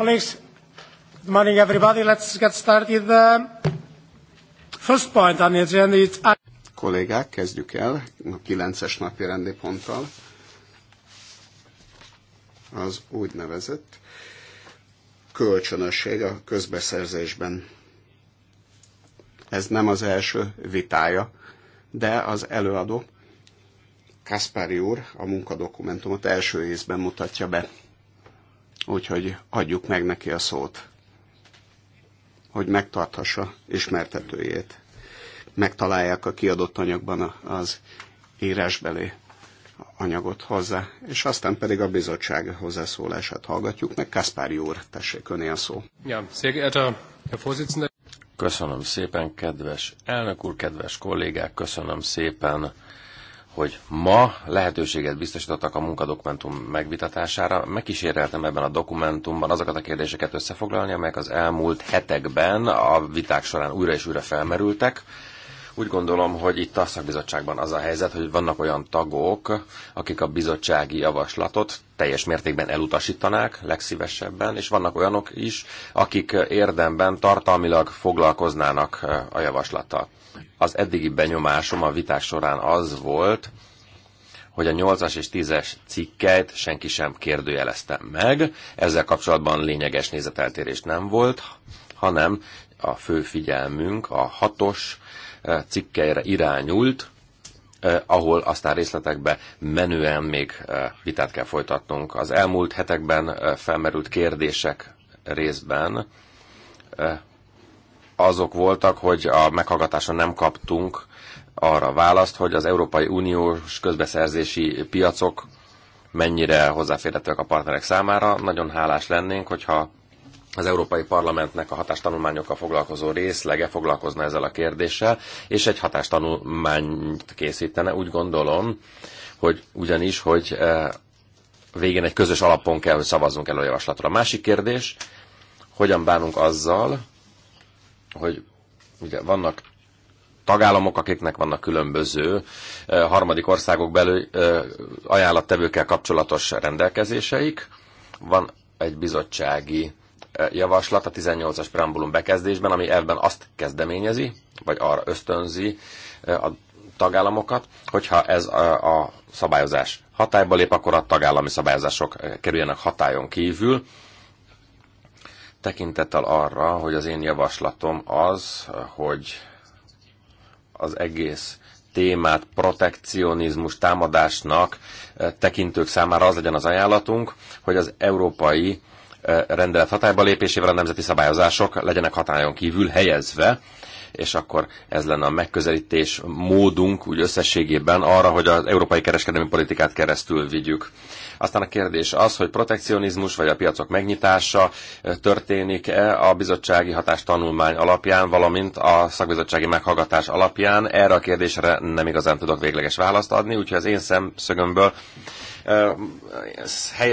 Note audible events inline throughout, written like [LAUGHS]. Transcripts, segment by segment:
colleagues. Good morning, everybody. Let's get started. first point on the agenda is... Kollégák, kezdjük el a 9-es napi rendi ponttal. Az úgynevezett kölcsönösség a közbeszerzésben. Ez nem az első vitája, de az előadó Kaspari úr a munkadokumentumot első részben mutatja be. Úgyhogy adjuk meg neki a szót, hogy megtarthassa ismertetőjét. Megtalálják a kiadott anyagban az írásbeli anyagot hozzá, és aztán pedig a bizottság hozzászólását hallgatjuk meg. Kaspár úr, tessék öné a szó. Ja, hát a Köszönöm szépen, kedves elnök úr, kedves kollégák, köszönöm szépen hogy ma lehetőséget biztosítottak a munkadokumentum megvitatására. Megkíséreltem ebben a dokumentumban azokat a kérdéseket összefoglalni, amelyek az elmúlt hetekben a viták során újra és újra felmerültek úgy gondolom, hogy itt a szakbizottságban az a helyzet, hogy vannak olyan tagok, akik a bizottsági javaslatot teljes mértékben elutasítanák legszívesebben, és vannak olyanok is, akik érdemben tartalmilag foglalkoznának a javaslattal. Az eddigi benyomásom a viták során az volt, hogy a 8-as és 10-es cikkeit senki sem kérdőjelezte meg. Ezzel kapcsolatban lényeges nézeteltérés nem volt, hanem a fő figyelmünk a 6-os cikkeire irányult, ahol aztán részletekbe menően még vitát kell folytatnunk. Az elmúlt hetekben felmerült kérdések részben azok voltak, hogy a meghallgatáson nem kaptunk arra választ, hogy az Európai Uniós közbeszerzési piacok mennyire hozzáférhetőek a partnerek számára. Nagyon hálás lennénk, hogyha az Európai Parlamentnek a hatástanulmányokkal foglalkozó részlege foglalkozna ezzel a kérdéssel, és egy hatástanulmányt készítene. Úgy gondolom, hogy ugyanis, hogy eh, végén egy közös alapon kell, hogy szavazzunk el a javaslatra. A másik kérdés, hogyan bánunk azzal, hogy ugye vannak tagállamok, akiknek vannak különböző eh, harmadik országok belül eh, ajánlattevőkkel kapcsolatos rendelkezéseik. Van egy bizottsági javaslat a 18-as preambulum bekezdésben, ami ebben azt kezdeményezi, vagy arra ösztönzi a tagállamokat, hogyha ez a, a szabályozás hatályba lép, akkor a tagállami szabályozások kerüljenek hatályon kívül. Tekintettel arra, hogy az én javaslatom az, hogy az egész témát protekcionizmus támadásnak tekintők számára az legyen az ajánlatunk, hogy az európai rendelet hatályba lépésével a nemzeti szabályozások legyenek hatályon kívül helyezve, és akkor ez lenne a megközelítés módunk úgy összességében arra, hogy az európai kereskedelmi politikát keresztül vigyük. Aztán a kérdés az, hogy protekcionizmus vagy a piacok megnyitása történik-e a bizottsági hatástanulmány alapján, valamint a szakbizottsági meghallgatás alapján. Erre a kérdésre nem igazán tudok végleges választ adni, úgyhogy az én szemszögömből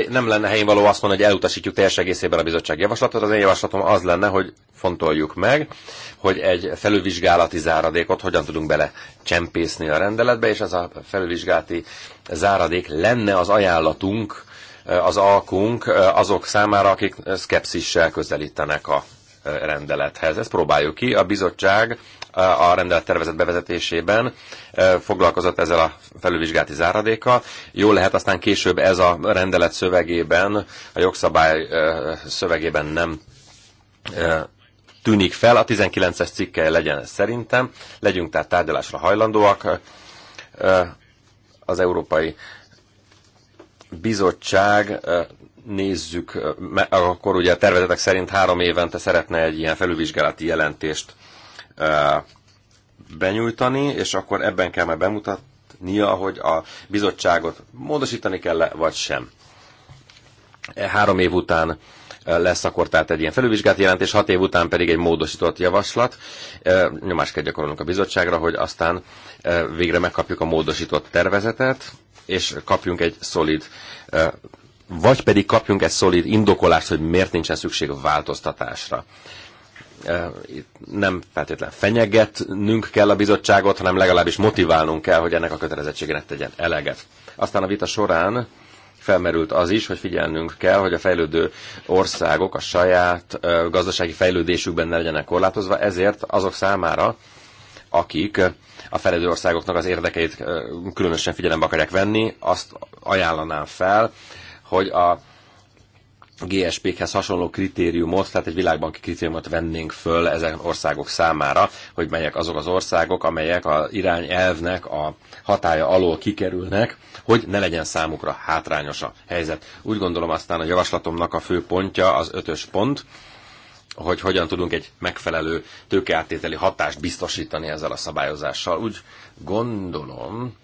nem lenne helyén való azt mondani, hogy elutasítjuk teljes egészében a bizottság javaslatot. Az én javaslatom az lenne, hogy fontoljuk meg, hogy egy felülvizsgálati záradékot hogyan tudunk bele csempészni a rendeletbe, és ez a felülvizsgálati záradék lenne az ajánlatunk, az alkunk azok számára, akik szkepszissel közelítenek a rendelethez. Ezt próbáljuk ki. A bizottság a rendelet tervezet bevezetésében e, foglalkozott ezzel a felülvizsgálati záradékkal. Jó lehet, aztán később ez a rendelet szövegében, a jogszabály e, szövegében nem e, tűnik fel. A 19-es cikke legyen szerintem. Legyünk tehát tárgyalásra hajlandóak. Az Európai Bizottság nézzük, akkor ugye a tervezetek szerint három évente szeretne egy ilyen felülvizsgálati jelentést benyújtani, és akkor ebben kell már bemutatnia, hogy a bizottságot módosítani kell -e, vagy sem. E három év után e, lesz akkor tehát egy ilyen felülvizsgált jelentés, hat év után pedig egy módosított javaslat. E, nyomást kell gyakorolnunk a bizottságra, hogy aztán végre megkapjuk a módosított tervezetet, és kapjunk egy szolid vagy pedig kapjunk egy szolid indokolást, hogy miért nincsen szükség változtatásra itt nem feltétlen fenyegetnünk kell a bizottságot, hanem legalábbis motiválnunk kell, hogy ennek a kötelezettségének tegyen eleget. Aztán a vita során felmerült az is, hogy figyelnünk kell, hogy a fejlődő országok a saját gazdasági fejlődésükben ne legyenek korlátozva, ezért azok számára, akik a fejlődő országoknak az érdekeit különösen figyelembe akarják venni, azt ajánlanám fel, hogy a GSP-khez hasonló kritériumot, tehát egy világbanki kritériumot vennénk föl ezek országok számára, hogy melyek azok az országok, amelyek a irányelvnek a hatája alól kikerülnek, hogy ne legyen számukra hátrányos a helyzet. Úgy gondolom aztán a javaslatomnak a fő pontja az ötös pont, hogy hogyan tudunk egy megfelelő tőkeáttételi hatást biztosítani ezzel a szabályozással. Úgy gondolom,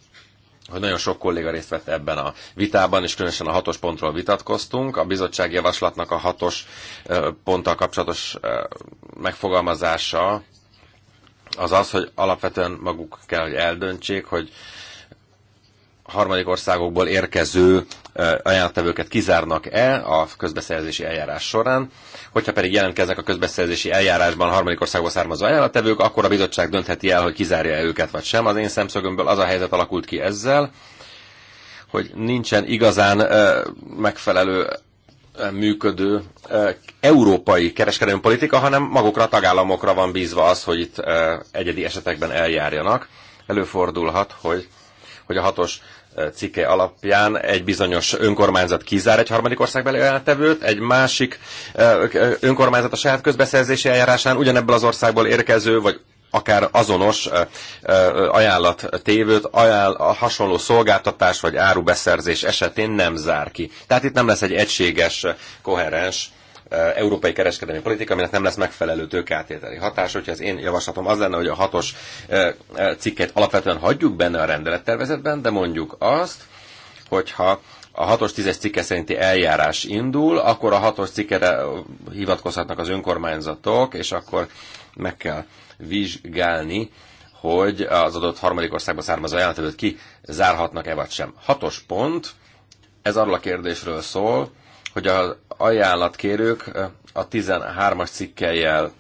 hogy nagyon sok kolléga részt vett ebben a vitában, és különösen a hatos pontról vitatkoztunk. A bizottság javaslatnak a hatos ponttal kapcsolatos megfogalmazása az az, hogy alapvetően maguk kell, hogy eldöntsék, hogy harmadik országokból érkező ajánlattevőket kizárnak-e a közbeszerzési eljárás során. Hogyha pedig jelentkeznek a közbeszerzési eljárásban a harmadik országból származó ajánlattevők, akkor a bizottság döntheti el, hogy kizárja-e őket vagy sem. Az én szemszögömből az a helyzet alakult ki ezzel, hogy nincsen igazán megfelelő működő európai kereskedelmi politika, hanem magukra tagállamokra van bízva az, hogy itt egyedi esetekben eljárjanak. Előfordulhat, hogy hogy a hatos cikke alapján egy bizonyos önkormányzat kizár egy harmadik országbeli ajánlatevőt, egy másik önkormányzat a saját közbeszerzési eljárásán ugyanebből az országból érkező, vagy akár azonos ajánlat tévőt, ajánl, hasonló szolgáltatás vagy árubeszerzés esetén nem zár ki. Tehát itt nem lesz egy egységes, koherens európai kereskedelmi politika, aminek nem lesz megfelelő tőkeátételi hatás. Hogyha az én javaslatom az lenne, hogy a hatos cikket alapvetően hagyjuk benne a rendelettervezetben, de mondjuk azt, hogyha a hatos tízes cikke szerinti eljárás indul, akkor a hatos cikkere hivatkozhatnak az önkormányzatok, és akkor meg kell vizsgálni, hogy az adott harmadik országba származó ajánlatot ki zárhatnak-e vagy sem. Hatos pont, ez arról a kérdésről szól, hogy az ajánlatkérők a 13-as cikkeljel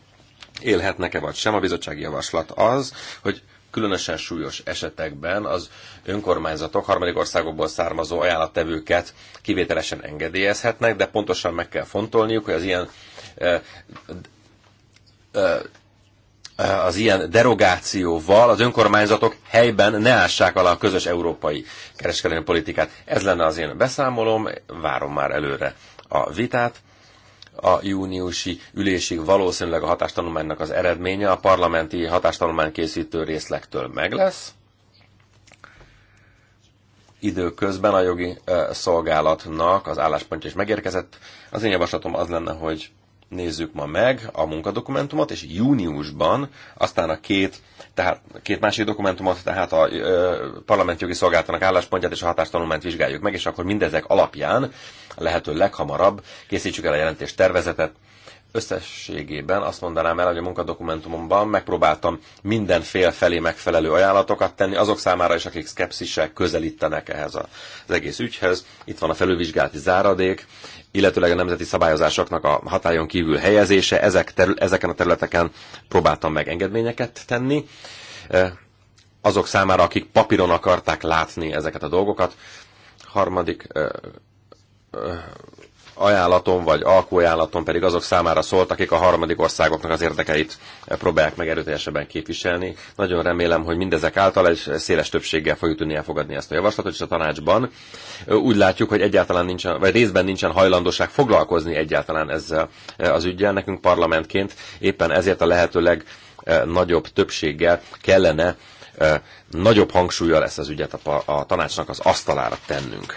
élhetnek-e vagy sem. A bizottsági javaslat az, hogy különösen súlyos esetekben az önkormányzatok harmadik országokból származó ajánlattevőket kivételesen engedélyezhetnek, de pontosan meg kell fontolniuk, hogy az ilyen Eh, az ilyen derogációval az önkormányzatok helyben ne ássák alá a közös európai kereskedelmi politikát. Ez lenne az én beszámolom, várom már előre a vitát. A júniusi ülésig valószínűleg a hatástanulmánynak az eredménye a parlamenti hatástanulmány készítő részlektől meg lesz. Időközben a jogi eh, szolgálatnak az álláspontja is megérkezett. Az én javaslatom az lenne, hogy nézzük ma meg a munkadokumentumot, és júniusban aztán a két, tehát két másik dokumentumot, tehát a ö, parlamentjogi szolgáltatónak álláspontját és a hatástanulmányt vizsgáljuk meg, és akkor mindezek alapján lehető leghamarabb készítsük el a jelentés tervezetet, összességében azt mondanám el, hogy a munkadokumentumomban megpróbáltam minden fél felé megfelelő ajánlatokat tenni, azok számára is, akik szkepszisek közelítenek ehhez az egész ügyhez. Itt van a felülvizsgálati záradék, illetőleg a nemzeti szabályozásoknak a hatályon kívül helyezése. Ezek terül, ezeken a területeken próbáltam meg engedményeket tenni. E, azok számára, akik papíron akarták látni ezeket a dolgokat. Harmadik e, e, ajánlatom vagy alkóajánlatom pedig azok számára szólt, akik a harmadik országoknak az érdekeit próbálják meg erőteljesebben képviselni. Nagyon remélem, hogy mindezek által egy széles többséggel fogjuk tudni elfogadni ezt a javaslatot, és a tanácsban úgy látjuk, hogy egyáltalán nincsen, vagy részben nincsen hajlandóság foglalkozni egyáltalán ezzel az ügyel. Nekünk parlamentként éppen ezért a lehető legnagyobb többséggel kellene nagyobb hangsúlyjal lesz az ügyet a, a tanácsnak az asztalára tennünk.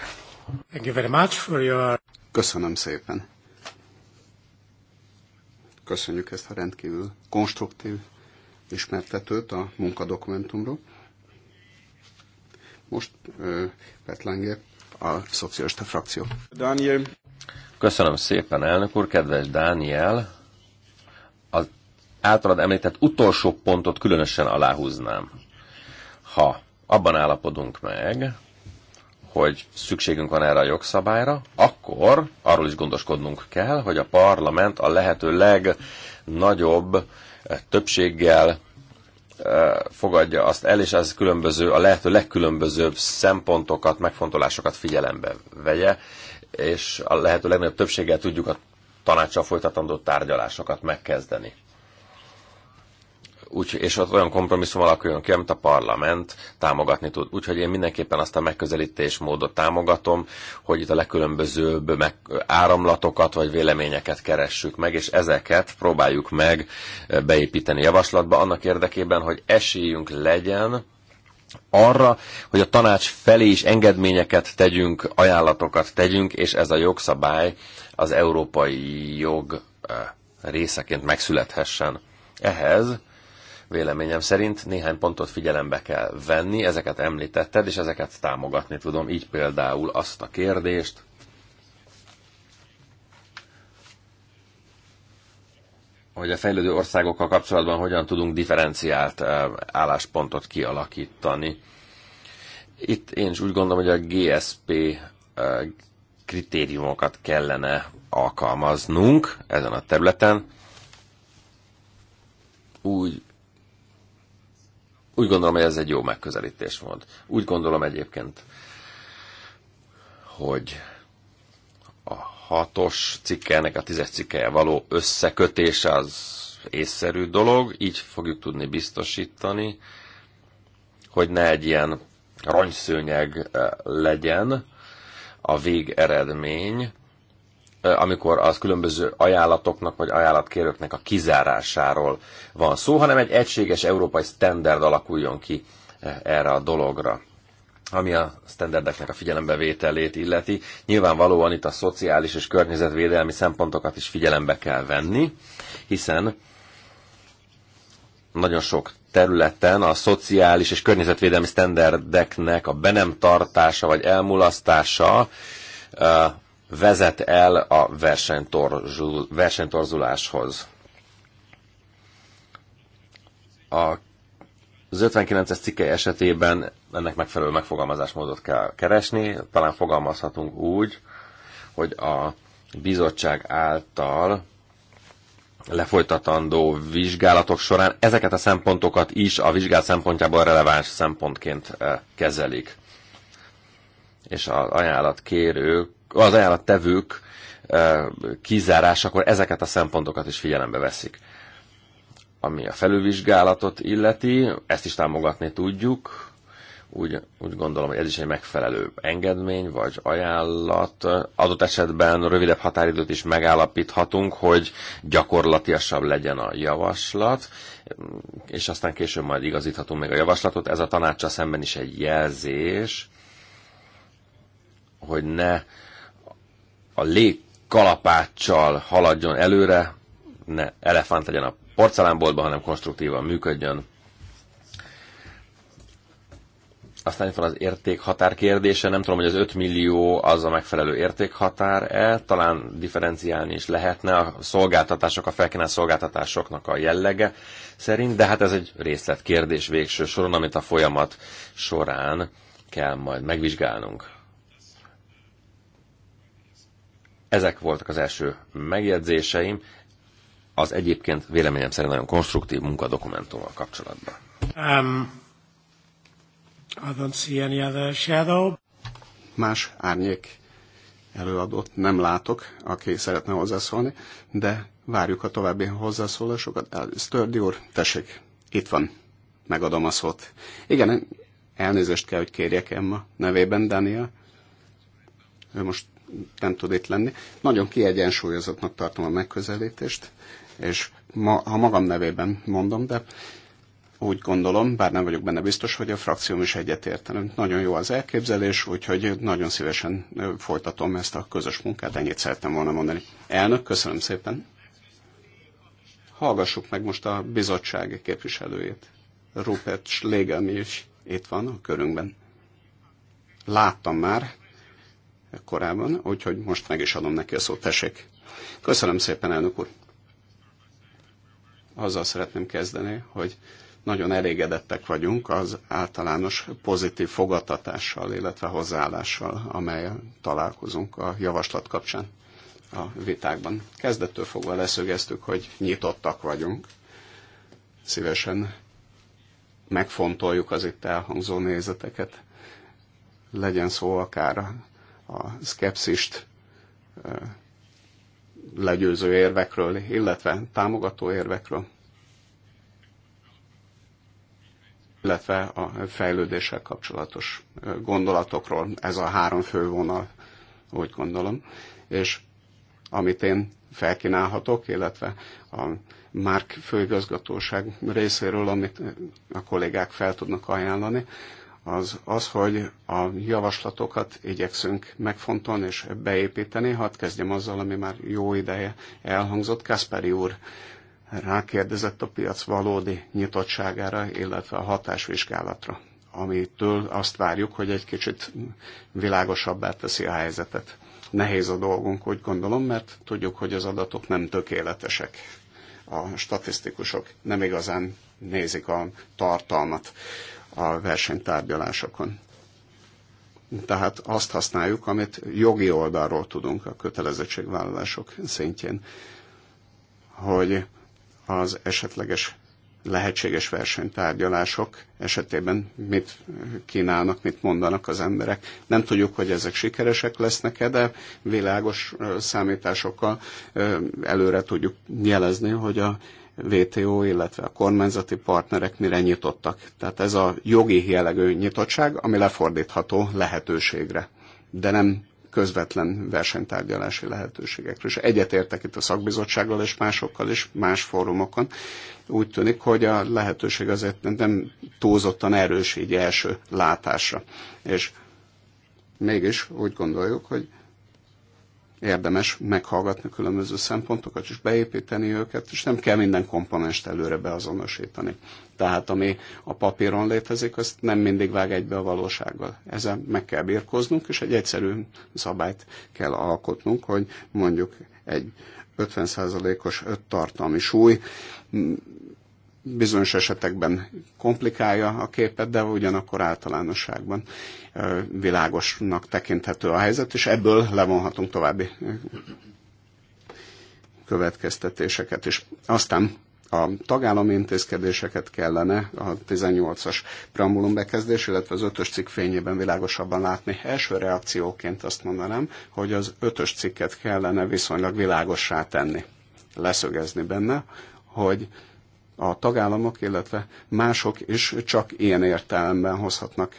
Thank you very much for your... Köszönöm szépen. Köszönjük ezt a rendkívül konstruktív ismertetőt a munkadokumentumról. Most Petlange, a szocialista frakció. Daniel. Köszönöm szépen, elnök úr, kedves Dániel. Az általad említett utolsó pontot különösen aláhúznám. Ha abban állapodunk meg, hogy szükségünk van erre a jogszabályra, akkor arról is gondoskodnunk kell, hogy a parlament a lehető legnagyobb eh, többséggel eh, fogadja azt el, és ez különböző, a lehető legkülönbözőbb szempontokat, megfontolásokat figyelembe vegye, és a lehető legnagyobb többséggel tudjuk a tanácssal folytatandó tárgyalásokat megkezdeni úgy, és ott olyan kompromisszum alakuljon ki, amit a parlament támogatni tud. Úgyhogy én mindenképpen azt a megközelítésmódot támogatom, hogy itt a legkülönbözőbb meg, áramlatokat vagy véleményeket keressük meg, és ezeket próbáljuk meg eh, beépíteni javaslatba annak érdekében, hogy esélyünk legyen arra, hogy a tanács felé is engedményeket tegyünk, ajánlatokat tegyünk, és ez a jogszabály az európai jog eh, részeként megszülethessen. Ehhez Véleményem szerint néhány pontot figyelembe kell venni, ezeket említetted, és ezeket támogatni tudom, így például azt a kérdést, hogy a fejlődő országokkal kapcsolatban hogyan tudunk differenciált álláspontot kialakítani. Itt én is úgy gondolom, hogy a GSP kritériumokat kellene alkalmaznunk ezen a területen. Úgy úgy gondolom, hogy ez egy jó megközelítés volt. Úgy gondolom egyébként, hogy a hatos cikkelnek a tízes cikkelje való összekötés az észszerű dolog, így fogjuk tudni biztosítani, hogy ne egy ilyen ronyszőnyeg eh, legyen a végeredmény, amikor az különböző ajánlatoknak vagy ajánlatkérőknek a kizárásáról van szó, hanem egy egységes európai standard alakuljon ki erre a dologra ami a standardeknek a figyelembevételét illeti. Nyilvánvalóan itt a szociális és környezetvédelmi szempontokat is figyelembe kell venni, hiszen nagyon sok területen a szociális és környezetvédelmi standardeknek a be nem tartása vagy elmulasztása vezet el a versenytorzul, versenytorzuláshoz. A az 59-es cikke esetében ennek megfelelő megfogalmazásmódot kell keresni, talán fogalmazhatunk úgy, hogy a bizottság által lefolytatandó vizsgálatok során ezeket a szempontokat is a vizsgál szempontjából releváns szempontként eh, kezelik. És az ajánlat kérők az ajánlattevők eh, kizárásakor ezeket a szempontokat is figyelembe veszik. Ami a felülvizsgálatot illeti, ezt is támogatni tudjuk. Úgy, úgy gondolom, hogy ez is egy megfelelő engedmény vagy ajánlat. Adott esetben rövidebb határidőt is megállapíthatunk, hogy gyakorlatiasabb legyen a javaslat, és aztán később majd igazíthatunk meg a javaslatot. Ez a tanácsa szemben is egy jelzés, hogy ne a légkalapáccsal haladjon előre, ne elefánt legyen a porcelánboltban, hanem konstruktívan működjön. Aztán itt van az értékhatár kérdése, nem tudom, hogy az 5 millió az a megfelelő értékhatár-e, talán differenciálni is lehetne a szolgáltatások, a felkínált szolgáltatásoknak a jellege szerint, de hát ez egy részletkérdés végső soron, amit a folyamat során kell majd megvizsgálnunk. Ezek voltak az első megjegyzéseim az egyébként véleményem szerint nagyon konstruktív munkadokumentummal kapcsolatban. Um, I don't see any other shadow. Más árnyék előadót nem látok, aki szeretne hozzászólni, de várjuk a további hozzászólásokat. Stördi úr, tessék, itt van, megadom a szót. Igen, elnézést kell, hogy kérjek Emma nevében, Daniel. Ő most nem tud itt lenni. Nagyon kiegyensúlyozottnak tartom a megközelítést, és ma, ha magam nevében mondom, de úgy gondolom, bár nem vagyok benne biztos, hogy a frakcióm is egyetértene. Nagyon jó az elképzelés, úgyhogy nagyon szívesen folytatom ezt a közös munkát, ennyit szerettem volna mondani. Elnök, köszönöm szépen. Hallgassuk meg most a bizottság képviselőjét. Rupert Schlegel mi is itt van a körünkben. Láttam már, korábban, úgyhogy most meg is adom neki a szót, tessék. Köszönöm szépen, elnök úr. Azzal szeretném kezdeni, hogy nagyon elégedettek vagyunk az általános pozitív fogadtatással, illetve hozzáállással, amelyel találkozunk a javaslat kapcsán a vitákban. Kezdettől fogva leszögeztük, hogy nyitottak vagyunk. Szívesen megfontoljuk az itt elhangzó nézeteket. Legyen szó akár a szkepszist legyőző érvekről, illetve támogató érvekről, illetve a fejlődéssel kapcsolatos gondolatokról. Ez a három fő vonal, úgy gondolom. És amit én felkínálhatok, illetve a Márk főigazgatóság részéről, amit a kollégák fel tudnak ajánlani, az az, hogy a javaslatokat igyekszünk megfontolni és beépíteni. Hadd kezdjem azzal, ami már jó ideje elhangzott. Kasperi úr rákérdezett a piac valódi nyitottságára, illetve a hatásvizsgálatra, amitől azt várjuk, hogy egy kicsit világosabbá teszi a helyzetet. Nehéz a dolgunk, úgy gondolom, mert tudjuk, hogy az adatok nem tökéletesek. A statisztikusok nem igazán nézik a tartalmat a versenytárgyalásokon. Tehát azt használjuk, amit jogi oldalról tudunk a kötelezettségvállalások szintjén, hogy az esetleges lehetséges versenytárgyalások esetében mit kínálnak, mit mondanak az emberek. Nem tudjuk, hogy ezek sikeresek lesznek-e, de világos számításokkal előre tudjuk jelezni, hogy a VTO, illetve a kormányzati partnerek mire nyitottak. Tehát ez a jogi jellegű nyitottság, ami lefordítható lehetőségre, de nem közvetlen versenytárgyalási lehetőségekről. És egyetértek itt a szakbizottsággal és másokkal is, más fórumokon. Úgy tűnik, hogy a lehetőség azért nem túlzottan erős így első látásra. És mégis úgy gondoljuk, hogy érdemes meghallgatni különböző szempontokat, és beépíteni őket, és nem kell minden komponest előre beazonosítani. Tehát ami a papíron létezik, azt nem mindig vág egybe a valósággal. Ezzel meg kell birkoznunk, és egy egyszerű szabályt kell alkotnunk, hogy mondjuk egy 50%-os tartalmi súly bizonyos esetekben komplikálja a képet, de ugyanakkor általánosságban világosnak tekinthető a helyzet, és ebből levonhatunk további következtetéseket is. Aztán a tagállami intézkedéseket kellene a 18-as preambulum bekezdés, illetve az 5-ös cikk fényében világosabban látni. Első reakcióként azt mondanám, hogy az 5-ös cikket kellene viszonylag világossá tenni, leszögezni benne, hogy a tagállamok, illetve mások is csak ilyen értelemben hozhatnak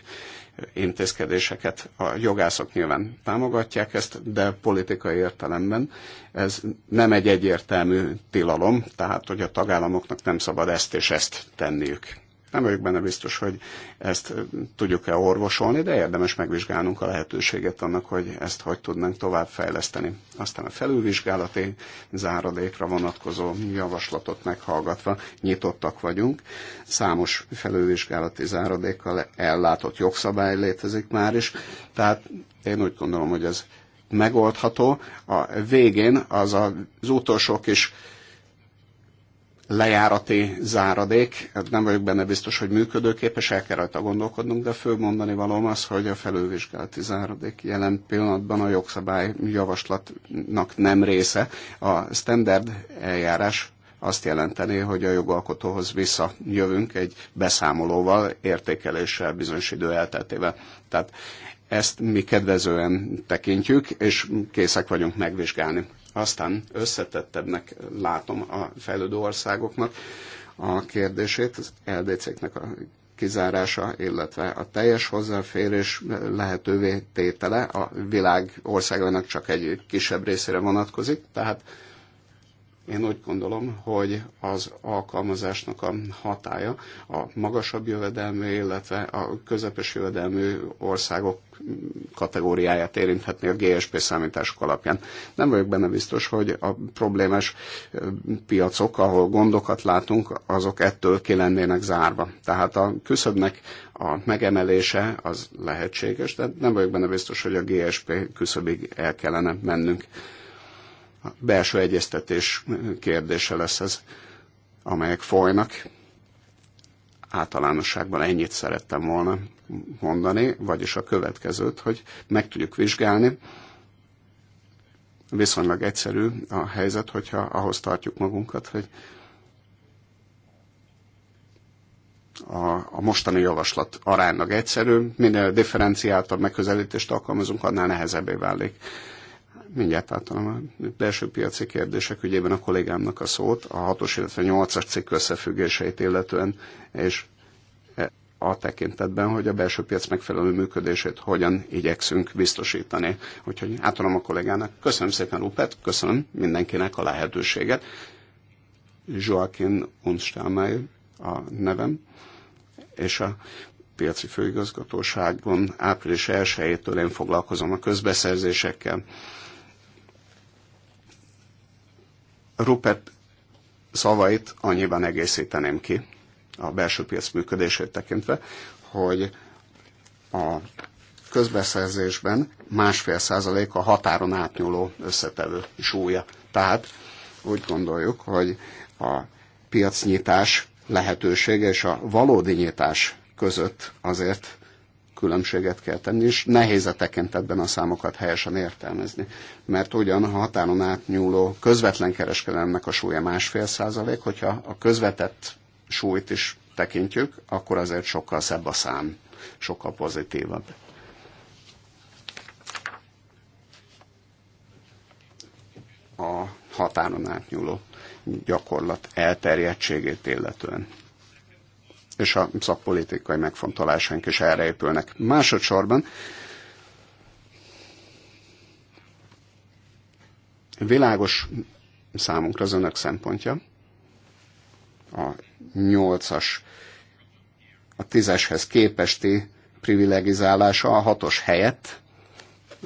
intézkedéseket. A jogászok nyilván támogatják ezt, de politikai értelemben ez nem egy egyértelmű tilalom, tehát hogy a tagállamoknak nem szabad ezt és ezt tenniük. Nem vagyok benne biztos, hogy ezt tudjuk-e orvosolni, de érdemes megvizsgálnunk a lehetőséget annak, hogy ezt hogy tudnánk továbbfejleszteni. Aztán a felülvizsgálati záradékra vonatkozó javaslatot meghallgatva nyitottak vagyunk. Számos felülvizsgálati záradékkal ellátott jogszabály létezik már is, tehát én úgy gondolom, hogy ez megoldható. A végén az az utolsó kis lejárati záradék, hát nem vagyok benne biztos, hogy működőképes, el kell rajta gondolkodnunk, de fő mondani valóm az, hogy a felülvizsgálati záradék jelen pillanatban a jogszabály javaslatnak nem része. A standard eljárás azt jelenteni, hogy a jogalkotóhoz visszajövünk egy beszámolóval, értékeléssel, bizonyos idő elteltével. Tehát ezt mi kedvezően tekintjük, és készek vagyunk megvizsgálni aztán összetettebbnek látom a fejlődő országoknak a kérdését, az LDC-knek a kizárása, illetve a teljes hozzáférés lehetővé tétele a világ országainak csak egy kisebb részére vonatkozik, tehát én úgy gondolom, hogy az alkalmazásnak a hatája a magasabb jövedelmű, illetve a közepes jövedelmű országok kategóriáját érinthetni a GSP számítások alapján. Nem vagyok benne biztos, hogy a problémás piacok, ahol gondokat látunk, azok ettől ki lennének zárva. Tehát a küszöbnek a megemelése az lehetséges, de nem vagyok benne biztos, hogy a GSP küszöbig el kellene mennünk. A belső egyeztetés kérdése lesz ez, amelyek folynak. Általánosságban ennyit szerettem volna mondani, vagyis a következőt, hogy meg tudjuk vizsgálni. Viszonylag egyszerű a helyzet, hogyha ahhoz tartjuk magunkat, hogy a, a mostani javaslat aránylag egyszerű, minél differenciáltabb megközelítést alkalmazunk, annál nehezebbé válik. Mindjárt átadom a belső piaci kérdések ügyében a kollégámnak a szót, a 6-os, illetve 8-as cikk összefüggéseit illetően, és a tekintetben, hogy a belső piac megfelelő működését hogyan igyekszünk biztosítani. Úgyhogy átadom a kollégának. Köszönöm szépen, Rupert, köszönöm mindenkinek a lehetőséget. Joaquin Unstámely a nevem, és a piaci főigazgatóságon április 1-től én foglalkozom a közbeszerzésekkel. Rupert szavait annyiban egészíteném ki, a belső piac működését tekintve, hogy a közbeszerzésben másfél százalék a határon átnyúló összetevő súlya. Tehát úgy gondoljuk, hogy a piacnyitás lehetősége és a valódi nyitás között azért különbséget kell tenni, és nehéz a tekintetben a számokat helyesen értelmezni. Mert ugyan a határon átnyúló közvetlen kereskedelemnek a súlya másfél százalék, hogyha a közvetett súlyt is tekintjük, akkor azért sokkal szebb a szám, sokkal pozitívabb. A határon átnyúló gyakorlat elterjedtségét illetően és a szakpolitikai megfontolásánk is erre épülnek. Másodszorban világos számunkra az önök szempontja, a nyolcas a tízeshez képesti privilegizálása a hatos helyett.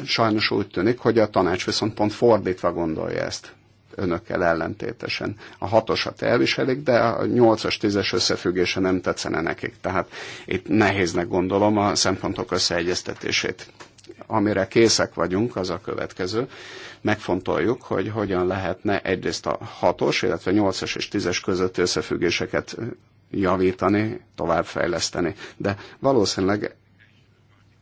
Sajnos úgy tűnik, hogy a tanács viszont pont fordítva gondolja ezt önökkel ellentétesen. A hatosat elviselik, de a nyolcas, tízes összefüggése nem tetszene nekik. Tehát itt nehéznek gondolom a szempontok összeegyeztetését amire készek vagyunk, az a következő. Megfontoljuk, hogy hogyan lehetne egyrészt a hatos, illetve nyolcas és tízes közötti összefüggéseket javítani, továbbfejleszteni. De valószínűleg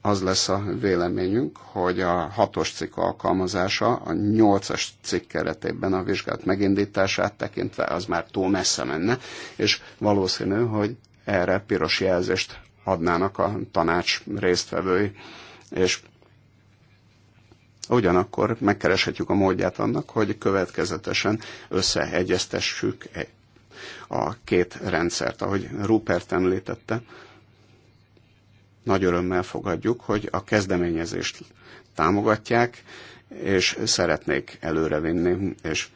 az lesz a véleményünk, hogy a hatos cikk alkalmazása a nyolcas cikk keretében a vizsgát megindítását tekintve az már túl messze menne, és valószínű, hogy erre piros jelzést adnának a tanács résztvevői, és Ugyanakkor megkereshetjük a módját annak, hogy következetesen összeegyeztessük e- a két rendszert. Ahogy Rupert említette, nagy örömmel fogadjuk, hogy a kezdeményezést támogatják, és szeretnék előrevinni, és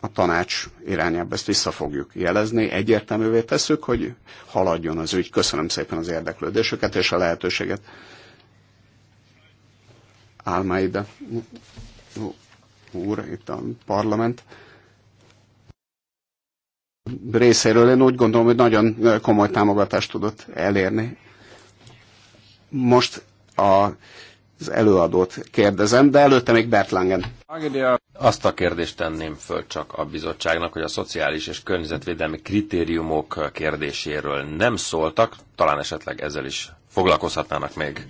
a tanács irányába ezt vissza fogjuk jelezni. Egyértelművé tesszük, hogy haladjon az ügy. Köszönöm szépen az érdeklődésüket és a lehetőséget. Álmaida úr, itt a parlament részéről én úgy gondolom, hogy nagyon komoly támogatást tudott elérni. Most a az előadót kérdezem, de előtte még Bert Langen. Azt a kérdést tenném föl csak a bizottságnak, hogy a szociális és környezetvédelmi kritériumok kérdéséről nem szóltak, talán esetleg ezzel is foglalkozhatnának még.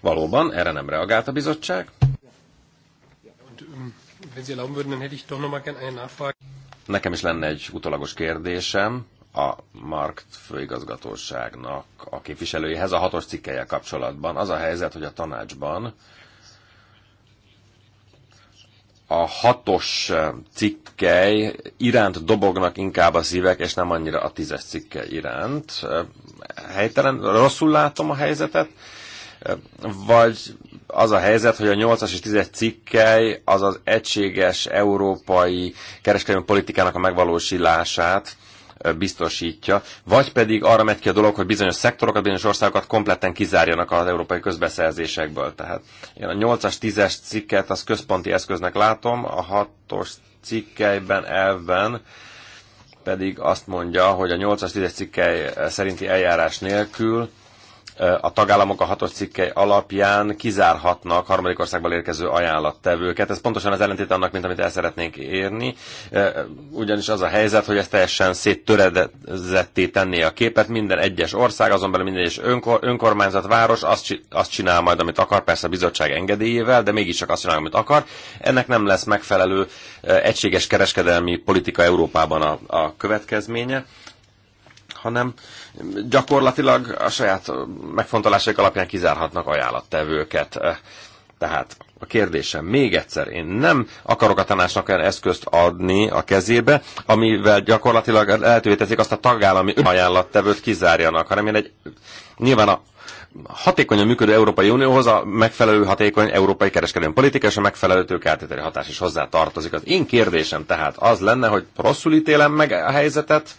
Valóban, erre nem reagált a bizottság. Nekem is lenne egy utolagos kérdésem a Markt főigazgatóságnak a képviselőjéhez a hatos cikkelyel kapcsolatban. Az a helyzet, hogy a tanácsban a hatos cikkely iránt dobognak inkább a szívek, és nem annyira a tízes cikkely iránt. Helytelen, rosszul látom a helyzetet, vagy az a helyzet, hogy a 8-as és 10-es cikkely az az egységes európai kereskedelmi politikának a megvalósítását biztosítja, vagy pedig arra megy ki a dolog, hogy bizonyos szektorokat, bizonyos országokat kompletten kizárjanak az európai közbeszerzésekből. Tehát én a 8-as, 10-es cikket az központi eszköznek látom, a 6-os cikkelyben, elven pedig azt mondja, hogy a 8-as, 10-es cikkely szerinti eljárás nélkül a tagállamok a hatos cikkei alapján kizárhatnak harmadik országból érkező ajánlattevőket. Ez pontosan az ellentét annak, mint amit el szeretnénk érni, e, ugyanis az a helyzet, hogy ezt teljesen széttöredezetté tenné a képet. Minden egyes ország, azon belül minden egyes önkor, önkormányzat, város azt, azt csinál majd, amit akar, persze a bizottság engedélyével, de mégiscsak azt csinál, amit akar. Ennek nem lesz megfelelő e, egységes kereskedelmi politika Európában a, a következménye, hanem gyakorlatilag a saját megfontolásaik alapján kizárhatnak ajánlattevőket. Tehát a kérdésem még egyszer, én nem akarok a tanácsnak olyan eszközt adni a kezébe, amivel gyakorlatilag lehetővé teszik azt a tagállami ajánlattevőt kizárjanak, hanem én egy nyilván a hatékonyan működő Európai Unióhoz a megfelelő hatékony európai kereskedelmi politika és a megfelelő tőkeltételi hatás is hozzá tartozik. Az én kérdésem tehát az lenne, hogy rosszul ítélem meg a helyzetet,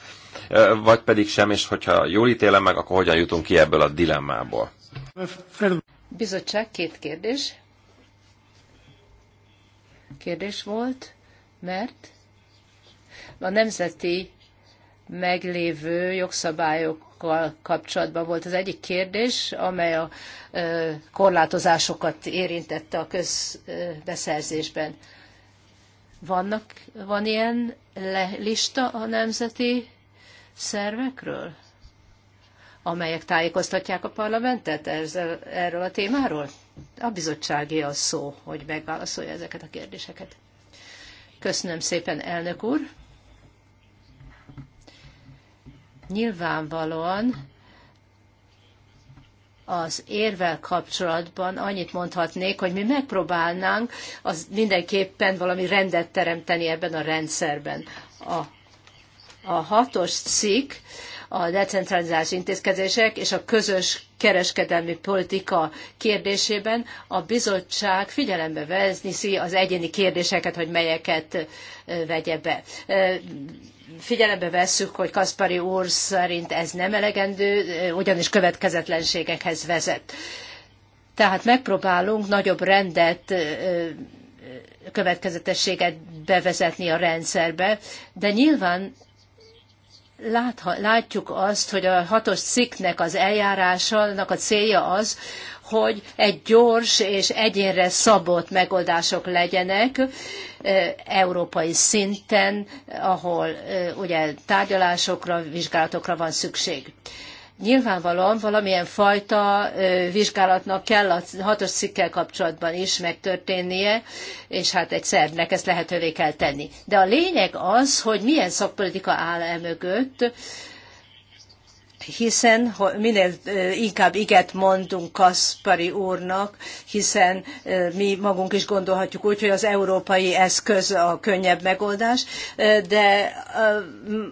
vagy pedig sem, és hogyha jól ítélem meg, akkor hogyan jutunk ki ebből a dilemmából? Bizottság, két kérdés. Kérdés volt, mert a nemzeti meglévő jogszabályokkal kapcsolatban volt az egyik kérdés, amely a korlátozásokat érintette a közbeszerzésben. Vannak, van ilyen lista a nemzeti szervekről, amelyek tájékoztatják a parlamentet ezzel, erről a témáról? A bizottsági a szó, hogy megválaszolja ezeket a kérdéseket. Köszönöm szépen, elnök úr! Nyilvánvalóan az érvel kapcsolatban annyit mondhatnék, hogy mi megpróbálnánk az mindenképpen valami rendet teremteni ebben a rendszerben. A a hatos cikk a decentralizációs intézkedések és a közös kereskedelmi politika kérdésében a bizottság figyelembe veszi az egyéni kérdéseket, hogy melyeket vegye be. Figyelembe vesszük, hogy Kaspari úr szerint ez nem elegendő, ugyanis következetlenségekhez vezet. Tehát megpróbálunk nagyobb rendet, következetességet bevezetni a rendszerbe, de nyilván Látha, látjuk azt, hogy a hatos cikknek az eljárásának a célja az, hogy egy gyors és egyénre szabott megoldások legyenek európai szinten, ahol ugye tárgyalásokra, vizsgálatokra van szükség nyilvánvalóan valamilyen fajta vizsgálatnak kell a hatos cikkel kapcsolatban is megtörténnie, és hát egy szervnek ezt lehetővé kell tenni. De a lényeg az, hogy milyen szakpolitika áll e mögött, hiszen minél inkább iget mondunk Kaspari úrnak, hiszen mi magunk is gondolhatjuk úgy, hogy az európai eszköz a könnyebb megoldás, de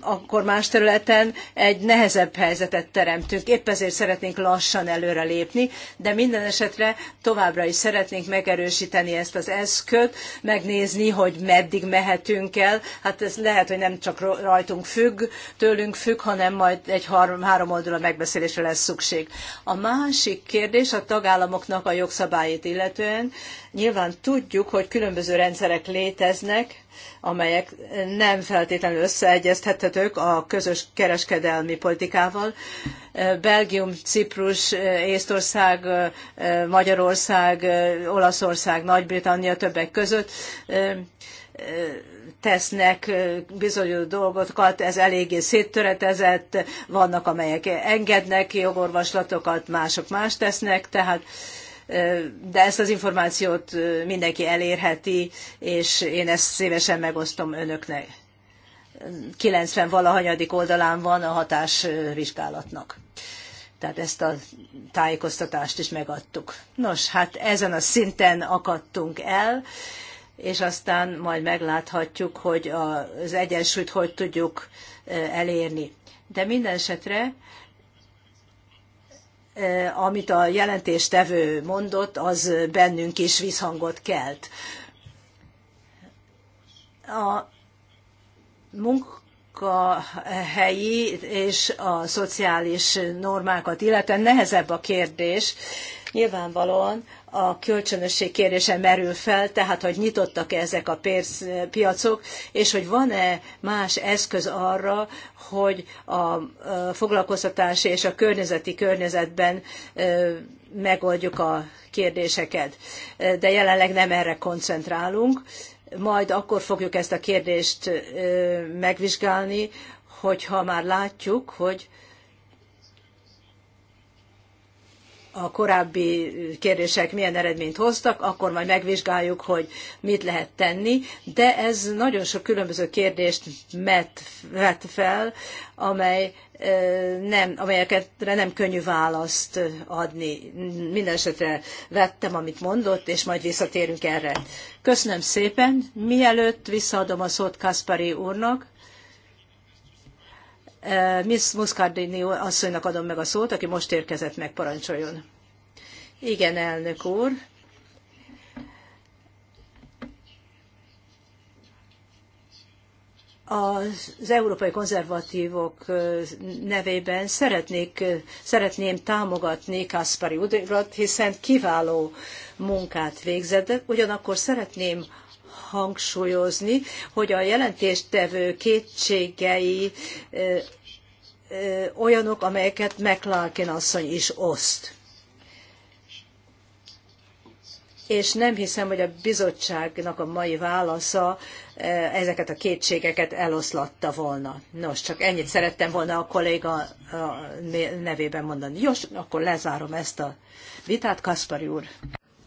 akkor más területen egy nehezebb helyzetet teremtünk. Épp ezért szeretnénk lassan előre lépni, de minden esetre továbbra is szeretnénk megerősíteni ezt az eszköt, megnézni, hogy meddig mehetünk el. Hát ez lehet, hogy nem csak rajtunk függ, tőlünk függ, hanem majd egy harmadik három oldalú megbeszélésre lesz szükség. A másik kérdés a tagállamoknak a jogszabályait illetően. Nyilván tudjuk, hogy különböző rendszerek léteznek, amelyek nem feltétlenül összeegyeztethetők a közös kereskedelmi politikával. Belgium, Ciprus, Észtország, Magyarország, Olaszország, Nagy-Britannia többek között tesznek bizonyos dolgokat, ez eléggé széttöretezett, vannak amelyek engednek jogorvaslatokat, mások más tesznek, tehát de ezt az információt mindenki elérheti, és én ezt szívesen megosztom önöknek. 90 valahanyadik oldalán van a hatásvizsgálatnak. Tehát ezt a tájékoztatást is megadtuk. Nos, hát ezen a szinten akadtunk el, és aztán majd megláthatjuk, hogy az egyensúlyt hogy tudjuk elérni. De minden esetre, amit a jelentéstevő mondott, az bennünk is visszhangot kelt. A munkahelyi és a szociális normákat illetően nehezebb a kérdés, nyilvánvalóan, a kölcsönösség kérdése merül fel, tehát hogy nyitottak -e ezek a piacok, és hogy van-e más eszköz arra, hogy a foglalkoztatási és a környezeti környezetben megoldjuk a kérdéseket. De jelenleg nem erre koncentrálunk. Majd akkor fogjuk ezt a kérdést megvizsgálni, hogyha már látjuk, hogy a korábbi kérdések milyen eredményt hoztak, akkor majd megvizsgáljuk, hogy mit lehet tenni, de ez nagyon sok különböző kérdést met, vet fel, amely nem, amelyekre nem könnyű választ adni. Mindenesetre vettem, amit mondott, és majd visszatérünk erre. Köszönöm szépen. Mielőtt visszaadom a szót Kaspari úrnak, Miss Muscardini asszonynak adom meg a szót, aki most érkezett meg, parancsoljon. Igen, elnök úr. az európai konzervatívok nevében szeretnék, szeretném támogatni Kaspari urat, hiszen kiváló munkát végzett, de ugyanakkor szeretném hangsúlyozni, hogy a jelentéstevő kétségei olyanok, amelyeket McLarkin asszony is oszt. És nem hiszem, hogy a bizottságnak a mai válasza ezeket a kétségeket eloszlatta volna. Nos, csak ennyit szerettem volna a kolléga nevében mondani. Jó, akkor lezárom ezt a vitát, Kaspari úr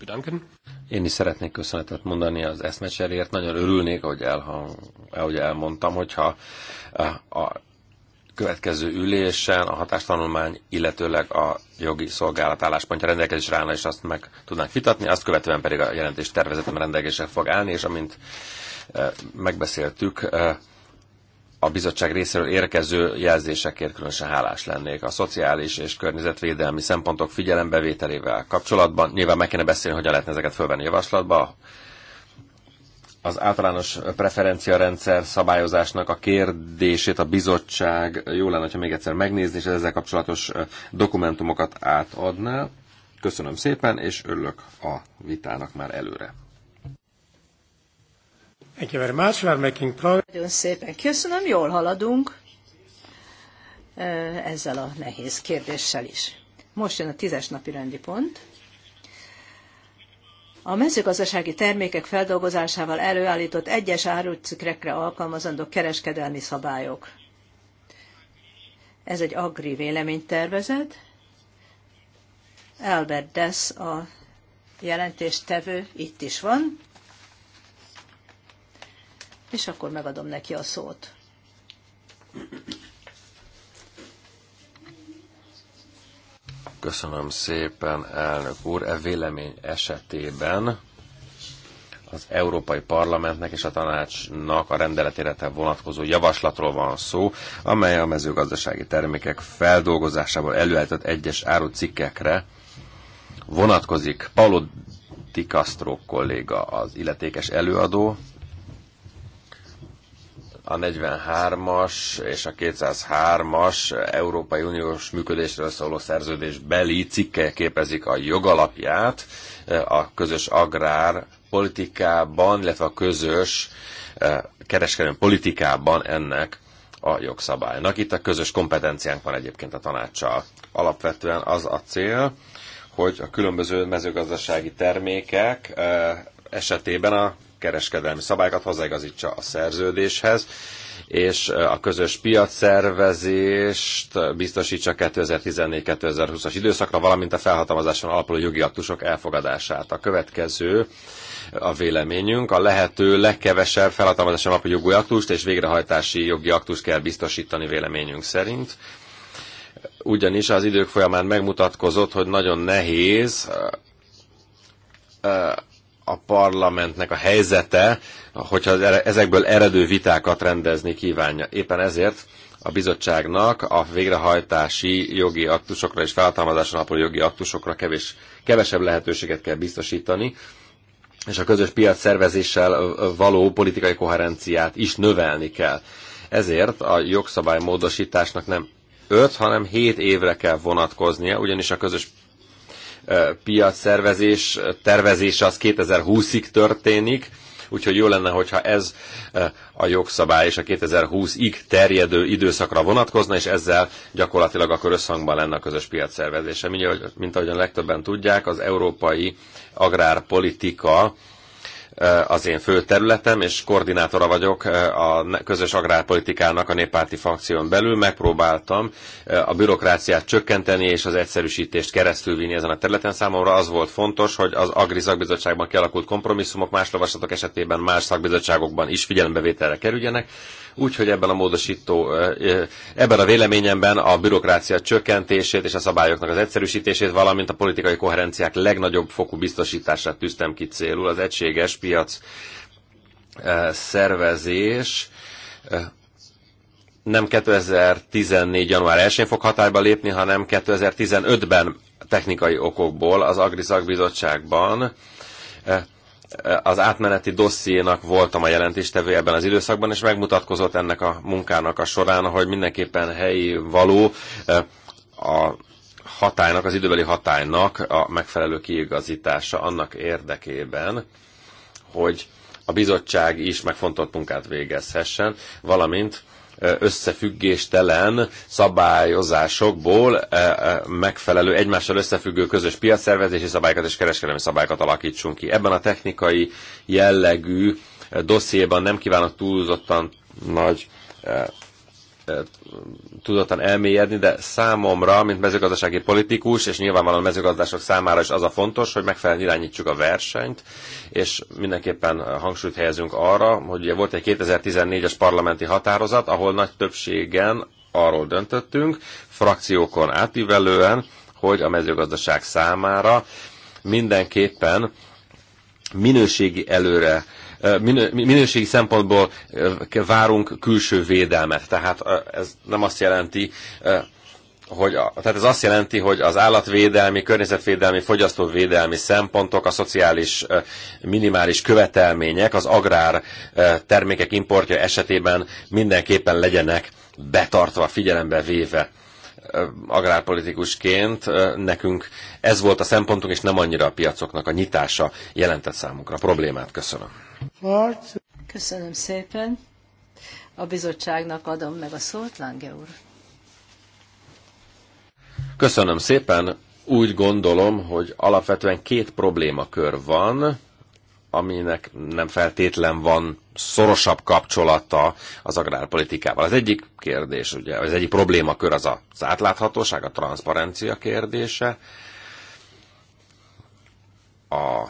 bedanken. Én is szeretnék köszönetet mondani az eszmecserért. Nagyon örülnék, ahogy, elhang, ahogy elmondtam, hogyha eh, a következő ülésen a hatástanulmány, illetőleg a jogi szolgálat álláspontja rendelkezésre állna, és azt meg tudnánk vitatni, azt követően pedig a jelentés tervezetem rendelkezésre fog állni, és amint eh, megbeszéltük, eh, a bizottság részéről érkező jelzésekért különösen hálás lennék. A szociális és környezetvédelmi szempontok figyelembevételével kapcsolatban nyilván meg kéne beszélni, hogyan lehetne ezeket fölvenni javaslatba. Az általános preferenciarendszer szabályozásnak a kérdését a bizottság jó lenne, ha még egyszer megnézni, és ezzel kapcsolatos dokumentumokat átadná. Köszönöm szépen, és örülök a vitának már előre. Thank you very much. We are making progress. Nagyon szépen köszönöm, jól haladunk ezzel a nehéz kérdéssel is. Most jön a tízes napi rendi pont. A mezőgazdasági termékek feldolgozásával előállított egyes árucikrekre alkalmazandó kereskedelmi szabályok. Ez egy agri véleménytervezet. Albert Dess a jelentéstevő itt is van és akkor megadom neki a szót. Köszönöm szépen, elnök úr. E vélemény esetében az Európai Parlamentnek és a tanácsnak a rendeletére vonatkozó javaslatról van szó, amely a mezőgazdasági termékek feldolgozásából előállított egyes árucikkekre vonatkozik. Paulo Di Castro kolléga az illetékes előadó, a 43-as és a 203-as Európai Uniós működésről szóló szerződés beli cikke képezik a jogalapját a közös agrár politikában, illetve a közös eh, kereskedelmi politikában ennek a jogszabálynak. Itt a közös kompetenciánk van egyébként a tanácssal. Alapvetően az a cél, hogy a különböző mezőgazdasági termékek eh, esetében a kereskedelmi szabályokat hozzáigazítsa a szerződéshez, és a közös piacszervezést biztosítsa 2014-2020-as időszakra, valamint a felhatalmazáson alapuló jogi aktusok elfogadását. A következő a véleményünk. A lehető legkevesebb felhatalmazáson alapuló jogi aktust és végrehajtási jogi aktust kell biztosítani véleményünk szerint ugyanis az idők folyamán megmutatkozott, hogy nagyon nehéz a parlamentnek a helyzete, hogyha ezekből eredő vitákat rendezni kívánja. Éppen ezért a bizottságnak a végrehajtási jogi aktusokra és feltámadáson alapuló jogi aktusokra kevés, kevesebb lehetőséget kell biztosítani, és a közös piac szervezéssel való politikai koherenciát is növelni kell. Ezért a jogszabály módosításnak nem 5, hanem 7 évre kell vonatkoznia, ugyanis a közös piac szervezés, tervezés az 2020-ig történik, úgyhogy jó lenne, hogyha ez a jogszabály és a 2020-ig terjedő időszakra vonatkozna, és ezzel gyakorlatilag akkor összhangban lenne a közös piac szervezése. Mint ahogyan legtöbben tudják, az európai agrárpolitika Eh, az én fő területem, és koordinátora vagyok eh, a közös agrárpolitikának a néppárti frakción belül. Megpróbáltam eh, a bürokráciát csökkenteni és az egyszerűsítést keresztülvinni ezen a területen. Számomra az volt fontos, hogy az Agri szakbizottságban kialakult kompromisszumok más javaslatok esetében más szakbizottságokban is figyelembevételre kerüljenek Úgyhogy ebben a módosító, ebben a véleményemben a bürokrácia csökkentését és a szabályoknak az egyszerűsítését, valamint a politikai koherenciák legnagyobb fokú biztosítását tűztem ki célul. Az egységes piac szervezés nem 2014. január 1-én fog hatályba lépni, hanem 2015-ben technikai okokból az Agri Szakbizottságban az átmeneti dossziénak voltam a jelentéstevő ebben az időszakban, és megmutatkozott ennek a munkának a során, hogy mindenképpen helyi való eh, a hatálynak, az időbeli hatálynak a megfelelő kiigazítása annak érdekében, hogy a bizottság is megfontolt munkát végezhessen, valamint összefüggéstelen szabályozásokból eh, eh, megfelelő egymással összefüggő közös piacszervezési szabályokat és kereskedelmi szabályokat alakítsunk ki. Ebben a technikai jellegű eh, dossziéban nem kívánok túlzottan nagy tudottan elmélyedni, de számomra, mint mezőgazdasági politikus, és nyilvánvalóan mezőgazdások számára is az a fontos, hogy megfelelően irányítsuk a versenyt, és mindenképpen hangsúlyt helyezünk arra, hogy ugye volt egy 2014-es parlamenti határozat, ahol nagy többségen arról döntöttünk, frakciókon átívelően, hogy a mezőgazdaság számára mindenképpen minőségi előre minőségi szempontból eh, várunk külső védelmet. Tehát eh, ez nem azt jelenti, eh, hogy a, tehát ez azt jelenti, hogy az állatvédelmi, környezetvédelmi, fogyasztóvédelmi szempontok, a szociális minimális követelmények az agrár termékek importja esetében mindenképpen legyenek betartva, figyelembe véve agrárpolitikusként nekünk ez volt a szempontunk, és nem annyira a piacoknak a nyitása jelentett számunkra a problémát. Köszönöm. Köszönöm szépen. A bizottságnak adom meg a szót, Lange úr. Köszönöm szépen. Úgy gondolom, hogy alapvetően két problémakör van, aminek nem feltétlen van szorosabb kapcsolata az agrárpolitikával. Az egyik kérdés, ugye, az egyik problémakör az az átláthatóság, a transzparencia kérdése. A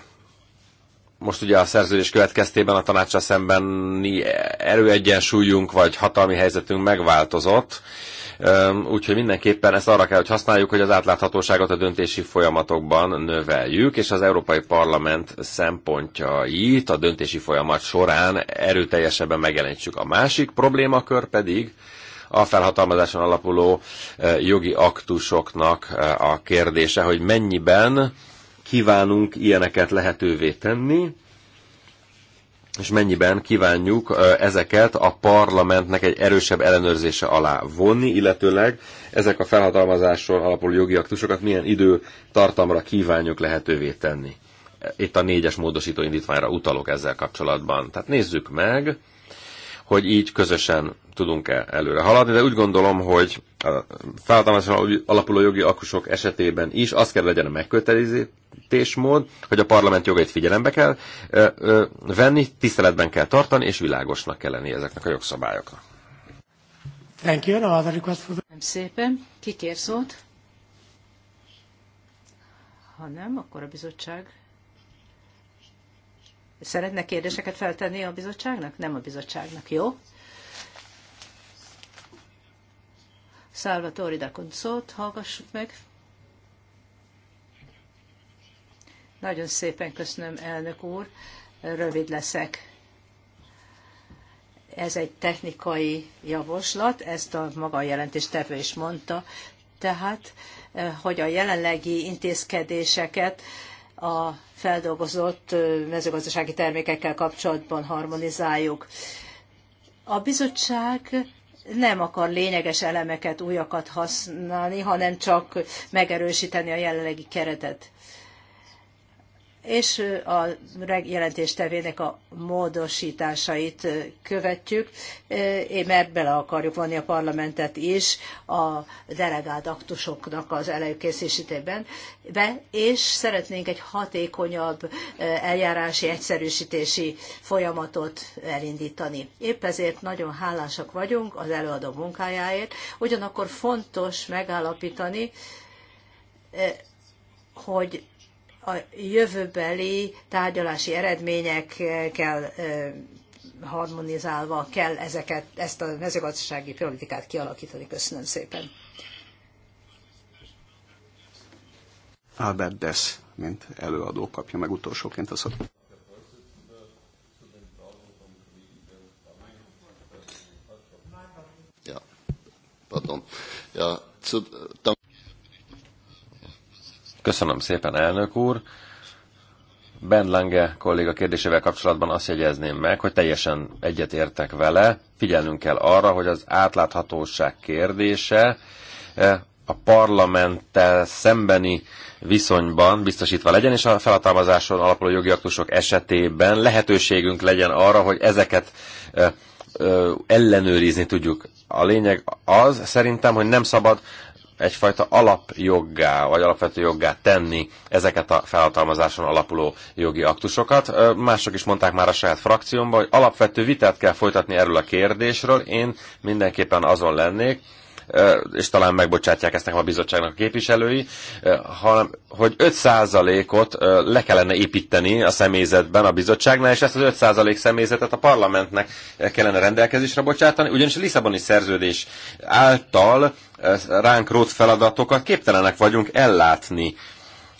most ugye a szerződés következtében a tanácsa szembeni erőegyensúlyunk vagy hatalmi helyzetünk megváltozott, úgyhogy mindenképpen ezt arra kell, hogy használjuk, hogy az átláthatóságot a döntési folyamatokban növeljük, és az Európai Parlament szempontjait a döntési folyamat során erőteljesebben megjelenítsük. A másik problémakör pedig, a felhatalmazáson alapuló jogi aktusoknak a kérdése, hogy mennyiben kívánunk ilyeneket lehetővé tenni, és mennyiben kívánjuk ezeket a parlamentnek egy erősebb ellenőrzése alá vonni, illetőleg ezek a felhatalmazásról alapuló jogi aktusokat milyen idő tartamra kívánjuk lehetővé tenni. Itt a négyes módosító indítványra utalok ezzel kapcsolatban. Tehát nézzük meg, hogy így közösen tudunk -e előre haladni, de úgy gondolom, hogy a feltámaszon alapuló jogi akusok esetében is az kell legyen a megkötelezésmód, hogy a parlament jogait figyelembe kell venni, tiszteletben kell tartani, és világosnak kell lenni ezeknek a jogszabályoknak. Thank you. No other request for the... Szépen. Ki kér szót? Ha nem, akkor a bizottság Szeretne kérdéseket feltenni a bizottságnak? Nem a bizottságnak, jó? Salvatore da Conzót hallgassuk meg. Nagyon szépen köszönöm, elnök úr. Rövid leszek. Ez egy technikai javaslat, ezt a maga a jelentéstevő is mondta, tehát eh, hogy a jelenlegi intézkedéseket a feldolgozott mezőgazdasági termékekkel kapcsolatban harmonizáljuk. A bizottság nem akar lényeges elemeket, újakat használni, hanem csak megerősíteni a jelenlegi keretet és a jelentéstevének a módosításait követjük, mert bele akarjuk vonni a parlamentet is a delegált aktusoknak az előkészítésében. és szeretnénk egy hatékonyabb eljárási egyszerűsítési folyamatot elindítani. Épp ezért nagyon hálásak vagyunk az előadó munkájáért, ugyanakkor fontos megállapítani, hogy a jövőbeli tárgyalási eredményekkel harmonizálva kell ezeket, ezt a mezőgazdasági politikát kialakítani. Köszönöm szépen. Albert Dess, mint előadó kapja meg utolsóként a szót. Ja, pardon. Ja, zu, Köszönöm szépen, elnök úr. Ben Lange kolléga kérdésével kapcsolatban azt jegyezném meg, hogy teljesen egyetértek vele. Figyelnünk kell arra, hogy az átláthatóság kérdése eh, a parlamenttel szembeni viszonyban biztosítva legyen, és a felhatalmazáson alapuló jogi aktusok esetében lehetőségünk legyen arra, hogy ezeket eh, eh, ellenőrizni tudjuk. A lényeg az szerintem, hogy nem szabad egyfajta alapjoggá, vagy alapvető joggá tenni ezeket a felhatalmazáson alapuló jogi aktusokat. Mások is mondták már a saját frakciómban, hogy alapvető vitát kell folytatni erről a kérdésről. Én mindenképpen azon lennék, és talán megbocsátják ezt nekem a bizottságnak a képviselői, hanem hogy 5%-ot le kellene építeni a személyzetben a bizottságnál, és ezt az 5% személyzetet a parlamentnek kellene rendelkezésre bocsátani, ugyanis a Lisszaboni szerződés által ránk rót feladatokat képtelenek vagyunk ellátni.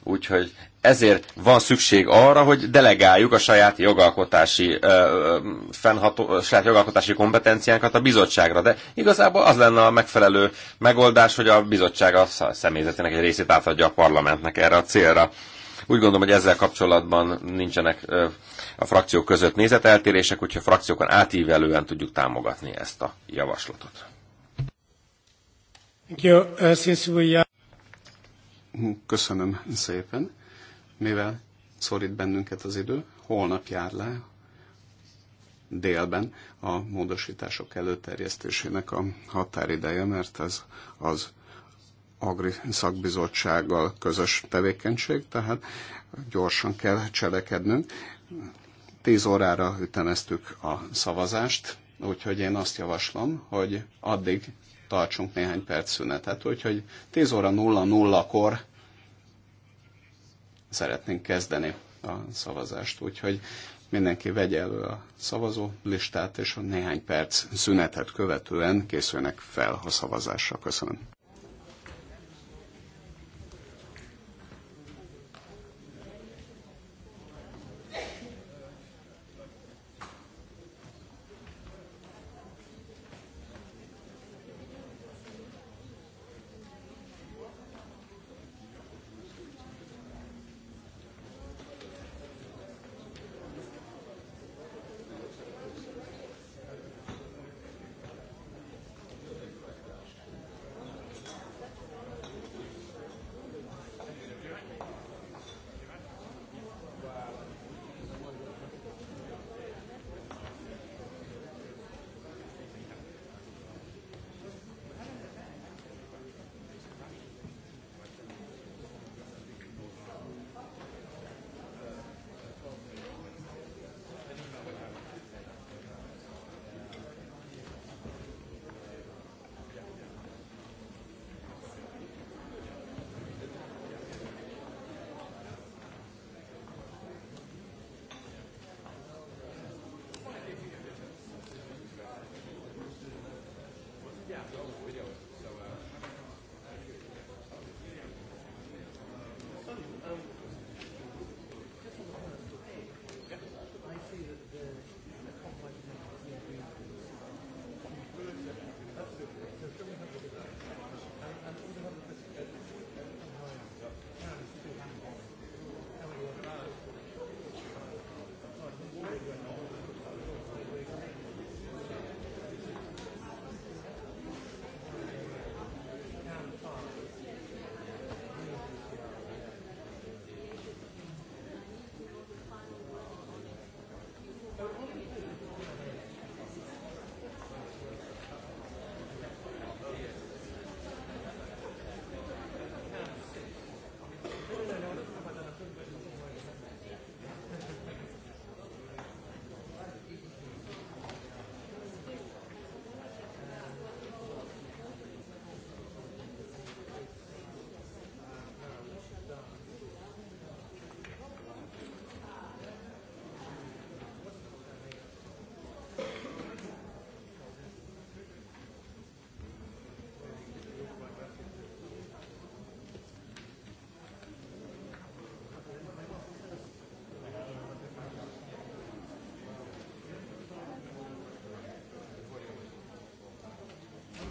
Úgyhogy ezért van szükség arra, hogy delegáljuk a saját jogalkotási, ö, fennható, saját jogalkotási kompetenciánkat a bizottságra. De igazából az lenne a megfelelő megoldás, hogy a bizottság a személyzetének egy részét átadja a parlamentnek erre a célra. Úgy gondolom, hogy ezzel kapcsolatban nincsenek ö, a frakciók között nézeteltérések, úgyhogy a frakciókon átívelően tudjuk támogatni ezt a javaslatot. Uh, Köszönöm szépen mivel szorít bennünket az idő, holnap jár le délben a módosítások előterjesztésének a határideje, mert ez az Agri szakbizottsággal közös tevékenység, tehát gyorsan kell cselekednünk. Tíz órára ütemeztük a szavazást, úgyhogy én azt javaslom, hogy addig tartsunk néhány perc szünetet, úgyhogy 10 óra 00-kor szeretnénk kezdeni a szavazást. Úgyhogy mindenki vegye elő a szavazó listát, és a néhány perc szünetet követően készülnek fel a szavazásra. Köszönöm.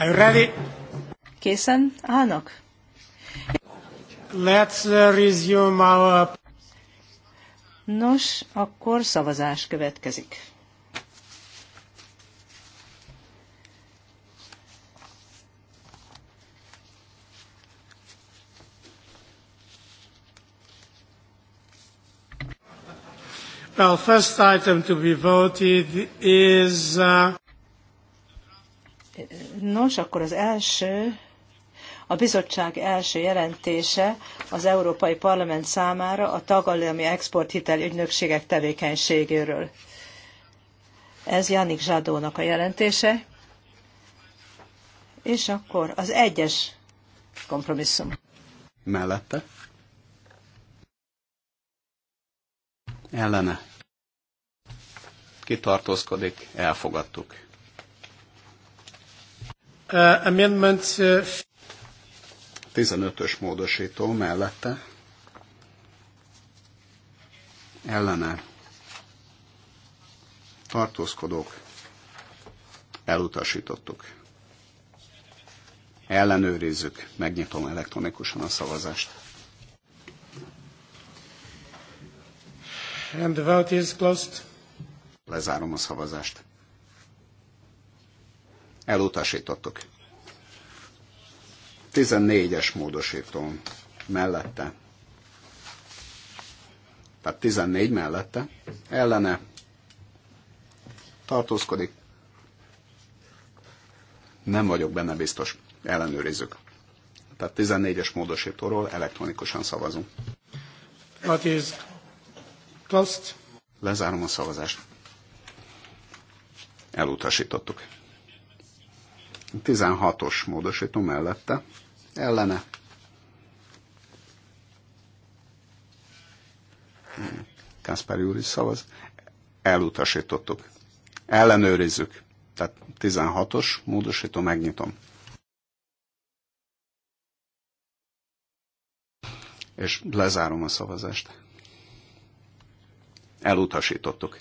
Are you ready? Készen állnak? Let's uh, resume our... Nos, akkor szavazás következik. Well, first item to be voted is uh... Nos, akkor az első, a bizottság első jelentése az Európai Parlament számára a tagállami exporthitel ügynökségek tevékenységéről. Ez Janik Zsadónak a jelentése. És akkor az egyes kompromisszum. Mellette. Ellene. Kitartózkodik, elfogadtuk. Uh, amendment... Uh... 15-ös módosító mellette ellene tartózkodók elutasítottuk. Ellenőrizzük, megnyitom elektronikusan a szavazást. And the vote is closed. Lezárom a szavazást. Elutasítottuk. 14-es módosító mellette. Tehát 14 mellette. Ellene tartózkodik. Nem vagyok benne biztos. Ellenőrizzük. Tehát 14-es módosítóról elektronikusan szavazunk. That is closed. Lezárom a szavazást. Elutasítottuk. 16-os módosító mellette ellene Kászpári Júri szavaz, elutasítottuk. Ellenőrizzük. Tehát 16-os módosító, megnyitom. És lezárom a szavazást. Elutasítottuk.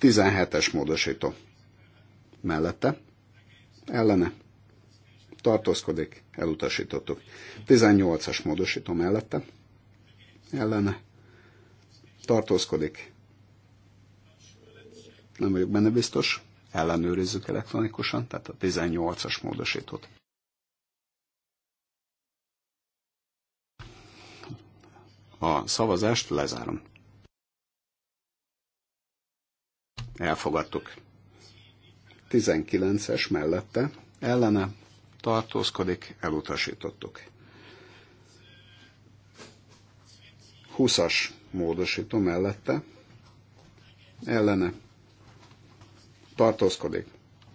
17-es módosító. Mellette ellene tartózkodik, elutasítottuk. 18-as módosító mellette ellene tartózkodik. Nem vagyok benne biztos, ellenőrizzük elektronikusan, tehát a 18-as módosítót. A szavazást lezárom. Elfogadtuk. 19-es mellette ellene tartózkodik, elutasítottuk. 20-as módosító mellette ellene tartózkodik,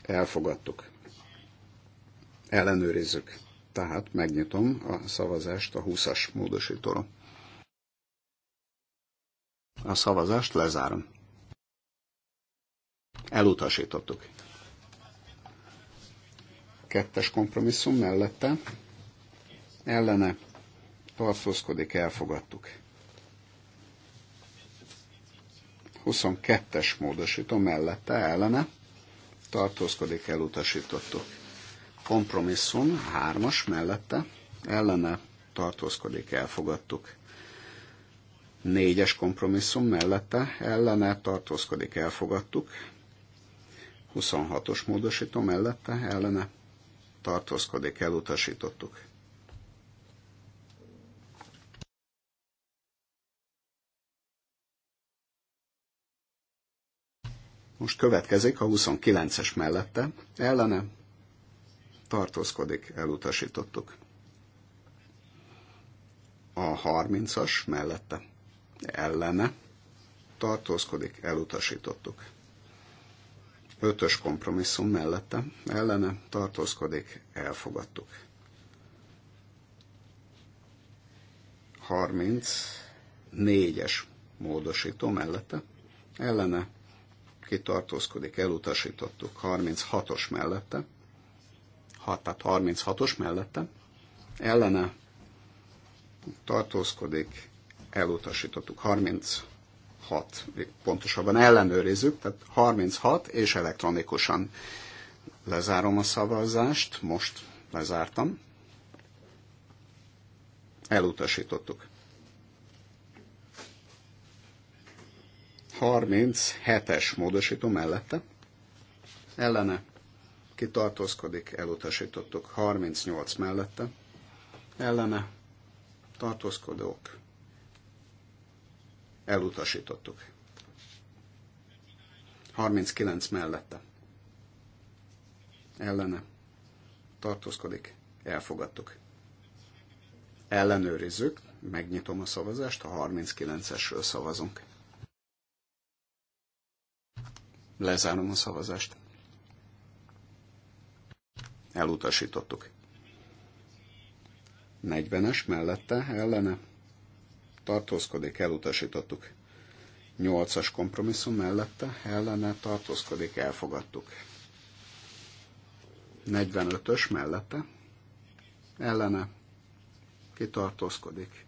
elfogadtuk, ellenőrizzük. Tehát megnyitom a szavazást a 20-as módosítóra. A szavazást lezárom. Elutasítottuk kettes kompromisszum mellette ellene tartózkodik, elfogadtuk. 22-es módosító mellette ellene tartózkodik, elutasítottuk. Kompromisszum hármas mellette ellene tartózkodik, elfogadtuk. Négyes kompromisszum mellette ellene tartózkodik, elfogadtuk. 26-os módosító mellette ellene tartózkodik, elutasítottuk. Most következik a 29-es mellette, ellene tartózkodik, elutasítottuk. A 30-as mellette, ellene tartózkodik, elutasítottuk. Ötös kompromisszum mellette ellene tartózkodik, elfogadtuk. 34-es módosító mellette ellene kitartózkodik, elutasítottuk 36-os mellette, hat, tehát 36-os mellette, ellene tartózkodik, elutasítottuk 36, pontosabban ellenőrizzük, tehát 36, és elektronikusan lezárom a szavazást, most lezártam. Elutasítottuk. 37-es módosító mellette. Ellene ki tartózkodik, elutasítottuk. 38 mellette. Ellene tartózkodók, Elutasítottuk. 39 mellette. Ellene. Tartózkodik. Elfogadtuk. Ellenőrizzük. Megnyitom a szavazást. A 39-esről szavazunk. Lezárom a szavazást. Elutasítottuk. 40-es mellette ellene tartózkodik, elutasítottuk. 8-as kompromisszum mellette ellene tartózkodik, elfogadtuk. 45-ös mellette ellene kitartózkodik,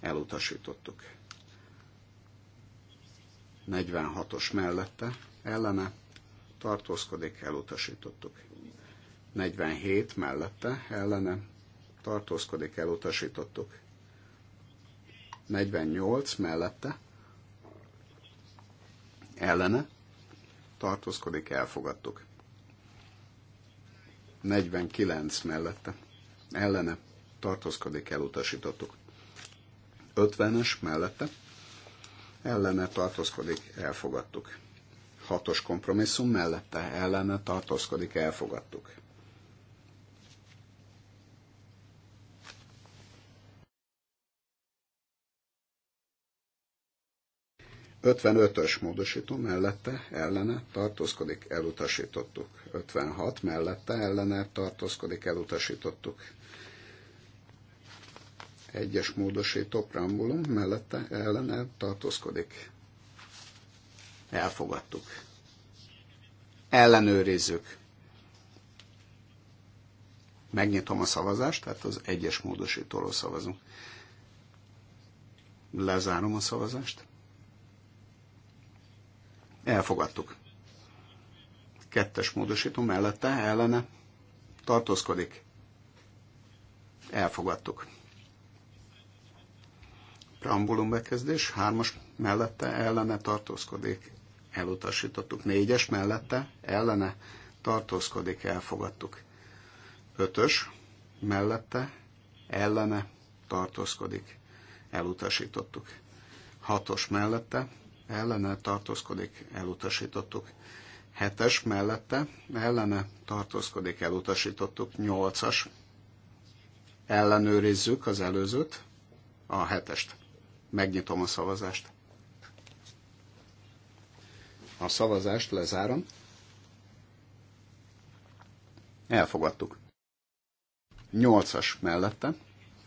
elutasítottuk. 46-os mellette ellene tartózkodik, elutasítottuk. 47 mellette ellene tartózkodik, elutasítottuk. 48 mellette ellene tartózkodik, elfogadtuk. 49 mellette ellene tartózkodik, elutasítottuk. 50-es mellette ellene tartózkodik, elfogadtuk. 6-os kompromisszum mellette ellene tartózkodik, elfogadtuk. 55-ös módosító mellette ellene tartózkodik, elutasítottuk. 56 mellette ellene tartózkodik, elutasítottuk. Egyes módosító preambulum mellette ellene tartózkodik. Elfogadtuk. Ellenőrizzük. Megnyitom a szavazást, tehát az egyes módosítóról szavazunk. Lezárom a szavazást. Elfogadtuk. Kettes módosító mellette ellene tartózkodik. Elfogadtuk. Preambulum bekezdés, hármas mellette ellene tartózkodik. Elutasítottuk. Négyes mellette ellene tartózkodik. Elfogadtuk. Ötös mellette ellene tartózkodik. Elutasítottuk. Hatos mellette ellene tartózkodik, elutasítottuk. 7-es mellette ellene tartózkodik, elutasítottuk. 8-as ellenőrizzük az előzőt, a 7-est. Megnyitom a szavazást. A szavazást lezárom. Elfogadtuk. 8-as mellette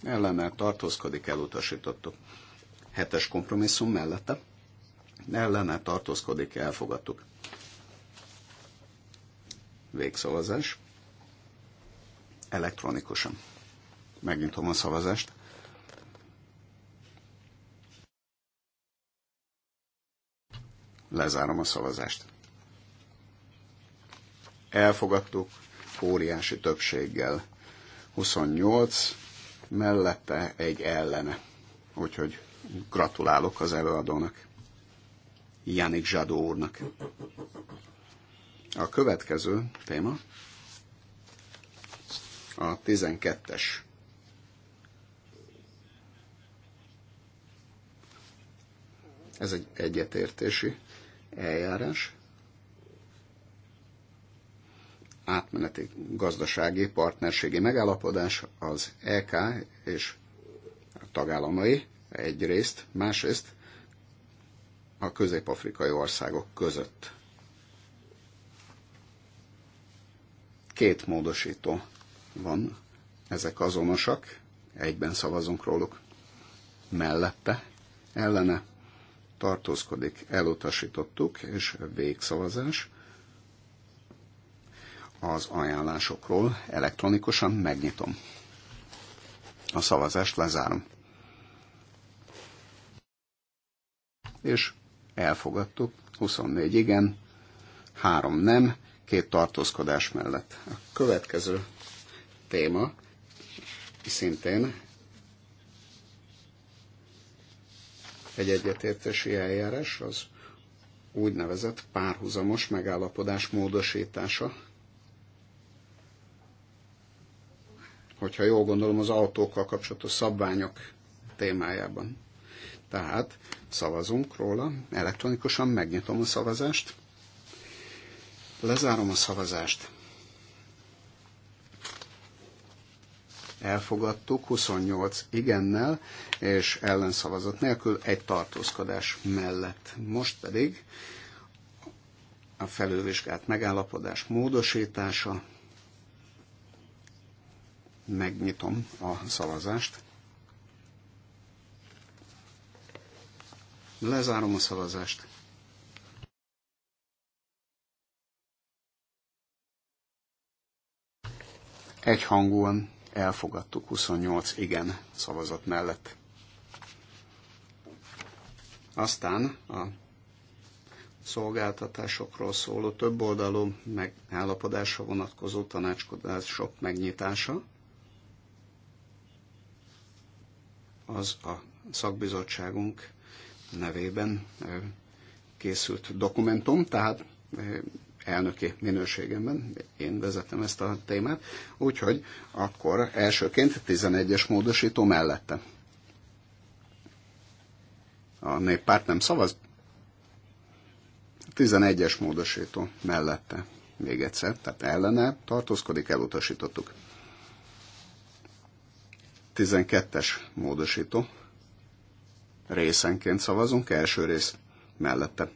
ellene tartózkodik, elutasítottuk. 7-es kompromisszum mellette ellene tartózkodik, elfogadtuk. Végszavazás. Elektronikusan. Megnyitom a szavazást. Lezárom a szavazást. Elfogadtuk óriási többséggel. 28 mellette egy ellene. Úgyhogy gratulálok az előadónak. Jánik Zsadó úrnak. A következő téma a 12-es. Ez egy egyetértési eljárás. Átmeneti gazdasági partnerségi megállapodás az EK és a tagállamai egyrészt, másrészt a közép-afrikai országok között. Két módosító van, ezek azonosak, egyben szavazunk róluk. Mellette, ellene tartózkodik, elutasítottuk, és végszavazás az ajánlásokról elektronikusan megnyitom. A szavazást lezárom. És elfogadtuk, 24 igen, 3 nem, két tartózkodás mellett. A következő téma szintén egy egyetértési eljárás, az úgynevezett párhuzamos megállapodás módosítása. Hogyha jól gondolom, az autókkal kapcsolatos szabványok témájában. Tehát szavazunk róla, elektronikusan megnyitom a szavazást, lezárom a szavazást. Elfogadtuk 28 igennel és ellenszavazat nélkül egy tartózkodás mellett. Most pedig a felülvizsgált megállapodás módosítása. Megnyitom a szavazást. Lezárom a szavazást. Egyhangúan elfogadtuk 28 igen szavazat mellett. Aztán a szolgáltatásokról szóló több oldalú megállapodásra vonatkozó tanácskodások megnyitása az a szakbizottságunk nevében készült dokumentum, tehát elnöki minőségemben én vezetem ezt a témát, úgyhogy akkor elsőként 11-es módosító mellette. A néppárt nem szavaz? 11-es módosító mellette. Még egyszer, tehát ellene tartózkodik, elutasítottuk. 12-es módosító részenként szavazunk, első rész mellette.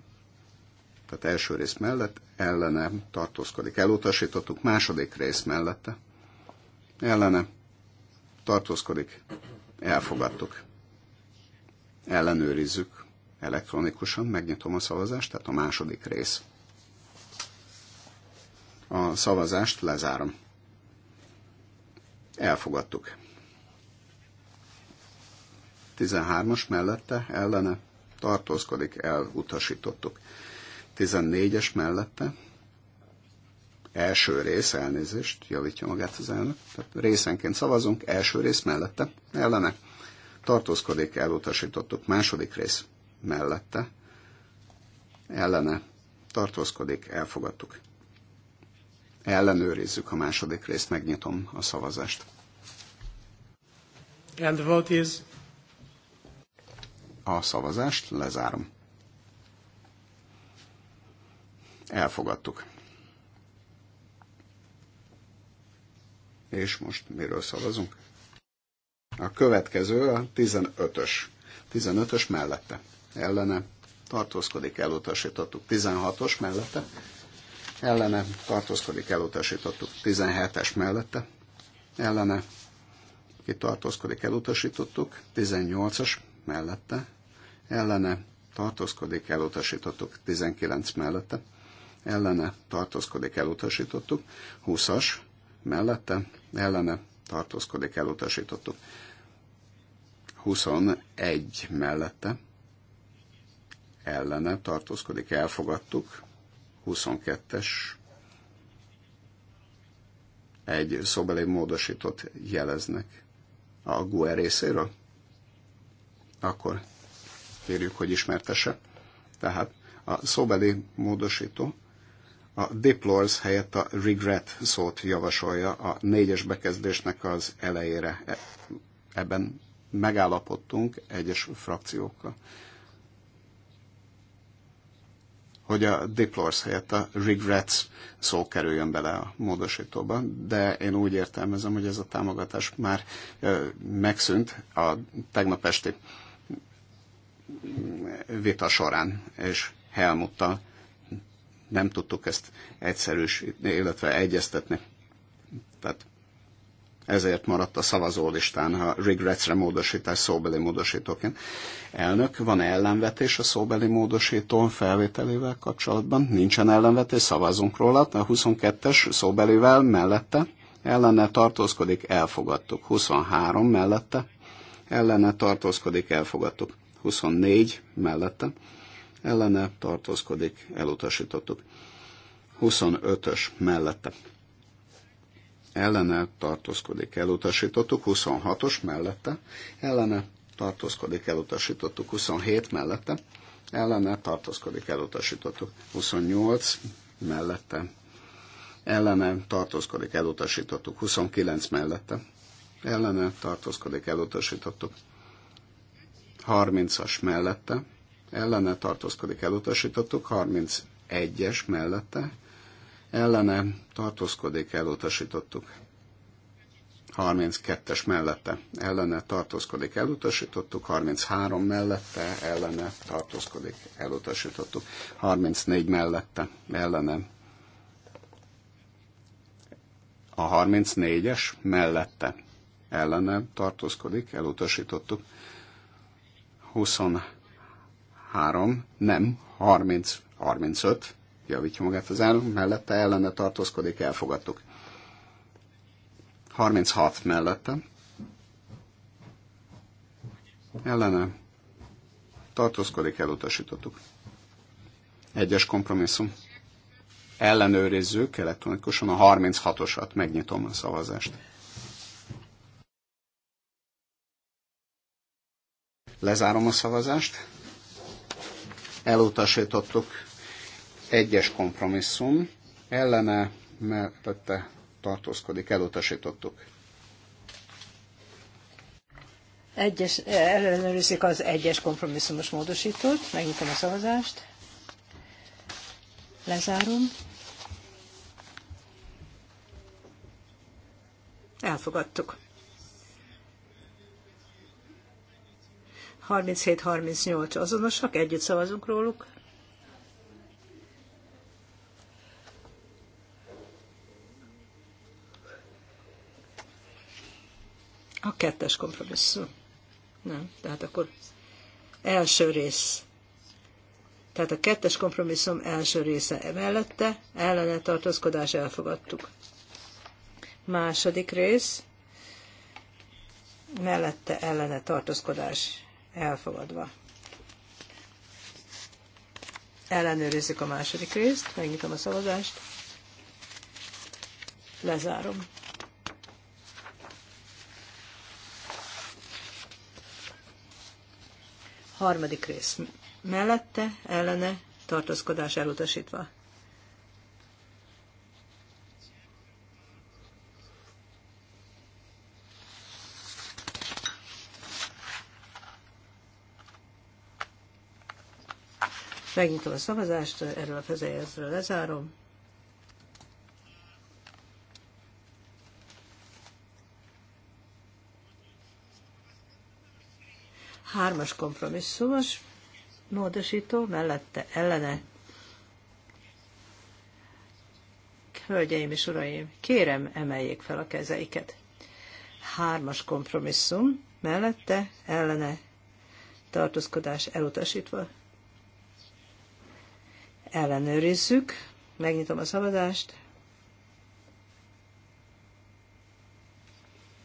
Tehát első rész mellett ellene tartózkodik. Elutasítottuk második rész mellette. Ellene tartózkodik. Elfogadtuk. Ellenőrizzük elektronikusan, megnyitom a szavazást, tehát a második rész. A szavazást lezárom. Elfogadtuk. 13-as mellette ellene tartózkodik, elutasítottuk. 14-es mellette első rész, elnézést, javítja magát az elnök. Tehát részenként szavazunk, első rész mellette, ellene. Tartózkodik, elutasítottuk, második rész mellette, ellene. Tartózkodik, elfogadtuk. Ellenőrizzük a második részt, megnyitom a szavazást. And the vote is a szavazást, lezárom. Elfogadtuk. És most miről szavazunk? A következő a 15-ös. 15-ös mellette. Ellene tartózkodik, elutasítottuk. 16-os mellette. Ellene tartózkodik, elutasítottuk. 17-es mellette. Ellene ki tartózkodik, elutasítottuk. 18-as mellette ellene tartózkodik, elutasítottuk 19 mellette, ellene tartózkodik, elutasítottuk 20-as mellette, ellene tartózkodik, elutasítottuk 21 mellette, ellene tartózkodik, elfogadtuk 22-es egy szobeli módosított jeleznek a GUE részéről, akkor kérjük, hogy ismertesse. Tehát a szóbeli módosító a deplores helyett a regret szót javasolja a négyes bekezdésnek az elejére. E- ebben megállapodtunk egyes frakciókkal, hogy a deplores helyett a regrets szó kerüljön bele a módosítóba, de én úgy értelmezem, hogy ez a támogatás már megszűnt a tegnap esti vita során, és Helmuttal nem tudtuk ezt egyszerűsíteni, illetve egyeztetni. Tehát ezért maradt a szavazólistán a regretsre módosítás szóbeli módosítóként. Elnök, van -e ellenvetés a szóbeli módosító felvételével kapcsolatban? Nincsen ellenvetés, szavazunk róla. A 22-es szóbelivel mellette ellene tartózkodik, elfogadtuk. 23 mellette ellene tartózkodik, elfogadtuk. 24 mellette ellene tartózkodik, elutasítottuk. 25-ös mellette ellene tartózkodik, elutasítottuk. 26-os mellette ellene tartózkodik, elutasítottuk. 27 mellette ellene tartózkodik, elutasítottuk. 28 mellette ellene tartózkodik, elutasítottuk. 29 mellette ellene tartózkodik, elutasítottuk. 30-as mellette, ellene tartózkodik elutasítottuk, 31-es mellette, ellene tartózkodik elutasítottuk. 32-es mellette ellene tartózkodik elutasítottuk, 33 mellette ellene tartózkodik elutasítottuk, 34 mellette ellene a 34-es mellette ellene tartózkodik elutasítottuk, 23, nem, 30, 35, javítja magát az elnök, mellette ellene tartózkodik, elfogadtuk. 36 mellette, ellene tartózkodik, elutasítottuk. Egyes kompromisszum. Ellenőrizzük elektronikusan a 36-osat, megnyitom a szavazást. Lezárom a szavazást. Elutasítottuk egyes kompromisszum. Ellene mellette tartózkodik, elutasítottuk. Egyes, ellenőrizik az egyes kompromisszumos módosítót, megnyitom a szavazást, lezárom. Elfogadtuk. 37-38 azonosak, együtt szavazunk róluk. A kettes kompromisszum. Nem, tehát akkor első rész. Tehát a kettes kompromisszum első része emellette, ellene tartózkodás elfogadtuk. Második rész, mellette ellene tartózkodás elfogadva. Ellenőrizzük a második részt, megnyitom a szavazást, lezárom. Harmadik rész mellette, ellene, tartózkodás elutasítva. Megnyitom a szavazást, erről a fezejezről lezárom. Hármas kompromisszumos módosító, mellette ellene. Hölgyeim és uraim, kérem emeljék fel a kezeiket. Hármas kompromisszum, mellette ellene tartózkodás elutasítva ellenőrizzük. Megnyitom a szavazást.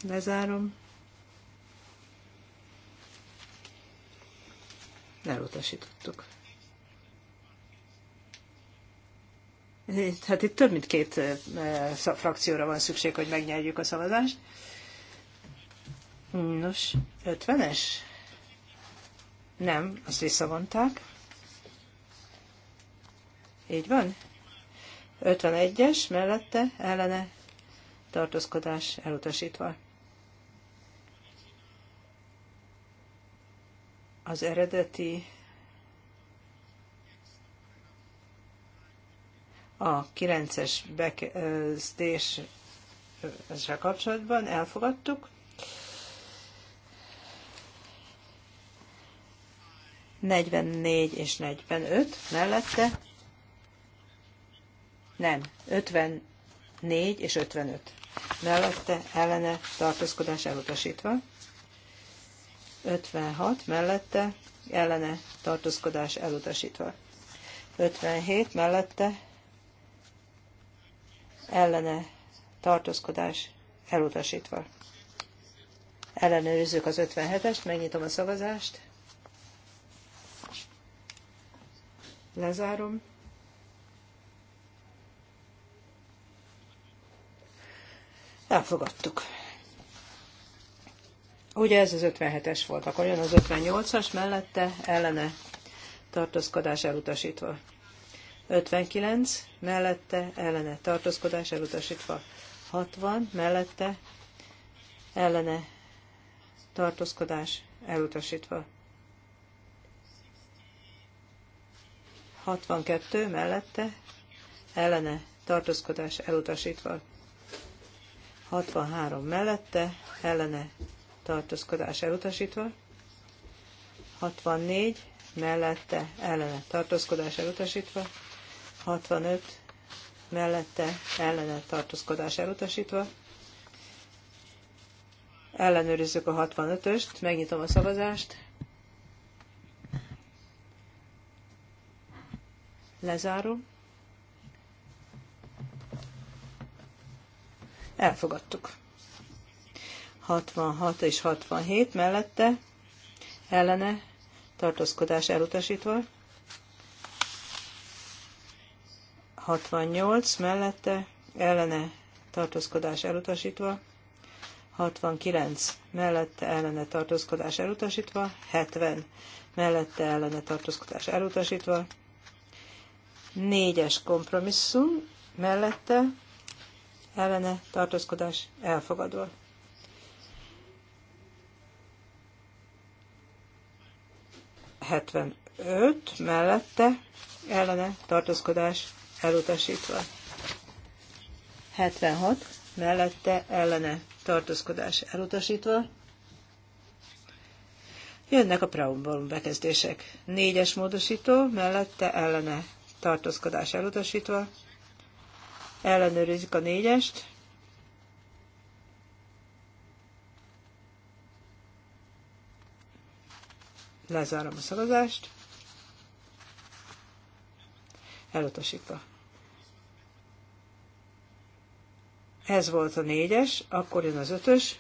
Lezárom. Elutasítottuk. Hát itt több mint két frakcióra van szükség, hogy megnyerjük a szavazást. Nos, 50-es? Nem, azt visszavonták. Így van? 51-es mellette ellene tartózkodás elutasítva. Az eredeti a 9-es bekezdéssel kapcsolatban elfogadtuk. Negyvennégy és 45 mellette nem. 54 és 55. Mellette ellene tartózkodás elutasítva. 56 mellette ellene tartózkodás elutasítva. 57 mellette ellene tartózkodás elutasítva. Ellenőrizzük az 57-est, megnyitom a szavazást. Lezárom. Elfogadtuk. Ugye ez az 57-es volt, akkor jön az 58-as mellette, ellene tartózkodás elutasítva. 59 mellette, ellene tartózkodás elutasítva. 60 mellette, ellene tartózkodás elutasítva. 62 mellette, ellene tartózkodás elutasítva. 63 mellette, ellene tartózkodás elutasítva, 64 mellette, ellene tartózkodás elutasítva, 65 mellette, ellene tartózkodás elutasítva. Ellenőrizzük a 65-öst, megnyitom a szavazást. Lezárom. Elfogadtuk. 66 és 67 mellette ellene tartózkodás elutasítva. 68 mellette ellene tartózkodás elutasítva. 69 mellette ellene tartózkodás elutasítva, 70 mellette ellene tartózkodás elutasítva, 4-es kompromisszum mellette ellene tartózkodás elfogadva. öt mellette ellene tartózkodás elutasítva. 76 mellette ellene tartózkodás elutasítva. Jönnek a preambulum bekezdések. Négyes módosító mellette ellene tartózkodás elutasítva ellenőrizzük a négyest. Lezárom a szavazást. Elutasítva. Ez volt a négyes, akkor jön az ötös,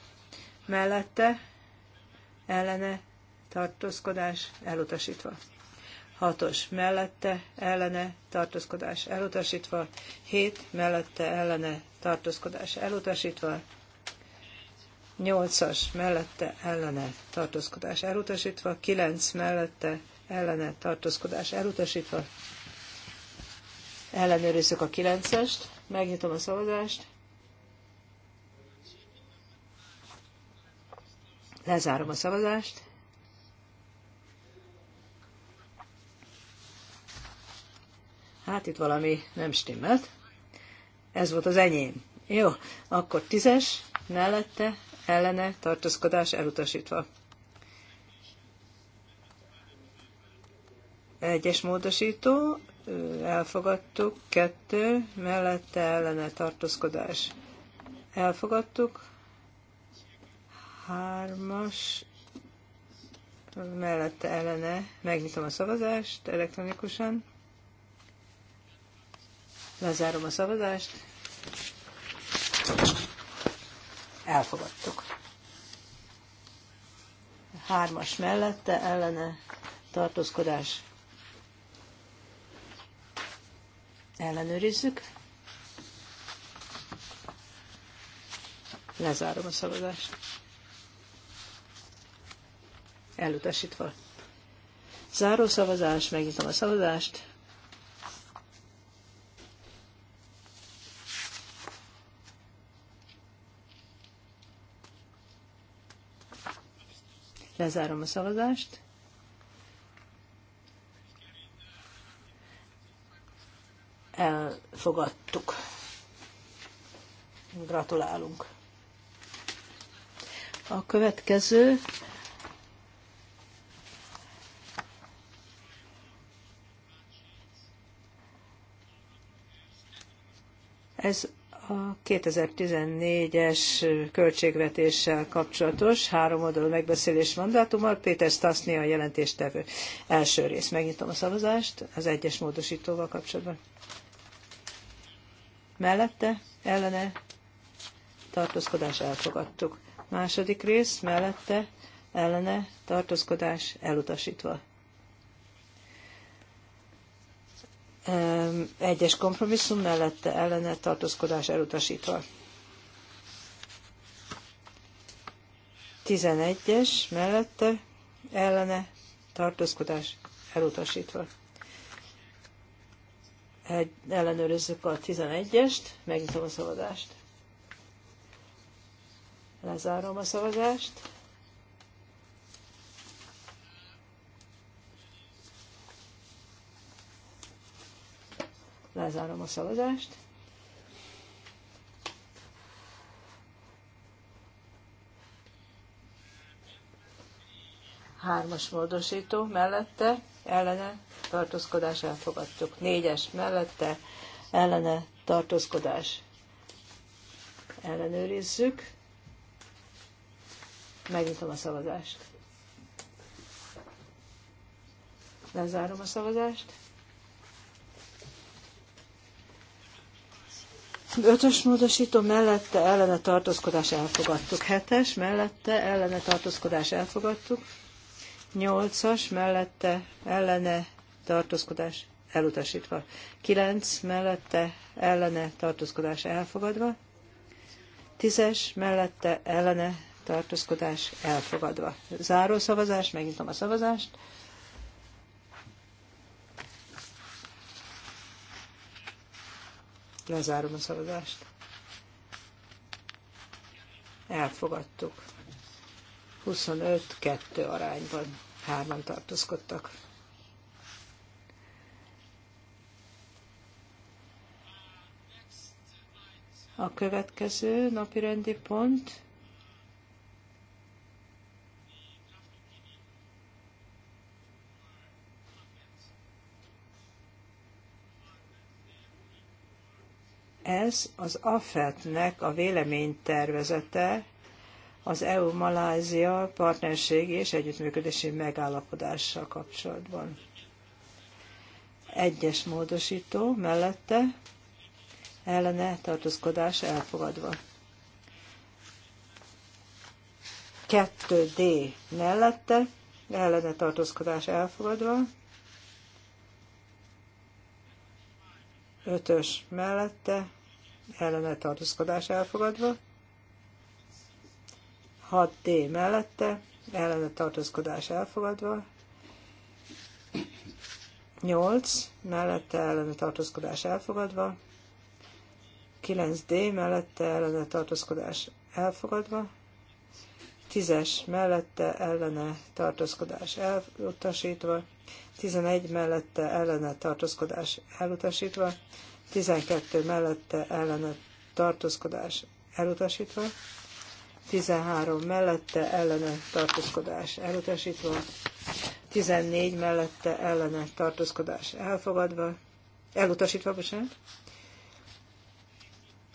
mellette ellene tartózkodás elutasítva. 6-os mellette ellene tartózkodás elutasítva, 7 mellette ellene tartózkodás elutasítva, 8-as mellette ellene tartózkodás elutasítva, 9 mellette ellene tartózkodás elutasítva. Ellenőrizzük a 9-est, megnyitom a szavazást. Lezárom a szavazást. Hát itt valami nem stimmelt. Ez volt az enyém. Jó, akkor tízes, mellette, ellene, tartózkodás elutasítva. Egyes módosító, elfogadtuk, kettő, mellette, ellene, tartózkodás elfogadtuk, hármas, mellette, ellene, megnyitom a szavazást elektronikusan. Lezárom a szavazást. Elfogadtuk. Hármas mellette ellene tartózkodás. Ellenőrizzük. Lezárom a szavazást. Elutasítva. Záró szavazás, megnyitom a szavazást. Lezárom a szavazást. Elfogadtuk. Gratulálunk. A következő ez a 2014-es költségvetéssel kapcsolatos három oldalú megbeszélés mandátummal. Péter Stasznia a jelentéstevő. Első rész. Megnyitom a szavazást az egyes módosítóval kapcsolatban. Mellette, ellene, tartózkodás elfogadtuk. Második rész, mellette, ellene, tartózkodás elutasítva. egyes kompromisszum mellette ellene tartózkodás elutasítva. 11-es mellette ellene tartózkodás elutasítva. Egy, ellenőrizzük a 11-est, megnyitom a szavazást. Lezárom a szavazást. Lezárom a szavazást. Hármas módosító mellette, ellene, tartózkodás elfogadtuk. Négyes mellette, ellene, tartózkodás. Ellenőrizzük. Megnyitom a szavazást. Lezárom a szavazást. Ötös módosító mellette ellene tartózkodás elfogadtuk. Hetes mellette ellene tartózkodás elfogadtuk. Nyolcas mellette ellene tartózkodás elutasítva. Kilenc mellette ellene tartózkodás elfogadva. Tízes mellette ellene tartózkodás elfogadva. Záró szavazás, megnyitom a szavazást. Lezárom a szavazást. Elfogadtuk. 25-2 arányban hárman tartózkodtak. A következő napi rendi pont Ez az AFET-nek a véleménytervezete az EU-Malázia partnerség és együttműködési megállapodással kapcsolatban. Egyes módosító mellette ellene tartózkodás elfogadva. 2D mellette ellene tartózkodás elfogadva. Ötös mellette ellene tartózkodás elfogadva. 6D mellette ellene tartózkodás elfogadva. 8 mellette ellene tartózkodás elfogadva. 9D mellette ellene tartózkodás elfogadva. 10-es mellette ellene tartózkodás elutasítva, 11 mellette ellene tartózkodás elutasítva, 12 mellette ellene tartózkodás elutasítva, 13 mellette ellene tartózkodás elutasítva, 14 mellette ellene tartózkodás elfogadva, elutasítva, bocsánat,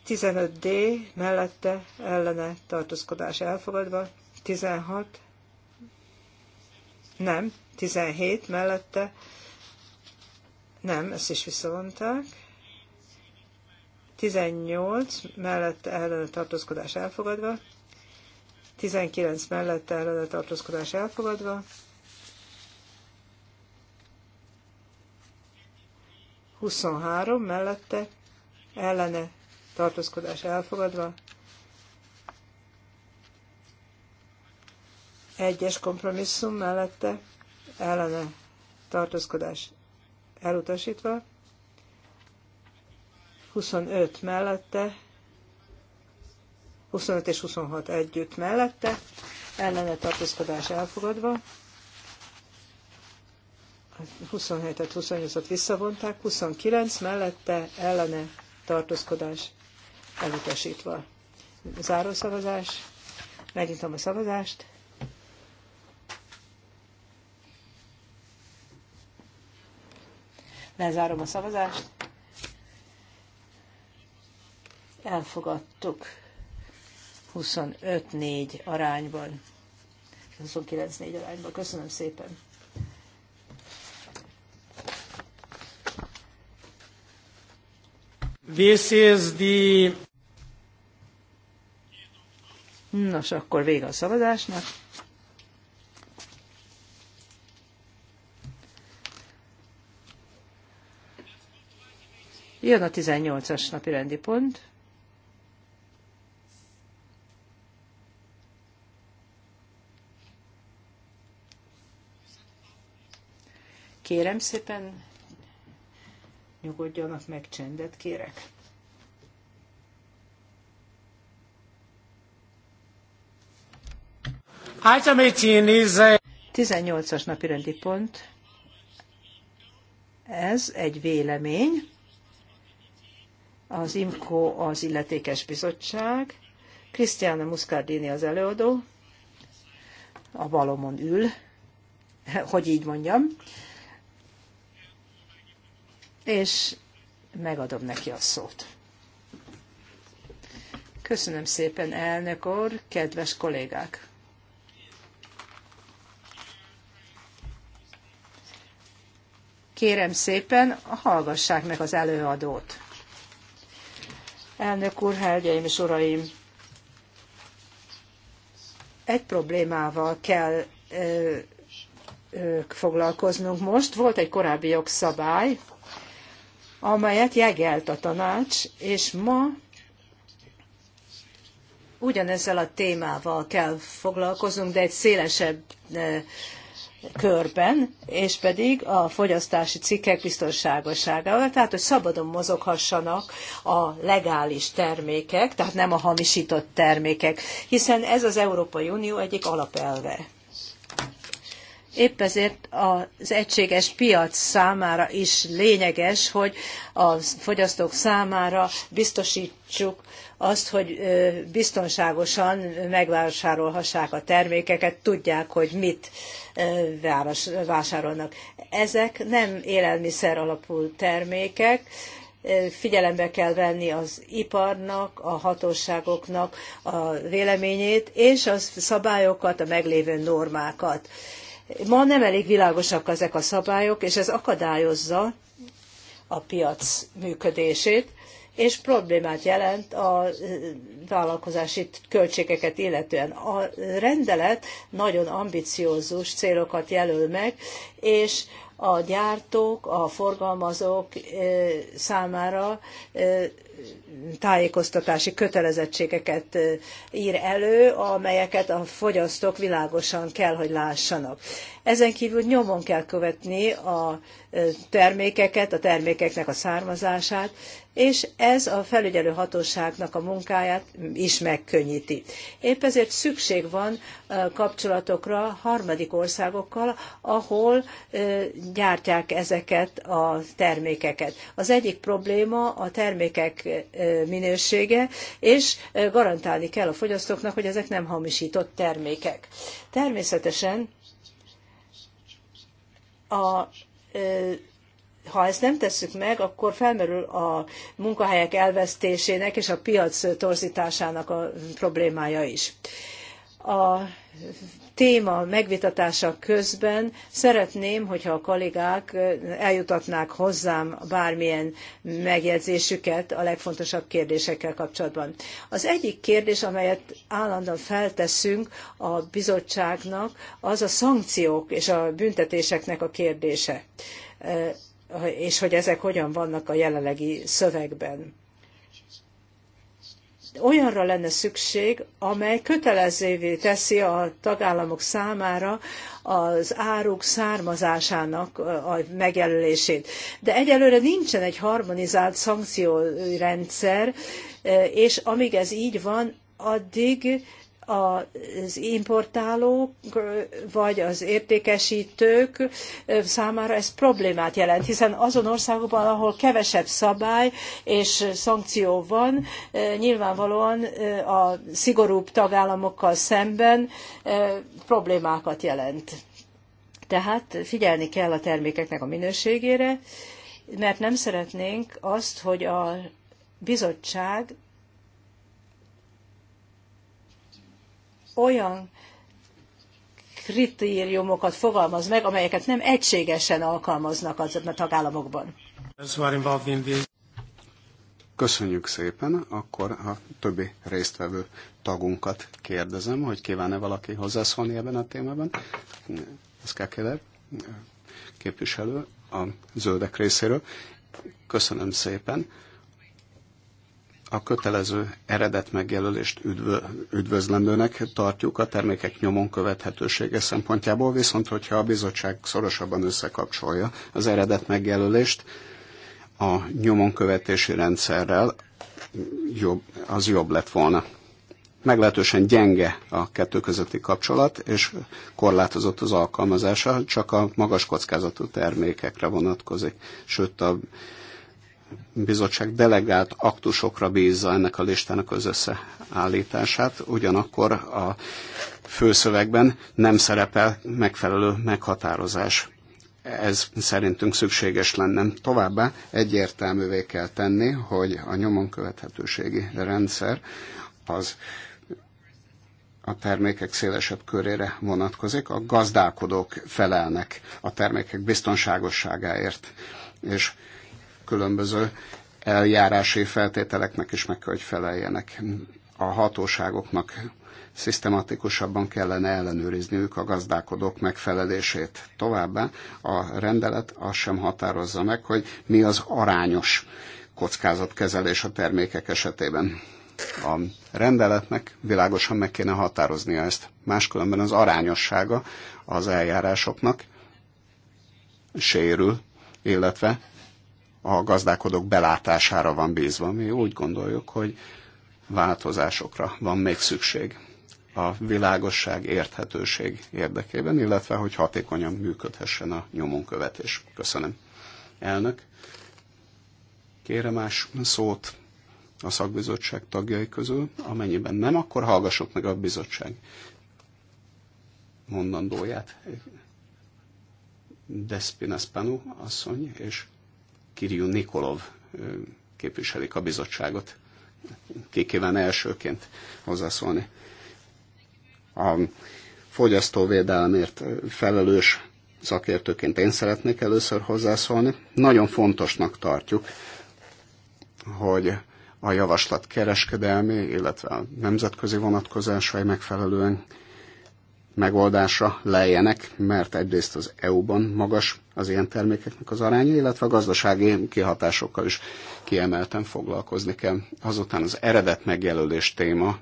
15D mellette ellene tartózkodás elfogadva, 16, nem, 17 mellette, nem, ezt is visszavonták, 18 mellette ellene tartózkodás elfogadva, 19 mellette ellene tartózkodás elfogadva, 23 mellette ellene tartózkodás elfogadva, Egyes kompromisszum mellette ellene tartózkodás elutasítva. 25 mellette, 25 és 26 együtt mellette, ellene tartózkodás elfogadva. 27-et, 28-at visszavonták, 29 mellette ellene tartózkodás elutasítva. Zárószavazás. Megnyitom a szavazást. Lezárom a szavazást. Elfogadtuk 25-4 arányban. 29-4 arányban. Köszönöm szépen. This is the... Nos, akkor vége a szavazásnak. Jön a 18-as napi rendi pont. Kérem szépen, nyugodjanak meg, csendet kérek. Item 18-as napi rendi pont. Ez egy vélemény. Az IMCO az illetékes bizottság, Krisztiána Muscardini az előadó, a balomon ül, [LAUGHS] hogy így mondjam, és megadom neki a szót. Köszönöm szépen, elnök úr, kedves kollégák! Kérem szépen, hallgassák meg az előadót. Elnök úr, hölgyeim és uraim! Egy problémával kell ö, ö, foglalkoznunk most. Volt egy korábbi jogszabály, amelyet jegelt a tanács, és ma ugyanezzel a témával kell foglalkoznunk, de egy szélesebb körben, és pedig a fogyasztási cikkek biztonságosságával, tehát hogy szabadon mozoghassanak a legális termékek, tehát nem a hamisított termékek, hiszen ez az Európai Unió egyik alapelve. Épp ezért az egységes piac számára is lényeges, hogy a fogyasztók számára biztosítsuk azt, hogy biztonságosan megvásárolhassák a termékeket, tudják, hogy mit vásárolnak. Ezek nem élelmiszer alapú termékek, figyelembe kell venni az iparnak, a hatóságoknak a véleményét, és a szabályokat, a meglévő normákat. Ma nem elég világosak ezek a szabályok, és ez akadályozza a piac működését, és problémát jelent a vállalkozási költségeket illetően. A rendelet nagyon ambiciózus célokat jelöl meg, és a gyártók, a forgalmazók számára tájékoztatási kötelezettségeket ír elő, amelyeket a fogyasztók világosan kell, hogy lássanak. Ezen kívül nyomon kell követni a termékeket, a termékeknek a származását, és ez a felügyelő hatóságnak a munkáját is megkönnyíti. Épp ezért szükség van kapcsolatokra harmadik országokkal, ahol gyártják ezeket a termékeket. Az egyik probléma a termékek minősége, és garantálni kell a fogyasztóknak, hogy ezek nem hamisított termékek. Természetesen a ha ezt nem tesszük meg, akkor felmerül a munkahelyek elvesztésének és a piac torzításának a problémája is. A téma megvitatása közben szeretném, hogyha a kollégák eljutatnák hozzám bármilyen megjegyzésüket a legfontosabb kérdésekkel kapcsolatban. Az egyik kérdés, amelyet állandóan felteszünk a bizottságnak, az a szankciók és a büntetéseknek a kérdése és hogy ezek hogyan vannak a jelenlegi szövegben. Olyanra lenne szükség, amely kötelezővé teszi a tagállamok számára az áruk származásának a megjelölését. De egyelőre nincsen egy harmonizált szankciórendszer, és amíg ez így van, addig az importálók vagy az értékesítők számára ez problémát jelent, hiszen azon országokban, ahol kevesebb szabály és szankció van, nyilvánvalóan a szigorúbb tagállamokkal szemben problémákat jelent. Tehát figyelni kell a termékeknek a minőségére, mert nem szeretnénk azt, hogy a bizottság olyan kritériumokat fogalmaz meg, amelyeket nem egységesen alkalmaznak az a tagállamokban. Köszönjük szépen, akkor a többi résztvevő tagunkat kérdezem, hogy kíván-e valaki hozzászólni ebben a témában. Ez Kekeler képviselő a zöldek részéről. Köszönöm szépen a kötelező eredet megjelölést üdvö, üdvözlendőnek tartjuk a termékek nyomon követhetősége szempontjából, viszont hogyha a bizottság szorosabban összekapcsolja az eredet megjelölést a nyomon követési rendszerrel, jobb, az jobb lett volna. Meglehetősen gyenge a kettő közötti kapcsolat, és korlátozott az alkalmazása, csak a magas kockázatú termékekre vonatkozik. Sőt, a bizottság delegált aktusokra bízza ennek a listának az összeállítását, ugyanakkor a főszövegben nem szerepel megfelelő meghatározás. Ez szerintünk szükséges lenne. Továbbá egyértelművé kell tenni, hogy a nyomon követhetőségi rendszer az a termékek szélesebb körére vonatkozik, a gazdálkodók felelnek a termékek biztonságosságáért, és különböző eljárási feltételeknek is meg kell, hogy feleljenek. A hatóságoknak szisztematikusabban kellene ellenőrizniük a gazdálkodók megfelelését. Továbbá a rendelet azt sem határozza meg, hogy mi az arányos kockázatkezelés a termékek esetében. A rendeletnek világosan meg kéne határoznia ezt. Máskülönben az arányossága az eljárásoknak sérül, illetve a gazdálkodók belátására van bízva. Mi úgy gondoljuk, hogy változásokra van még szükség a világosság, érthetőség érdekében, illetve hogy hatékonyan működhessen a nyomonkövetés. Köszönöm. Elnök, kérem más szót a szakbizottság tagjai közül, amennyiben nem, akkor hallgassuk meg a bizottság mondandóját. Despina Spanu asszony és Kirill Nikolov képviselik a bizottságot. Ki elsőként hozzászólni? A fogyasztóvédelemért felelős szakértőként én szeretnék először hozzászólni. Nagyon fontosnak tartjuk, hogy a javaslat kereskedelmi, illetve a nemzetközi vonatkozásai megfelelően megoldásra lejjenek, mert egyrészt az EU-ban magas az ilyen termékeknek az aránya, illetve a gazdasági kihatásokkal is kiemelten foglalkozni kell. Azután az eredet megjelölés téma,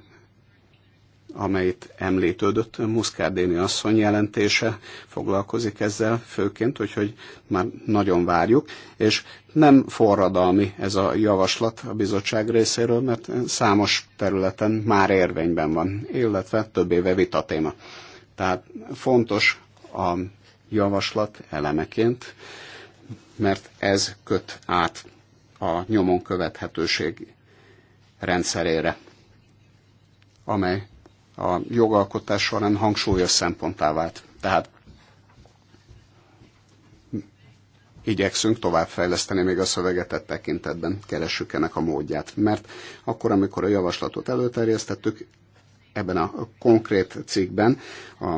amelyet említődött, Muszkárdéni asszony jelentése foglalkozik ezzel főként, úgyhogy már nagyon várjuk, és nem forradalmi ez a javaslat a bizottság részéről, mert számos területen már érvényben van, illetve több éve vita téma. Tehát fontos a javaslat elemeként, mert ez köt át a nyomon követhetőség rendszerére, amely a jogalkotás során hangsúlyos szemponttá vált. Tehát igyekszünk továbbfejleszteni még a szöveget e tekintetben, keressük ennek a módját. Mert akkor, amikor a javaslatot előterjesztettük, ebben a konkrét cikkben, a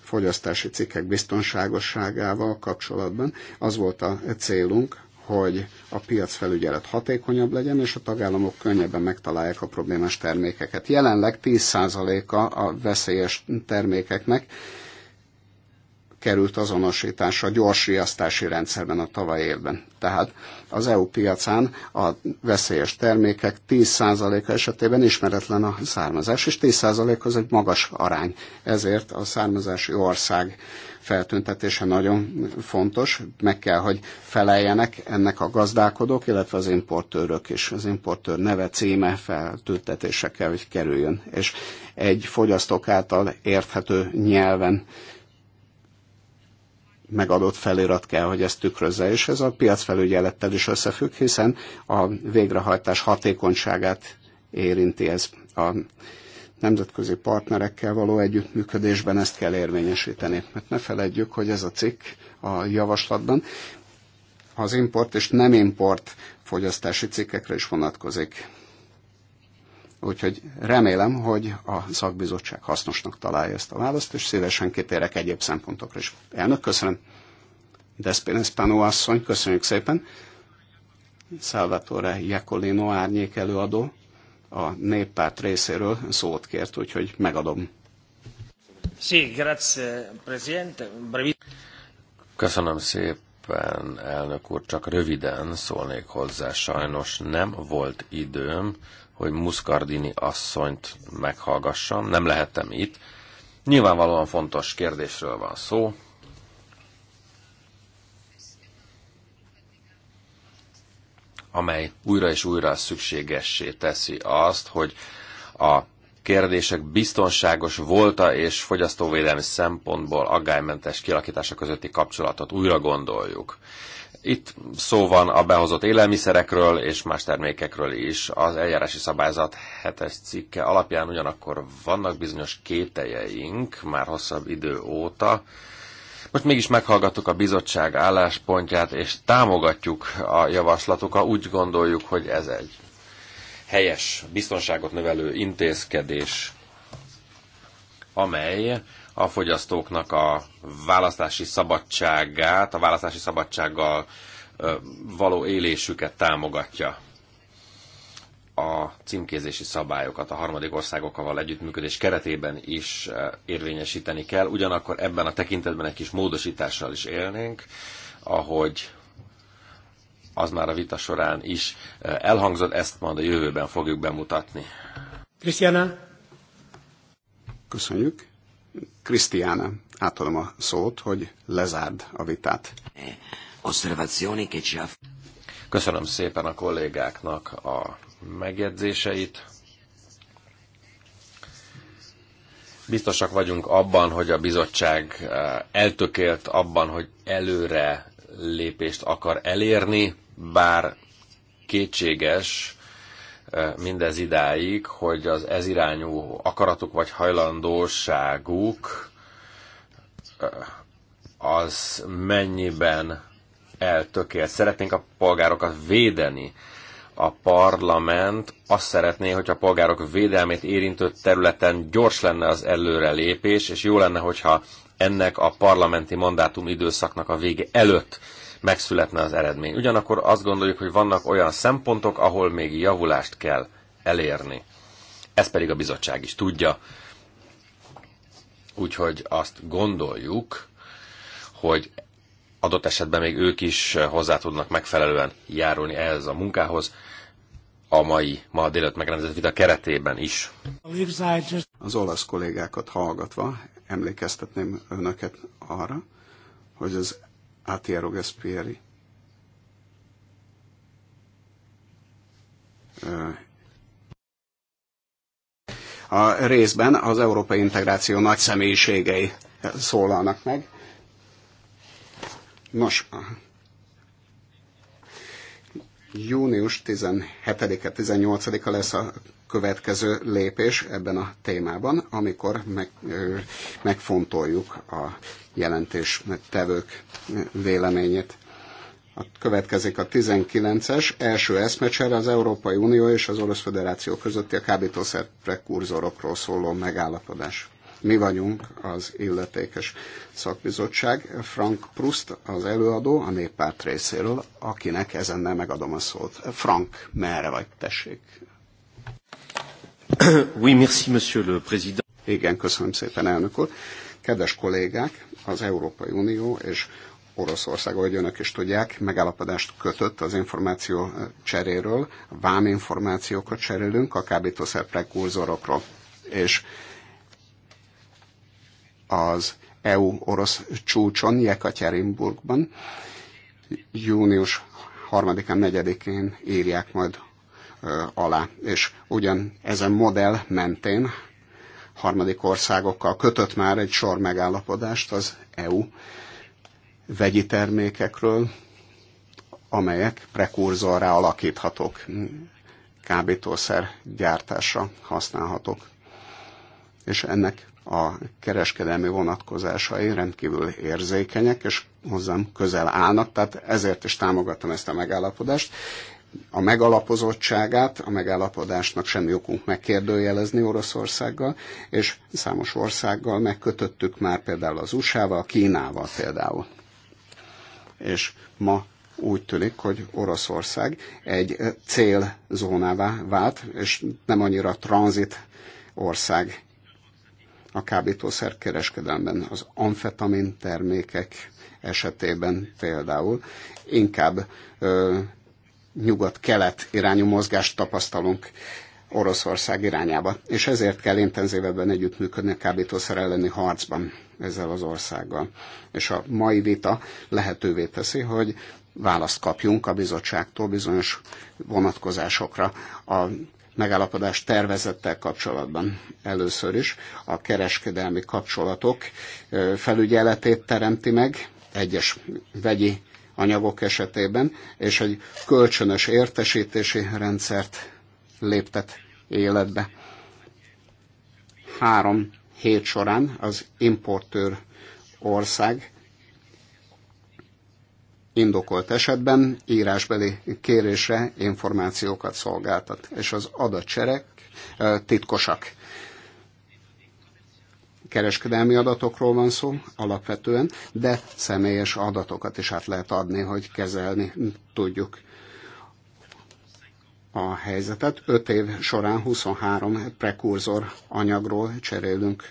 fogyasztási cikkek biztonságosságával kapcsolatban az volt a célunk, hogy a piacfelügyelet hatékonyabb legyen, és a tagállamok könnyebben megtalálják a problémás termékeket. Jelenleg 10%-a a veszélyes termékeknek került azonosításra a gyors riasztási rendszerben a tavaly évben. Tehát az EU piacán a veszélyes termékek 10%-a esetében ismeretlen a származás, és 10% az egy magas arány. Ezért a származási ország feltüntetése nagyon fontos, meg kell, hogy feleljenek ennek a gazdálkodók, illetve az importőrök is. Az importőr neve, címe feltüntetése kell, hogy kerüljön. És egy fogyasztók által érthető nyelven megadott felirat kell, hogy ezt tükrözze, és ez a piacfelügyelettel is összefügg, hiszen a végrehajtás hatékonyságát érinti ez a nemzetközi partnerekkel való együttműködésben ezt kell érvényesíteni. Mert ne feledjük, hogy ez a cikk a javaslatban az import és nem import fogyasztási cikkekre is vonatkozik. Úgyhogy remélem, hogy a szakbizottság hasznosnak találja ezt a választ, és szívesen kitérek egyéb szempontokra is. Elnök, köszönöm. Pánó asszony, köszönjük szépen. Salvatore Jekolino árnyék előadó a néppárt részéről szót kért, úgyhogy megadom. Sí, grazie, presidente. Brevi... Köszönöm szépen, elnök úr, csak röviden szólnék hozzá. Sajnos nem volt időm hogy Muscardini asszonyt meghallgassam. Nem lehettem itt. Nyilvánvalóan fontos kérdésről van szó. amely újra és újra szükségessé teszi azt, hogy a kérdések biztonságos volta és fogyasztóvédelmi szempontból aggálymentes kialakítása közötti kapcsolatot újra gondoljuk. Itt szó van a behozott élelmiszerekről és más termékekről is. Az eljárási szabályzat hetes cikke alapján ugyanakkor vannak bizonyos kételjeink már hosszabb idő óta. Most mégis meghallgattuk a bizottság álláspontját, és támogatjuk a javaslatokat Úgy gondoljuk, hogy ez egy helyes, biztonságot növelő intézkedés, amely a fogyasztóknak a választási szabadságát, a választási szabadsággal való élésüket támogatja a címkézési szabályokat a harmadik országokkal való együttműködés keretében is érvényesíteni kell. Ugyanakkor ebben a tekintetben egy kis módosítással is élnénk, ahogy az már a vita során is elhangzott, ezt majd a jövőben fogjuk bemutatni. Krisztiana? Köszönjük. Krisztiána, átadom a szót, hogy lezárd a vitát. Köszönöm szépen a kollégáknak a megjegyzéseit. Biztosak vagyunk abban, hogy a bizottság eh, eltökélt abban, hogy előre lépést akar elérni, bár kétséges, mindez idáig, hogy az ez irányú akaratuk vagy hajlandóságuk az mennyiben eltökélt. Szeretnénk a polgárokat védeni. A parlament azt szeretné, hogy a polgárok védelmét érintő területen gyors lenne az előrelépés, és jó lenne, hogyha ennek a parlamenti mandátum időszaknak a vége előtt megszületne az eredmény. Ugyanakkor azt gondoljuk, hogy vannak olyan szempontok, ahol még javulást kell elérni. Ez pedig a bizottság is tudja. Úgyhogy azt gondoljuk, hogy adott esetben még ők is hozzá tudnak megfelelően járulni ehhez a munkához, a mai, ma délután megrendezett vita keretében is. Az olasz kollégákat hallgatva emlékeztetném önöket arra, hogy az Atia Gaspieri a részben az európai integráció nagy személyiségei szólalnak meg. Nos, Június 17 18-a lesz a következő lépés ebben a témában, amikor meg, megfontoljuk a jelentés tevők véleményét. A, következik a 19-es első eszmecsere az Európai Unió és az Orosz Föderáció közötti a kábítószer prekurzorokról szóló megállapodás. Mi vagyunk az illetékes szakbizottság. Frank Prust az előadó a néppárt részéről, akinek ezennel megadom a szót. Frank, merre vagy, tessék? [COUGHS] Oui, merci, monsieur le président. Igen, köszönöm szépen, elnök úr. Kedves kollégák, az Európai Unió és Oroszország, ahogy önök is tudják, megállapodást kötött az információ cseréről, vám információkat cserélünk a kábítószer prekurzorokról. És az EU-orosz csúcson, Jekaterinburgban. Június 3-án, 4-én írják majd ö, alá. És ugyan ezen modell mentén harmadik országokkal kötött már egy sor megállapodást az EU vegyi termékekről, amelyek prekurzorra alakíthatók, kábítószer gyártásra használhatók. És ennek a kereskedelmi vonatkozásai rendkívül érzékenyek, és hozzám közel állnak, tehát ezért is támogatom ezt a megállapodást. A megalapozottságát a megállapodásnak semmi okunk megkérdőjelezni Oroszországgal, és számos országgal megkötöttük már például az USA-val, Kínával például. És ma úgy tűnik, hogy Oroszország egy célzónává vált, és nem annyira tranzit ország a kábítószer kereskedelmben, az amfetamin termékek esetében például inkább ö, nyugat-kelet irányú mozgást tapasztalunk Oroszország irányába, és ezért kell intenzívebben együttműködni a kábítószer elleni harcban ezzel az országgal. És a mai vita lehetővé teszi, hogy választ kapjunk a bizottságtól bizonyos vonatkozásokra a megállapodás tervezettel kapcsolatban először is a kereskedelmi kapcsolatok felügyeletét teremti meg egyes vegyi anyagok esetében, és egy kölcsönös értesítési rendszert léptet életbe. Három hét során az importőr ország indokolt esetben írásbeli kérésre információkat szolgáltat, és az adatcserek titkosak. Kereskedelmi adatokról van szó alapvetően, de személyes adatokat is át lehet adni, hogy kezelni tudjuk a helyzetet. Öt év során 23 prekurzor anyagról cserélünk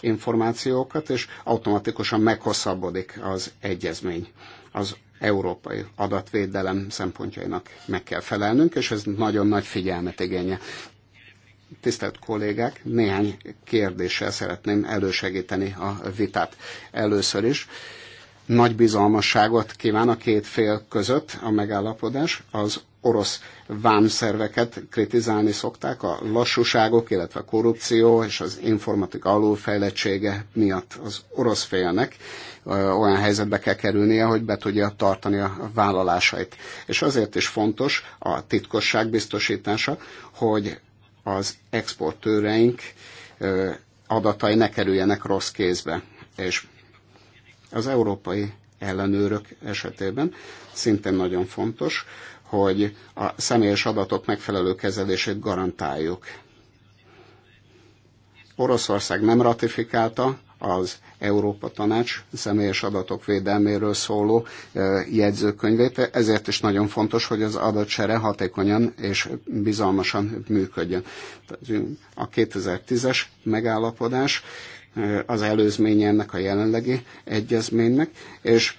információkat, és automatikusan meghosszabbodik az egyezmény. Az európai adatvédelem szempontjainak meg kell felelnünk, és ez nagyon nagy figyelmet igénye. Tisztelt kollégák, néhány kérdéssel szeretném elősegíteni a vitát. Először is nagy bizalmasságot kíván a két fél között a megállapodás. Az orosz vámszerveket kritizálni szokták a lassúságok, illetve a korrupció és az informatika alulfejlettsége miatt az orosz félnek olyan helyzetbe kell kerülnie, hogy be tudja tartani a vállalásait. És azért is fontos a titkosság biztosítása, hogy az exportőreink adatai ne kerüljenek rossz kézbe. És az európai ellenőrök esetében szintén nagyon fontos, hogy a személyes adatok megfelelő kezelését garantáljuk. Oroszország nem ratifikálta az Európa Tanács személyes adatok védelméről szóló e, jegyzőkönyvét, ezért is nagyon fontos, hogy az adatsere hatékonyan és bizalmasan működjön. A 2010-es megállapodás e, az előzménye ennek a jelenlegi egyezménynek, és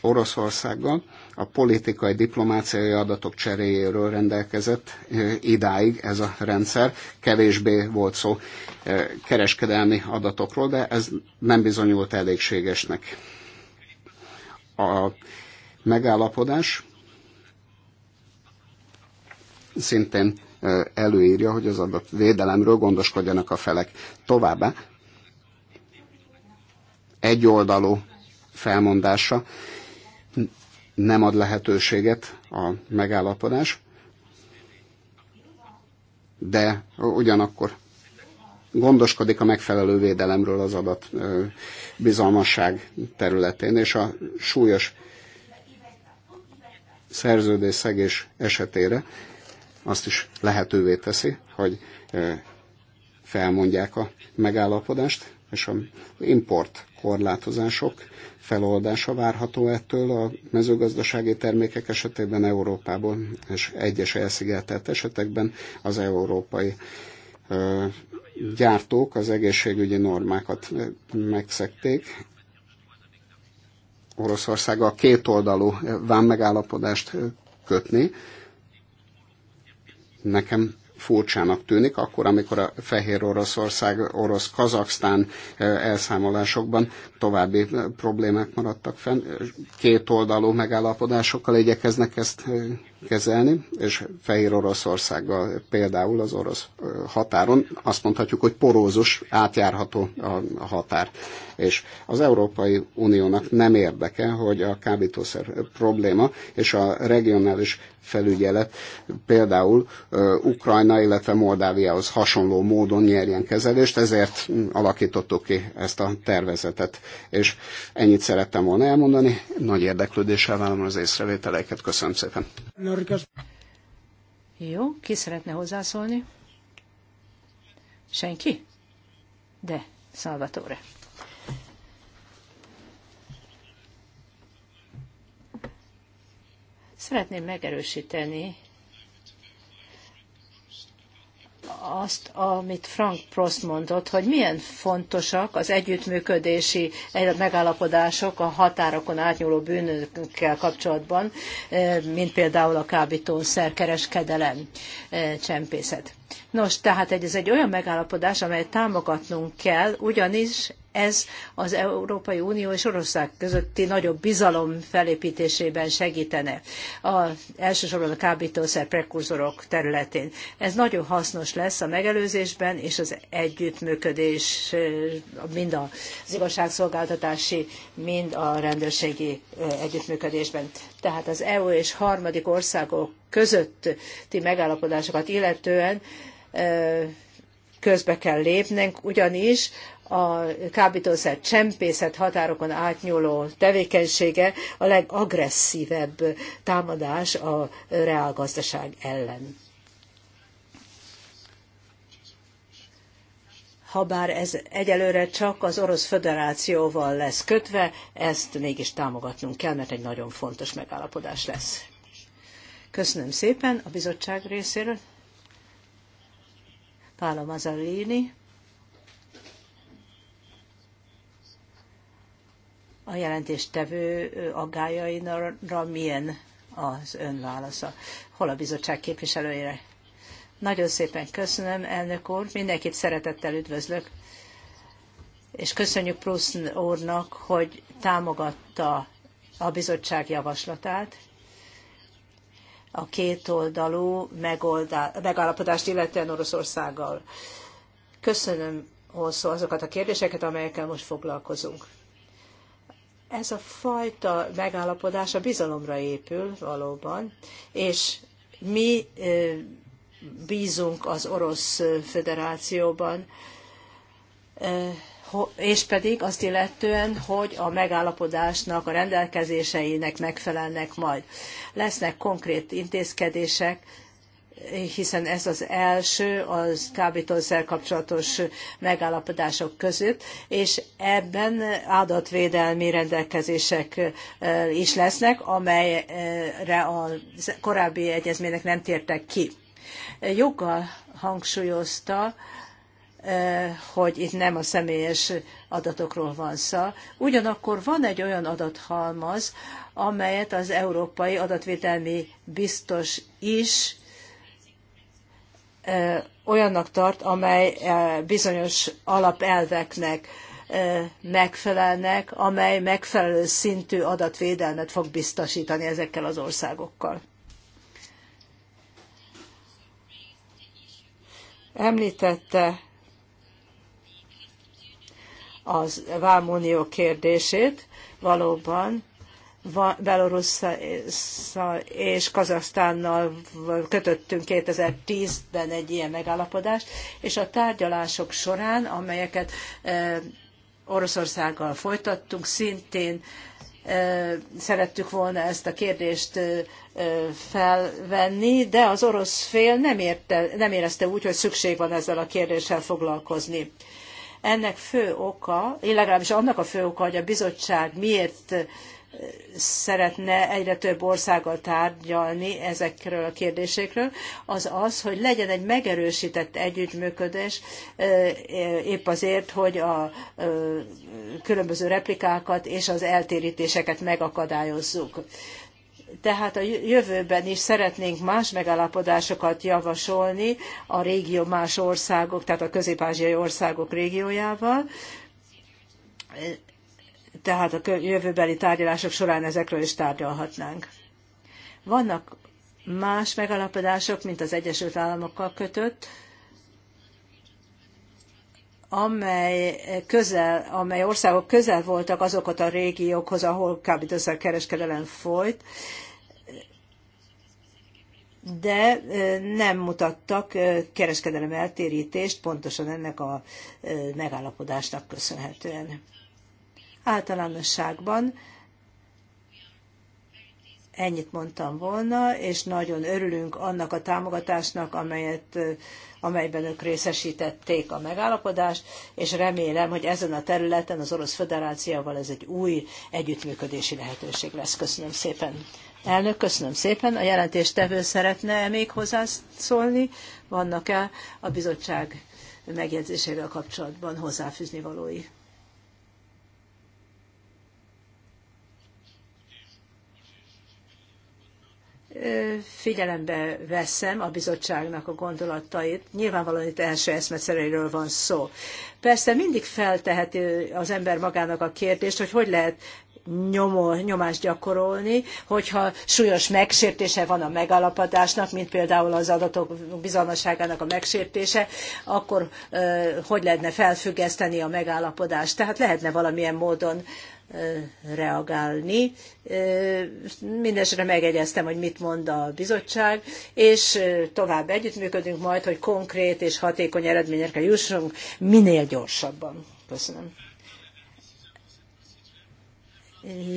Oroszországgal a politikai diplomáciai adatok cseréjéről rendelkezett idáig ez a rendszer. Kevésbé volt szó kereskedelmi adatokról, de ez nem bizonyult elégségesnek. A megállapodás szintén előírja, hogy az adat védelemről gondoskodjanak a felek. Továbbá oldalú felmondása nem ad lehetőséget a megállapodás, de ugyanakkor gondoskodik a megfelelő védelemről az adat bizalmasság területén, és a súlyos szegés esetére azt is lehetővé teszi, hogy felmondják a megállapodást, és az import korlátozások feloldása várható ettől a mezőgazdasági termékek esetében Európában, és egyes elszigetelt esetekben az európai gyártók az egészségügyi normákat megszekték. a kétoldalú vám megállapodást kötni. Nekem furcsának tűnik, akkor, amikor a Fehér Oroszország, Orosz-Kazaksztán eh, elszámolásokban további eh, problémák maradtak fenn, két oldalú megállapodásokkal igyekeznek ezt eh, kezelni, és Fehér Oroszországgal például az orosz határon azt mondhatjuk, hogy porózus, átjárható a határ. És az Európai Uniónak nem érdeke, hogy a kábítószer probléma és a regionális felügyelet például Ukrajna, illetve Moldáviához hasonló módon nyerjen kezelést, ezért alakítottuk ki ezt a tervezetet. És ennyit szerettem volna elmondani, nagy érdeklődéssel várom az észrevételeket. Köszönöm szépen! Jó, ki szeretne hozzászólni? Senki? De, Salvatore. Szeretném megerősíteni azt, amit Frank Prost mondott, hogy milyen fontosak az együttműködési eh, megállapodások a határokon átnyúló bűnökkel kapcsolatban, eh, mint például a kábítószerkereskedelem eh, csempészet. Nos, tehát ez egy olyan megállapodás, amelyet támogatnunk kell, ugyanis ez az Európai Unió és Oroszország közötti nagyobb bizalom felépítésében segítene, a, elsősorban a kábítószer prekurzorok területén. Ez nagyon hasznos lesz a megelőzésben és az együttműködés eh, mind az igazságszolgáltatási, mind a rendőrségi eh, együttműködésben tehát az EU és harmadik országok közötti megállapodásokat illetően közbe kell lépnünk, ugyanis a kábítószer csempészet határokon átnyúló tevékenysége a legagresszívebb támadás a reálgazdaság ellen. ha bár ez egyelőre csak az Orosz Föderációval lesz kötve, ezt mégis támogatnunk kell, mert egy nagyon fontos megállapodás lesz. Köszönöm szépen a bizottság részéről. Pála Mazzalini. A jelentéstevő aggájainra milyen az ön válasza? Hol a bizottság képviselőjére? Nagyon szépen köszönöm, elnök úr, mindenkit szeretettel üdvözlök, és köszönjük Prusz úrnak, hogy támogatta a bizottság javaslatát a kétoldalú megállapodást illetően Oroszországgal. Köszönöm hosszú azokat a kérdéseket, amelyekkel most foglalkozunk. Ez a fajta megállapodás a bizalomra épül valóban, és mi bízunk az Orosz Föderációban, és pedig azt illetően, hogy a megállapodásnak, a rendelkezéseinek megfelelnek majd. Lesznek konkrét intézkedések, hiszen ez az első az kábítószer kapcsolatos megállapodások között, és ebben adatvédelmi rendelkezések is lesznek, amelyre a korábbi egyezmények nem tértek ki joggal hangsúlyozta, eh, hogy itt nem a személyes adatokról van szó. Ugyanakkor van egy olyan adathalmaz, amelyet az Európai Adatvédelmi Biztos is eh, olyannak tart, amely eh, bizonyos alapelveknek megfelelnek, amely megfelelő szintű adatvédelmet fog biztosítani ezekkel az országokkal. Említette az Vámunió kérdését, valóban Belorusszal és Kazasztánnal kötöttünk 2010-ben egy ilyen megállapodást, és a tárgyalások során, amelyeket eh, Oroszországgal folytattunk, szintén szerettük volna ezt a kérdést felvenni, de az orosz fél nem, érte, nem érezte úgy, hogy szükség van ezzel a kérdéssel foglalkozni. Ennek fő oka, legalábbis annak a fő oka, hogy a bizottság miért szeretne egyre több országgal tárgyalni ezekről a kérdésekről, az az, hogy legyen egy megerősített együttműködés, épp azért, hogy a különböző replikákat és az eltérítéseket megakadályozzuk. Tehát a jövőben is szeretnénk más megállapodásokat javasolni a régió más országok, tehát a közép-ázsiai országok régiójával, tehát a jövőbeli tárgyalások során ezekről is tárgyalhatnánk. Vannak más megalapodások, mint az Egyesült Államokkal kötött, amely, közel, amely országok közel voltak azokat a régiókhoz, ahol kábítószer kereskedelem folyt, de nem mutattak kereskedelem eltérítést pontosan ennek a megállapodásnak köszönhetően. Általánosságban ennyit mondtam volna, és nagyon örülünk annak a támogatásnak, amelyet, amelyben ők részesítették a megállapodást, és remélem, hogy ezen a területen az Orosz Föderációval ez egy új együttműködési lehetőség lesz. Köszönöm szépen. Elnök, köszönöm szépen. A jelentéstevő szeretne még hozzászólni? Vannak-e a bizottság megjegyzésével kapcsolatban hozzáfűzni valói? figyelembe veszem a bizottságnak a gondolatait. Nyilvánvalóan itt első eszmeszeréről van szó. Persze mindig felteheti az ember magának a kérdést, hogy hogy lehet nyomol, nyomást gyakorolni, hogyha súlyos megsértése van a megállapodásnak, mint például az adatok bizalmasságának a megsértése, akkor hogy lehetne felfüggeszteni a megállapodást? Tehát lehetne valamilyen módon reagálni. Mindenesetre megegyeztem, hogy mit mond a bizottság, és tovább együttműködünk majd, hogy konkrét és hatékony eredményekre jussunk minél gyorsabban. Köszönöm.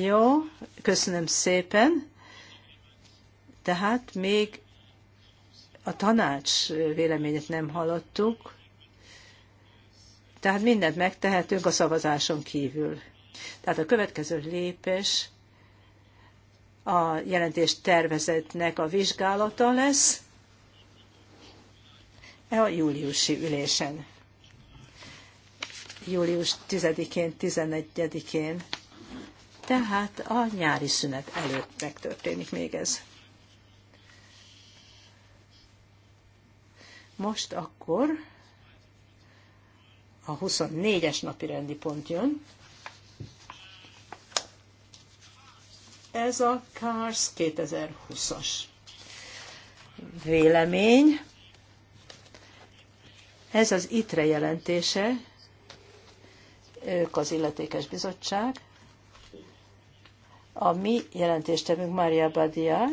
Jó, köszönöm szépen. Tehát még a tanács véleményét nem hallottuk, tehát mindent megtehetünk a szavazáson kívül. Tehát a következő lépés a jelentés tervezetnek a vizsgálata lesz a júliusi ülésen. Július 10-én, 11-én tehát a nyári szünet előtt megtörténik még ez. Most akkor a 24-es napi rendi pont jön. Ez a CARS 2020-as vélemény. Ez az ITRE jelentése, ők az illetékes bizottság, a mi jelentéstevünk Mária Badia,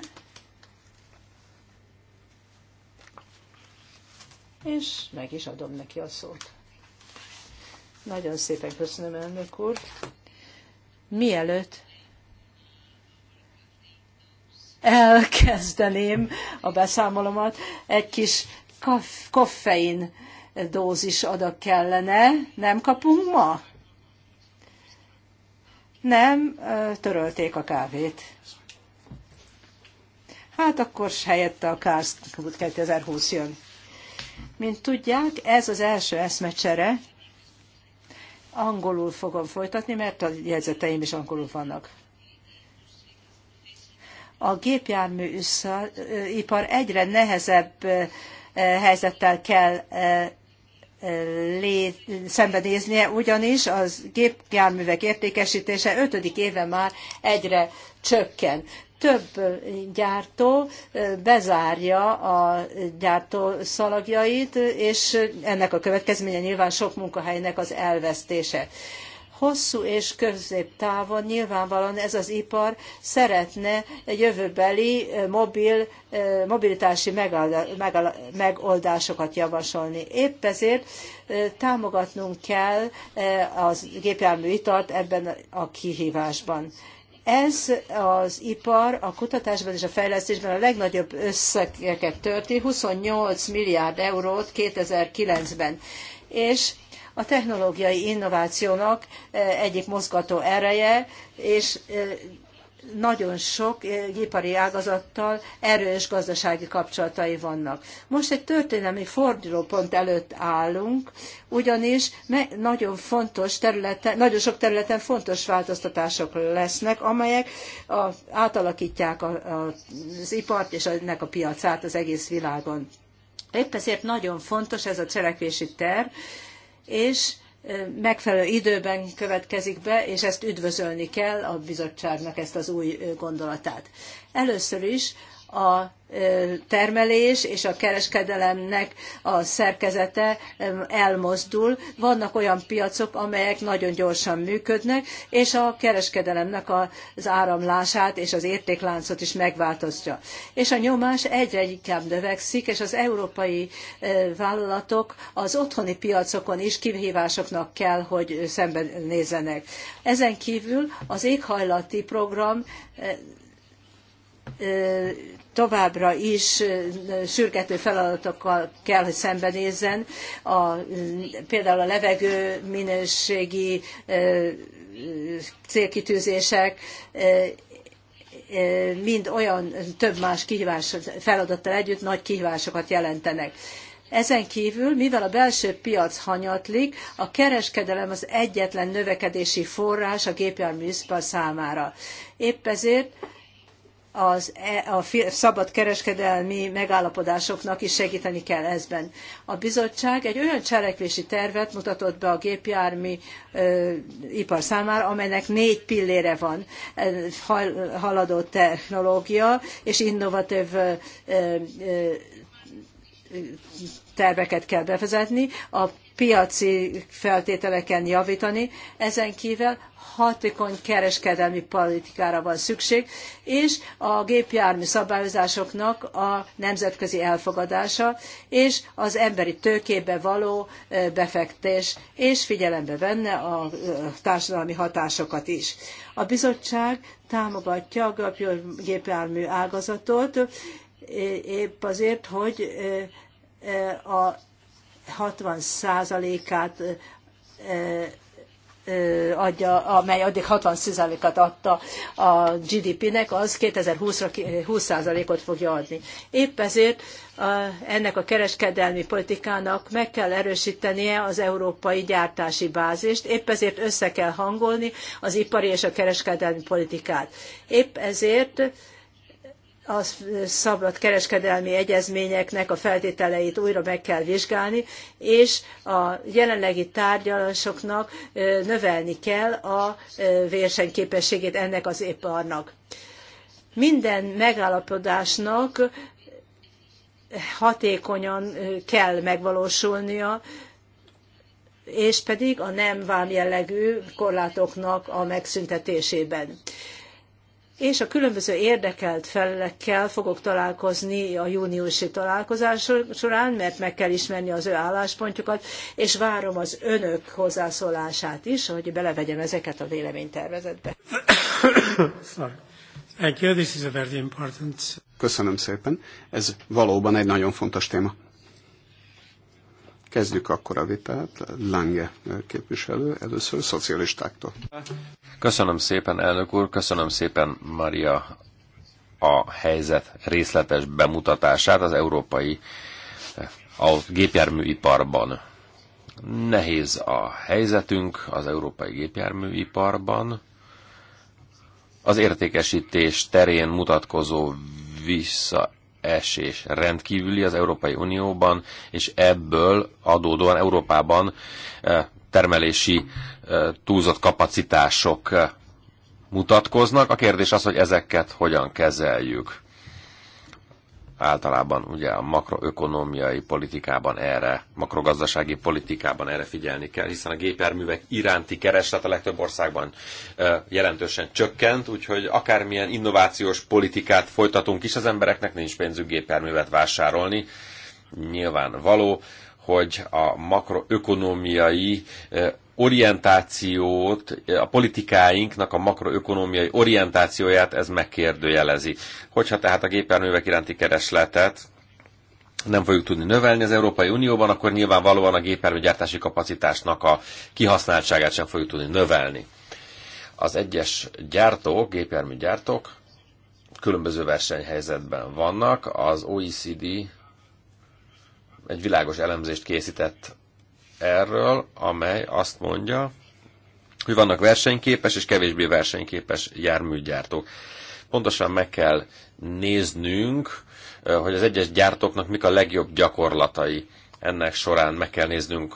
és meg is adom neki a szót. Nagyon szépen köszönöm, elnök úr. Mielőtt elkezdeném a beszámolomat, egy kis koffein dózis adag kellene. Nem kapunk ma? Nem, törölték a kávét. Hát akkor helyette a KARSZ 2020 jön. Mint tudják, ez az első eszmecsere. Angolul fogom folytatni, mert a jegyzeteim is angolul vannak. A gépjárműipar egyre nehezebb helyzettel kell lé, szembenéznie, ugyanis az gépjárművek értékesítése ötödik éve már egyre csökken. Több gyártó bezárja a gyártó szalagjait, és ennek a következménye nyilván sok munkahelynek az elvesztése. Hosszú és középtávon nyilvánvalóan ez az ipar szeretne jövőbeli mobil, mobilitási megoldásokat javasolni. Épp ezért támogatnunk kell az gépjárműitart ebben a kihívásban. Ez az ipar a kutatásban és a fejlesztésben a legnagyobb összegeket törti, 28 milliárd eurót 2009-ben. És a technológiai innovációnak e, egyik mozgató ereje, és e, nagyon sok e, ipari ágazattal erős gazdasági kapcsolatai vannak. Most egy történelmi fordulópont előtt állunk, ugyanis nagyon fontos területen, nagyon sok területen fontos változtatások lesznek, amelyek a, átalakítják a, a, az ipart és ennek a piacát az egész világon. Épp ezért nagyon fontos ez a cselekvési terv, és megfelelő időben következik be, és ezt üdvözölni kell a bizottságnak ezt az új gondolatát. Először is a termelés és a kereskedelemnek a szerkezete elmozdul. Vannak olyan piacok, amelyek nagyon gyorsan működnek, és a kereskedelemnek az áramlását és az értékláncot is megváltoztja. És a nyomás egyre inkább növekszik, és az európai vállalatok az otthoni piacokon is kihívásoknak kell, hogy szembenézzenek. Ezen kívül az éghajlati program továbbra is sürgető feladatokkal kell, hogy szembenézzen, a, például a levegő minőségi célkitűzések, mind olyan több más kihívás feladattal együtt nagy kihívásokat jelentenek. Ezen kívül, mivel a belső piac hanyatlik, a kereskedelem az egyetlen növekedési forrás a gépjárműipar számára. Épp ezért az, e, a szabad kereskedelmi megállapodásoknak is segíteni kell ezben. A bizottság egy olyan cselekvési tervet mutatott be a gépjármi ö, ipar számára, amelynek négy pillére van haladó technológia és innovatív ö, ö, terveket kell bevezetni, a piaci feltételeken javítani, ezen kívül hatékony kereskedelmi politikára van szükség, és a gépjármű szabályozásoknak a nemzetközi elfogadása, és az emberi tőkébe való befektés, és figyelembe venne a társadalmi hatásokat is. A bizottság támogatja a gépjármű ágazatot, épp azért, hogy Eh, a 60 százalékát eh, eh, adja, amely addig 60 százalékat adta a GDP-nek, az 2020-ra 20 százalékot fogja adni. Épp ezért ennek a kereskedelmi politikának meg kell erősítenie az európai gyártási bázist, épp ezért össze kell hangolni az ipari és a kereskedelmi politikát. Épp ezért a szabad kereskedelmi egyezményeknek a feltételeit újra meg kell vizsgálni, és a jelenlegi tárgyalásoknak növelni kell a versenyképességét ennek az iparnak. Minden megállapodásnak hatékonyan kell megvalósulnia, és pedig a nem vámjellegű korlátoknak a megszüntetésében és a különböző érdekelt felelekkel fogok találkozni a júniusi találkozás során, mert meg kell ismerni az ő álláspontjukat, és várom az önök hozzászólását is, hogy belevegyem ezeket a véleménytervezetbe. Köszönöm szépen. Ez valóban egy nagyon fontos téma. Kezdjük akkor a vitát. Lange képviselő, először szocialistáktól. Köszönöm szépen, elnök úr, köszönöm szépen, Maria, a helyzet részletes bemutatását az európai a gépjárműiparban. Nehéz a helyzetünk az európai gépjárműiparban. Az értékesítés terén mutatkozó vissza esés rendkívüli az Európai Unióban, és ebből adódóan Európában eh, termelési eh, túlzott kapacitások eh, mutatkoznak. A kérdés az, hogy ezeket hogyan kezeljük általában ugye a makroökonomiai politikában erre, makrogazdasági politikában erre figyelni kell, hiszen a gépjárművek iránti kereslet a legtöbb országban jelentősen csökkent, úgyhogy akármilyen innovációs politikát folytatunk is, az embereknek nincs pénzük gépjárművet vásárolni. Nyilván való, hogy a makroökonomiai orientációt, a politikáinknak a makroökonomiai orientációját ez megkérdőjelezi. Hogyha tehát a gépjárművek iránti keresletet nem fogjuk tudni növelni az Európai Unióban, akkor nyilvánvalóan a gépjárműgyártási kapacitásnak a kihasználtságát sem fogjuk tudni növelni. Az egyes gyártók, gépjárműgyártók különböző versenyhelyzetben vannak. Az OECD egy világos elemzést készített erről, amely azt mondja, hogy vannak versenyképes és kevésbé versenyképes járműgyártók. Pontosan meg kell néznünk, hogy az egyes gyártóknak mik a legjobb gyakorlatai. Ennek során meg kell néznünk,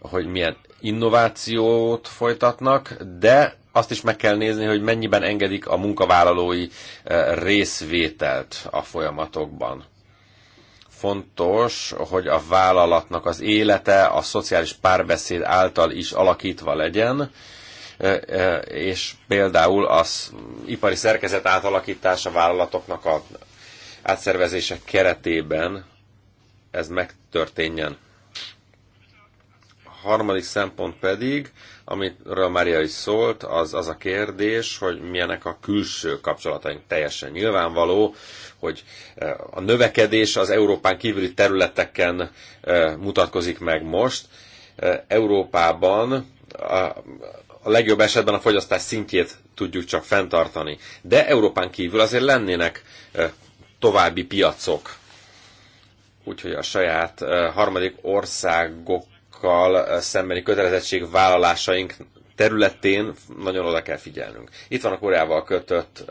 hogy milyen innovációt folytatnak, de azt is meg kell nézni, hogy mennyiben engedik a munkavállalói részvételt a folyamatokban fontos, hogy a vállalatnak az élete a szociális párbeszéd által is alakítva legyen, és például az ipari szerkezet átalakítása vállalatoknak a átszervezése keretében ez megtörténjen. A harmadik szempont pedig Amiről Mária is szólt, az az a kérdés, hogy milyenek a külső kapcsolataink. Teljesen nyilvánvaló, hogy eh, a növekedés az Európán kívüli területeken eh, mutatkozik meg most. Eh, Európában a legjobb esetben a fogyasztás szintjét tudjuk csak fenntartani. De Európán kívül azért lennének további piacok. Úgyhogy a saját harmadik országok másokkal szembeni vállalásaink területén nagyon oda kell figyelnünk. Itt van a Koreával kötött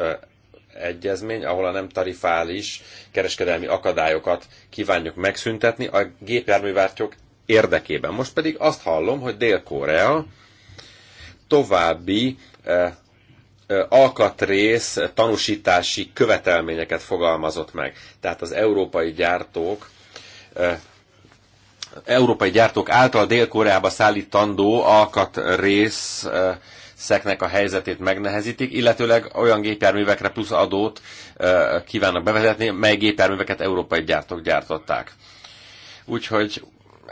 egyezmény, ahol a nem tarifális kereskedelmi akadályokat kívánjuk megszüntetni a gépjárművártyok érdekében. Most pedig azt hallom, hogy Dél-Korea további alkatrész tanúsítási követelményeket fogalmazott meg. Tehát az európai gyártók európai gyártók által Dél-Koreába szállítandó alkatrész szeknek a helyzetét megnehezítik, illetőleg olyan gépjárművekre plusz adót kívánnak bevezetni, mely gépjárműveket európai gyártók gyártották. Úgyhogy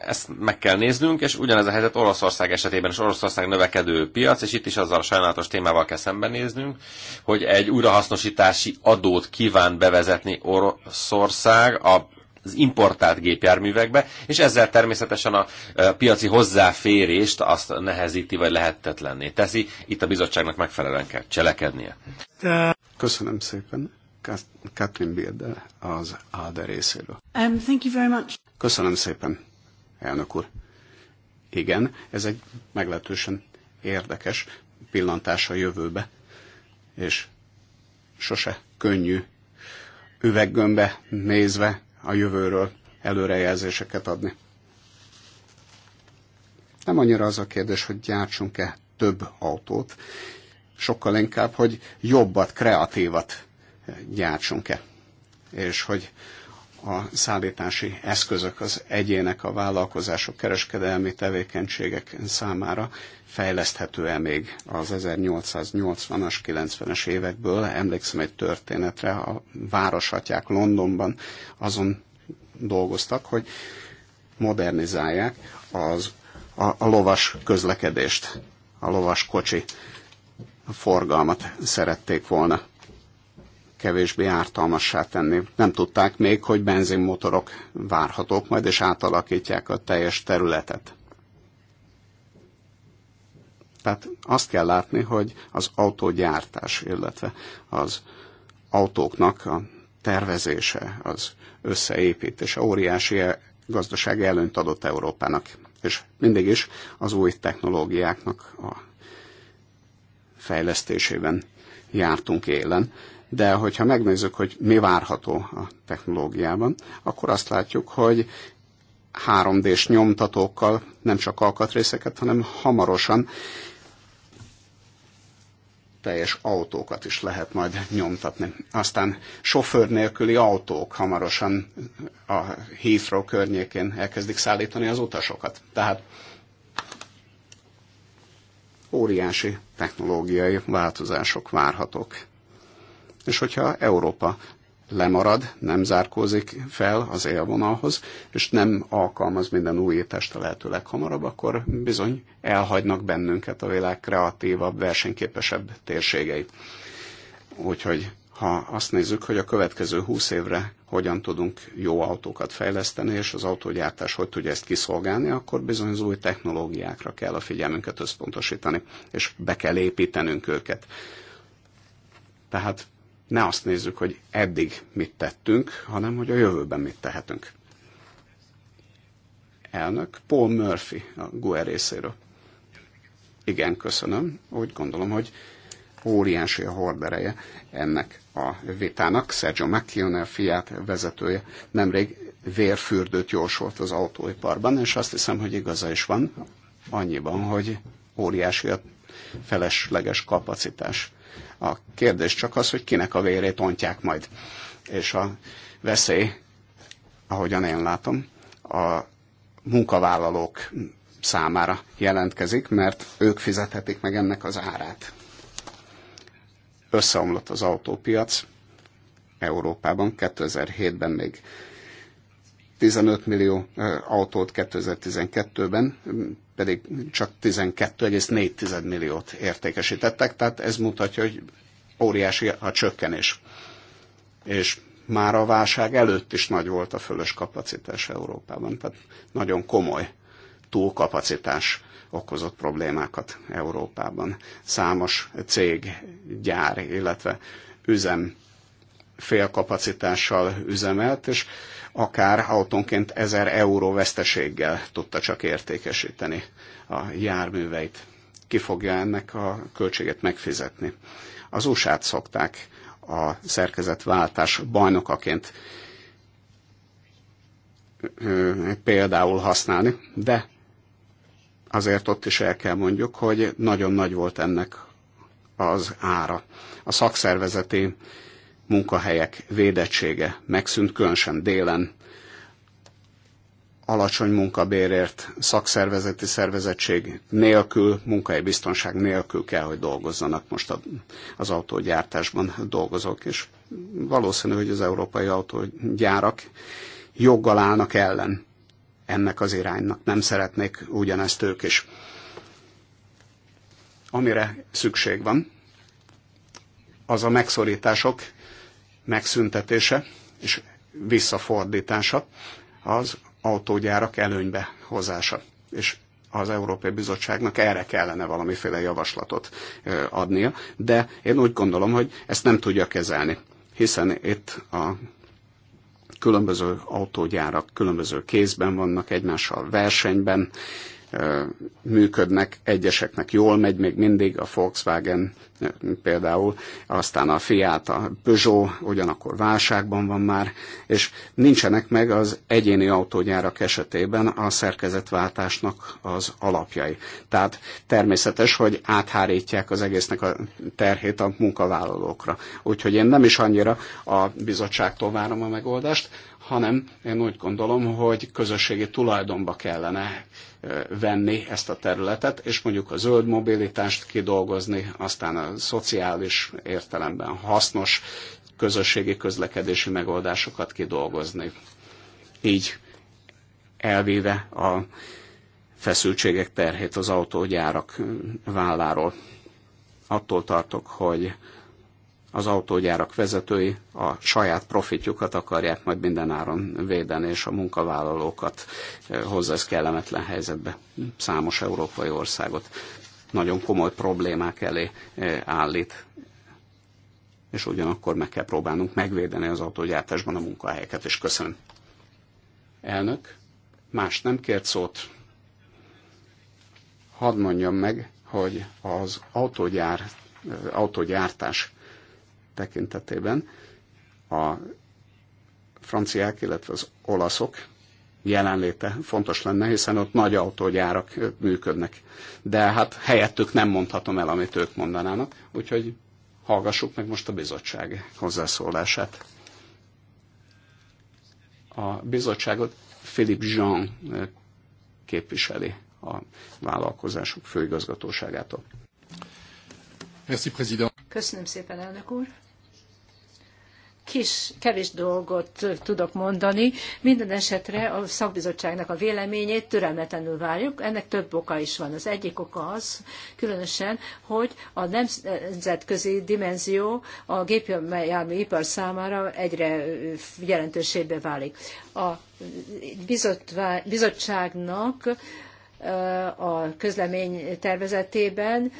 ezt meg kell néznünk, és ugyanez a helyzet Oroszország esetében, és Oroszország növekedő piac, és itt is azzal a sajnálatos témával kell szembenéznünk, hogy egy újrahasznosítási adót kíván bevezetni Oroszország a az importált gépjárművekbe, és ezzel természetesen a e, piaci hozzáférést azt nehezíti, vagy lehetetlenné teszi. Itt a bizottságnak megfelelően kell cselekednie. Köszönöm szépen. Katrin Birde az ALDE részéről. Um, thank you very much. Köszönöm szépen, elnök úr. Igen, ez egy meglehetősen érdekes pillantás a jövőbe, és sose könnyű üveggömbbe nézve a jövőről előrejelzéseket adni. Nem annyira az a kérdés, hogy gyártsunk-e több autót, sokkal inkább, hogy jobbat, kreatívat gyártsunk-e. És hogy a szállítási eszközök az egyének, a vállalkozások, kereskedelmi tevékenységek számára fejleszthető-e még az 1880-as, 90-es évekből. Emlékszem egy történetre, a városatják Londonban azon dolgoztak, hogy modernizálják az, a, a lovas közlekedést, a lovas kocsi forgalmat szerették volna kevésbé ártalmassá tenni. Nem tudták még, hogy benzinmotorok várhatók majd, és átalakítják a teljes területet. Tehát azt kell látni, hogy az autógyártás, illetve az autóknak a tervezése, az összeépítése óriási gazdasági előnyt adott Európának, és mindig is az új technológiáknak a fejlesztésében jártunk élen, de hogyha megnézzük, hogy mi várható a technológiában, akkor azt látjuk, hogy 3D-s nyomtatókkal nem csak alkatrészeket, hanem hamarosan teljes autókat is lehet majd nyomtatni. Aztán sofőr nélküli autók hamarosan a Heathrow környékén elkezdik szállítani az utasokat. Tehát óriási technológiai változások várhatók. És hogyha Európa lemarad, nem zárkózik fel az élvonalhoz, és nem alkalmaz minden újítást a lehető leghamarabb, akkor bizony elhagynak bennünket a világ kreatívabb, versenyképesebb térségei. Úgyhogy ha azt nézzük, hogy a következő 20 évre hogyan tudunk jó autókat fejleszteni, és az autógyártás hogy tudja ezt kiszolgálni, akkor bizony az új technológiákra kell a figyelmünket összpontosítani, és be kell építenünk őket. Tehát ne azt nézzük, hogy eddig mit tettünk, hanem hogy a jövőben mit tehetünk. Elnök Paul Murphy a GUE részéről. Igen, köszönöm. Úgy gondolom, hogy óriási a hordereje ennek a vitának. Sergio Macchione, fiát vezetője, nemrég vérfürdőt jósolt az autóiparban, és azt hiszem, hogy igaza is van annyiban, hogy óriási a felesleges kapacitás a kérdés csak az, hogy kinek a vérét ontják majd. És a veszély, ahogyan én látom, a munkavállalók számára jelentkezik, mert ők fizethetik meg ennek az árát. Összeomlott az autópiac Európában, 2007-ben még 15 millió autót 2012-ben, pedig csak 12,4 milliót értékesítettek, tehát ez mutatja, hogy óriási a csökkenés. És már a válság előtt is nagy volt a fölös kapacitás Európában, tehát nagyon komoly túlkapacitás okozott problémákat Európában. Számos cég, gyár, illetve üzem félkapacitással üzemelt, és akár autónként 1000 euró veszteséggel tudta csak értékesíteni a járműveit. Ki fogja ennek a költséget megfizetni? Az usa szokták a szerkezetváltás bajnokaként például használni, de azért ott is el kell mondjuk, hogy nagyon nagy volt ennek az ára. A szakszervezeti munkahelyek védettsége megszűnt, különösen délen alacsony munkabérért, szakszervezeti szervezettség nélkül, biztonság nélkül kell, hogy dolgozzanak most az autógyártásban dolgozók, és valószínű, hogy az európai autógyárak joggal állnak ellen ennek az iránynak. Nem szeretnék ugyanezt ők is. Amire szükség van, az a megszorítások megszüntetése és visszafordítása az autógyárak előnybe hozása. És az Európai Bizottságnak erre kellene valamiféle javaslatot adnia, de én úgy gondolom, hogy ezt nem tudja kezelni, hiszen itt a különböző autógyárak különböző kézben vannak egymással versenyben, működnek, egyeseknek jól megy, még mindig a Volkswagen például, aztán a Fiat, a Peugeot ugyanakkor válságban van már, és nincsenek meg az egyéni autógyárak esetében a szerkezetváltásnak az alapjai. Tehát természetes, hogy áthárítják az egésznek a terhét a munkavállalókra. Úgyhogy én nem is annyira a bizottságtól várom a megoldást, hanem én úgy gondolom, hogy közösségi tulajdonba kellene venni ezt a területet, és mondjuk a zöld mobilitást kidolgozni, aztán a szociális értelemben hasznos közösségi közlekedési megoldásokat kidolgozni. Így elvéve a feszültségek terhét az autógyárak válláról. Attól tartok, hogy az autógyárak vezetői a saját profitjukat akarják majd mindenáron védeni, és a munkavállalókat eh, hozza ez kellemetlen helyzetbe. Számos európai országot nagyon komoly problémák elé eh, állít, és ugyanakkor meg kell próbálnunk megvédeni az autógyártásban a munkahelyeket, és köszönöm. Elnök, más nem kért szót. Hadd mondjam meg, hogy az autógyár, eh, autógyártás tekintetében a franciák, illetve az olaszok jelenléte fontos lenne, hiszen ott nagy autógyárak működnek. De hát helyettük nem mondhatom el, amit ők mondanának, úgyhogy hallgassuk meg most a bizottság hozzászólását. A bizottságot Philippe Jean képviseli a vállalkozások főigazgatóságától. Merci, président. Köszönöm szépen, elnök úr. Kis, kevés dolgot tudok mondani. Minden esetre a szakbizottságnak a véleményét türelmetlenül várjuk. Ennek több oka is van. Az egyik oka az, különösen, hogy a nemzetközi dimenzió a gépjármű ipar számára egyre jelentősébbé válik. A bizottságnak a közlemény tervezetében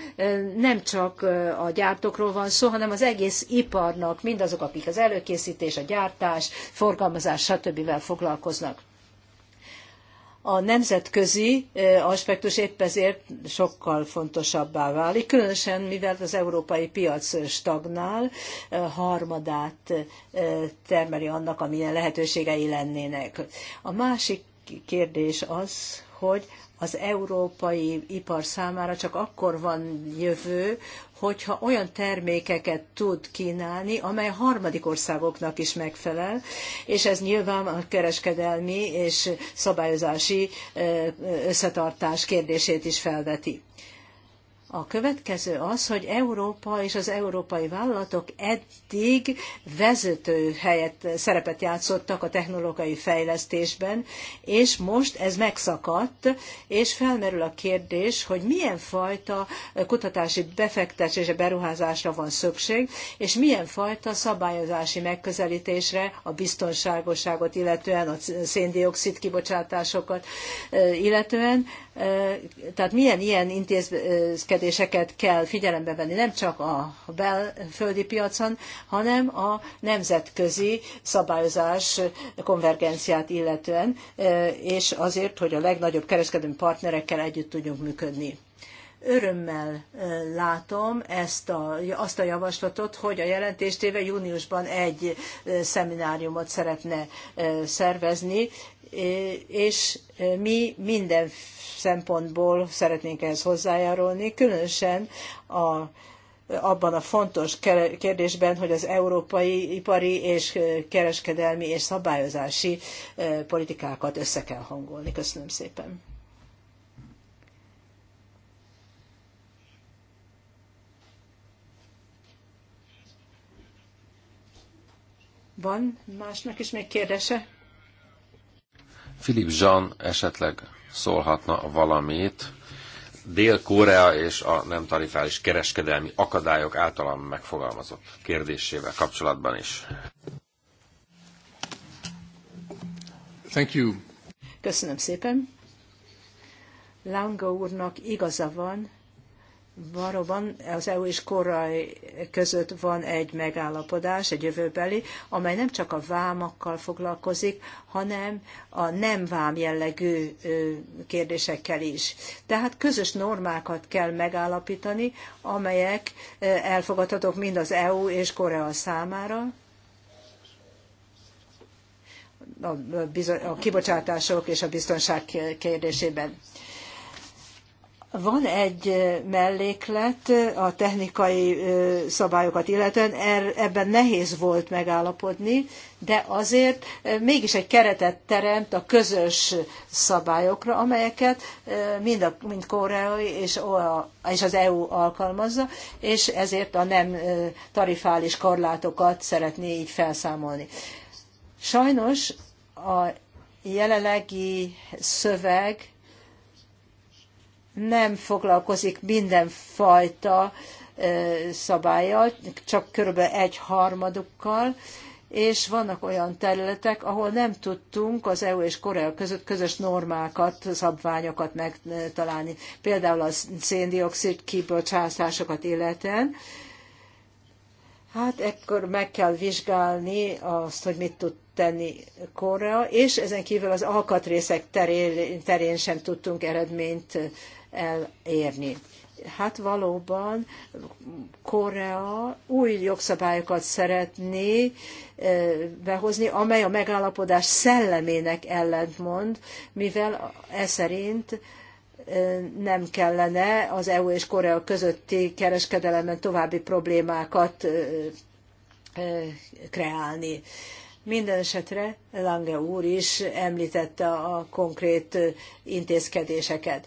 nem csak a gyártókról van szó, hanem az egész iparnak, mindazok, akik az előkészítés, a gyártás, forgalmazás, stb. foglalkoznak. A nemzetközi aspektus épp ezért sokkal fontosabbá válik, különösen mivel az európai piac stagnál, harmadát termeli annak, amilyen lehetőségei lennének. A másik kérdés az, hogy az európai ipar számára csak akkor van jövő, hogyha olyan termékeket tud kínálni, amely harmadik országoknak is megfelel, és ez nyilván a kereskedelmi és szabályozási összetartás kérdését is felveti. A következő az, hogy Európa és az európai vállalatok eddig vezető helyet, szerepet játszottak a technológiai fejlesztésben, és most ez megszakadt, és felmerül a kérdés, hogy milyen fajta kutatási és beruházásra van szükség, és milyen fajta szabályozási megközelítésre a biztonságosságot, illetően a széndiokszid kibocsátásokat, illetően tehát milyen ilyen intézkedéseket kell figyelembe venni, nem csak a belföldi piacon, hanem a nemzetközi szabályozás konvergenciát illetően, és azért, hogy a legnagyobb kereskedelmi partnerekkel együtt tudjunk működni örömmel látom ezt a, azt a javaslatot, hogy a jelentéstéve júniusban egy szemináriumot szeretne szervezni, és mi minden szempontból szeretnénk ehhez hozzájárulni, különösen a, abban a fontos kérdésben, hogy az európai ipari és kereskedelmi és szabályozási politikákat össze kell hangolni. Köszönöm szépen. Van másnak is még kérdése? Philip Jean esetleg szólhatna valamit Dél-Korea és a nem tarifális kereskedelmi akadályok általam megfogalmazott kérdésével kapcsolatban is. Thank you. Köszönöm szépen. Lange úrnak igaza van, Valóban az EU és Korai között van egy megállapodás, egy jövőbeli, amely nem csak a vámakkal foglalkozik, hanem a nem vám jellegű kérdésekkel is. Tehát közös normákat kell megállapítani, amelyek elfogadhatók mind az EU és Korea számára, a, a kibocsátások és a biztonság kérdésében. Van egy melléklet a technikai szabályokat illetően, er, ebben nehéz volt megállapodni, de azért mégis egy keretet teremt a közös szabályokra, amelyeket mind, a, mind koreai és, és az EU alkalmazza, és ezért a nem tarifális korlátokat szeretné így felszámolni. Sajnos a jelenlegi szöveg nem foglalkozik mindenfajta szabályjal, csak körülbelül egy harmadukkal, és vannak olyan területek, ahol nem tudtunk az EU és Korea között közös normákat, szabványokat megtalálni. Például a széndiokszid kibocsátásokat illetően. Hát ekkor meg kell vizsgálni azt, hogy mit tud tenni Korea, és ezen kívül az alkatrészek terén, terén sem tudtunk eredményt elérni. Hát valóban Korea új jogszabályokat szeretné eh, behozni, amely a megállapodás szellemének ellentmond, mivel e szerint eh, nem kellene az EU és Korea közötti kereskedelemben további problémákat eh, kreálni. Minden esetre Lange úr is említette a konkrét intézkedéseket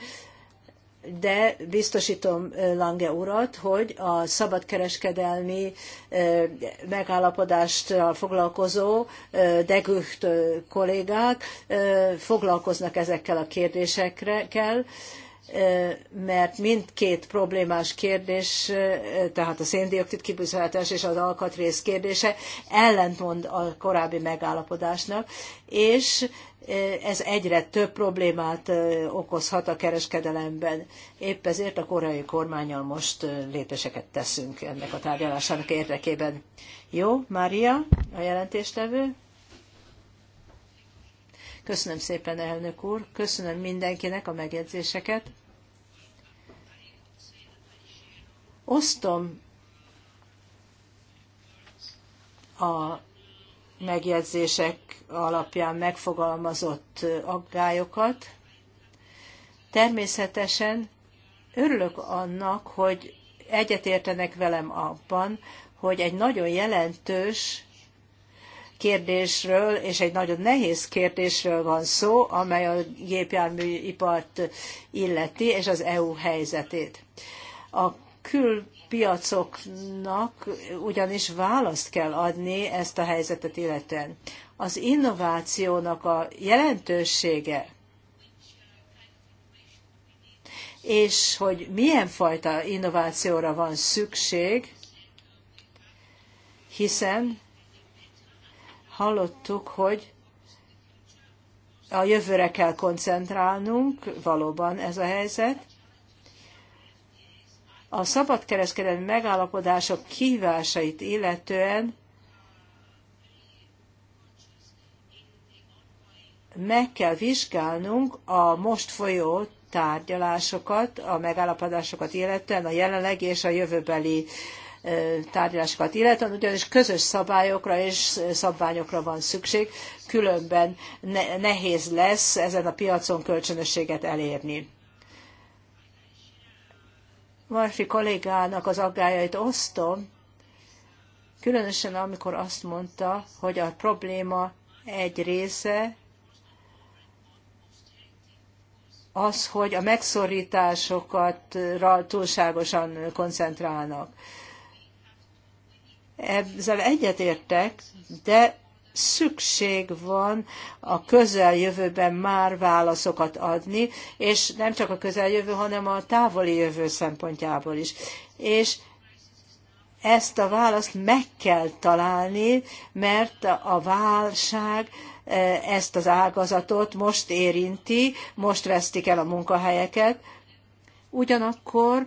de biztosítom Lange urat, hogy a szabadkereskedelmi megállapodással foglalkozó degücht kollégák foglalkoznak ezekkel a kérdésekkel, mert mindkét problémás kérdés, tehát a széndiokszid kibocsátás és az alkatrész kérdése ellentmond a korábbi megállapodásnak, és ez egyre több problémát okozhat a kereskedelemben. Épp ezért a koreai kormányal most lépéseket teszünk ennek a tárgyalásának érdekében. Jó, Mária, a jelentéstevő. Köszönöm szépen, elnök úr. Köszönöm mindenkinek a megjegyzéseket. Osztom a megjegyzések alapján megfogalmazott aggályokat. Természetesen örülök annak, hogy egyetértenek velem abban, hogy egy nagyon jelentős kérdésről és egy nagyon nehéz kérdésről van szó, amely a gépjárműipart illeti és az EU helyzetét. A kül piacoknak ugyanis választ kell adni ezt a helyzetet illetően. Az innovációnak a jelentősége, és hogy milyen fajta innovációra van szükség, hiszen hallottuk, hogy a jövőre kell koncentrálnunk, valóban ez a helyzet, a szabadkereskedelmi megállapodások kihívásait illetően meg kell vizsgálnunk a most folyó tárgyalásokat, a megállapodásokat illetően, a jelenlegi és a jövőbeli tárgyalásokat illetően, ugyanis közös szabályokra és szabványokra van szükség, különben nehéz lesz ezen a piacon kölcsönösséget elérni. Marfi kollégának az aggájait osztom, különösen amikor azt mondta, hogy a probléma egy része az, hogy a megszorításokat túlságosan koncentrálnak. Ezzel egyetértek, de szükség van a közeljövőben már válaszokat adni, és nem csak a közeljövő, hanem a távoli jövő szempontjából is. És ezt a választ meg kell találni, mert a válság e, ezt az ágazatot most érinti, most vesztik el a munkahelyeket, ugyanakkor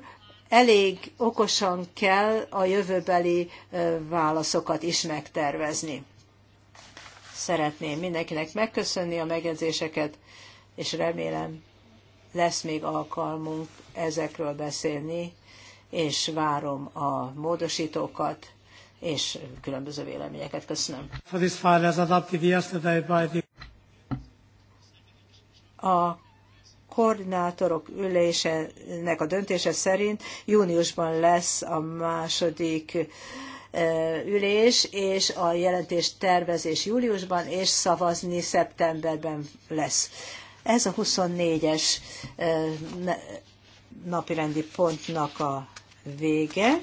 elég okosan kell a jövőbeli e, válaszokat is megtervezni. Szeretném mindenkinek megköszönni a megjegyzéseket, és remélem lesz még alkalmunk ezekről beszélni, és várom a módosítókat és különböző véleményeket. Köszönöm. A koordinátorok ülésének a döntése szerint júniusban lesz a második ülés, és a jelentés tervezés júliusban, és szavazni szeptemberben lesz. Ez a 24-es napirendi pontnak a vége,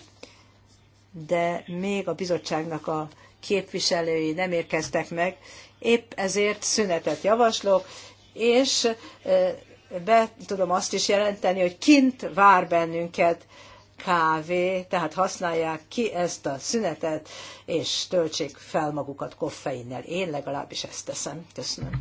de még a bizottságnak a képviselői nem érkeztek meg, épp ezért szünetet javaslok, és be tudom azt is jelenteni, hogy kint vár bennünket kávé, tehát használják ki ezt a szünetet, és töltsék fel magukat koffeinnel. Én legalábbis ezt teszem. Köszönöm.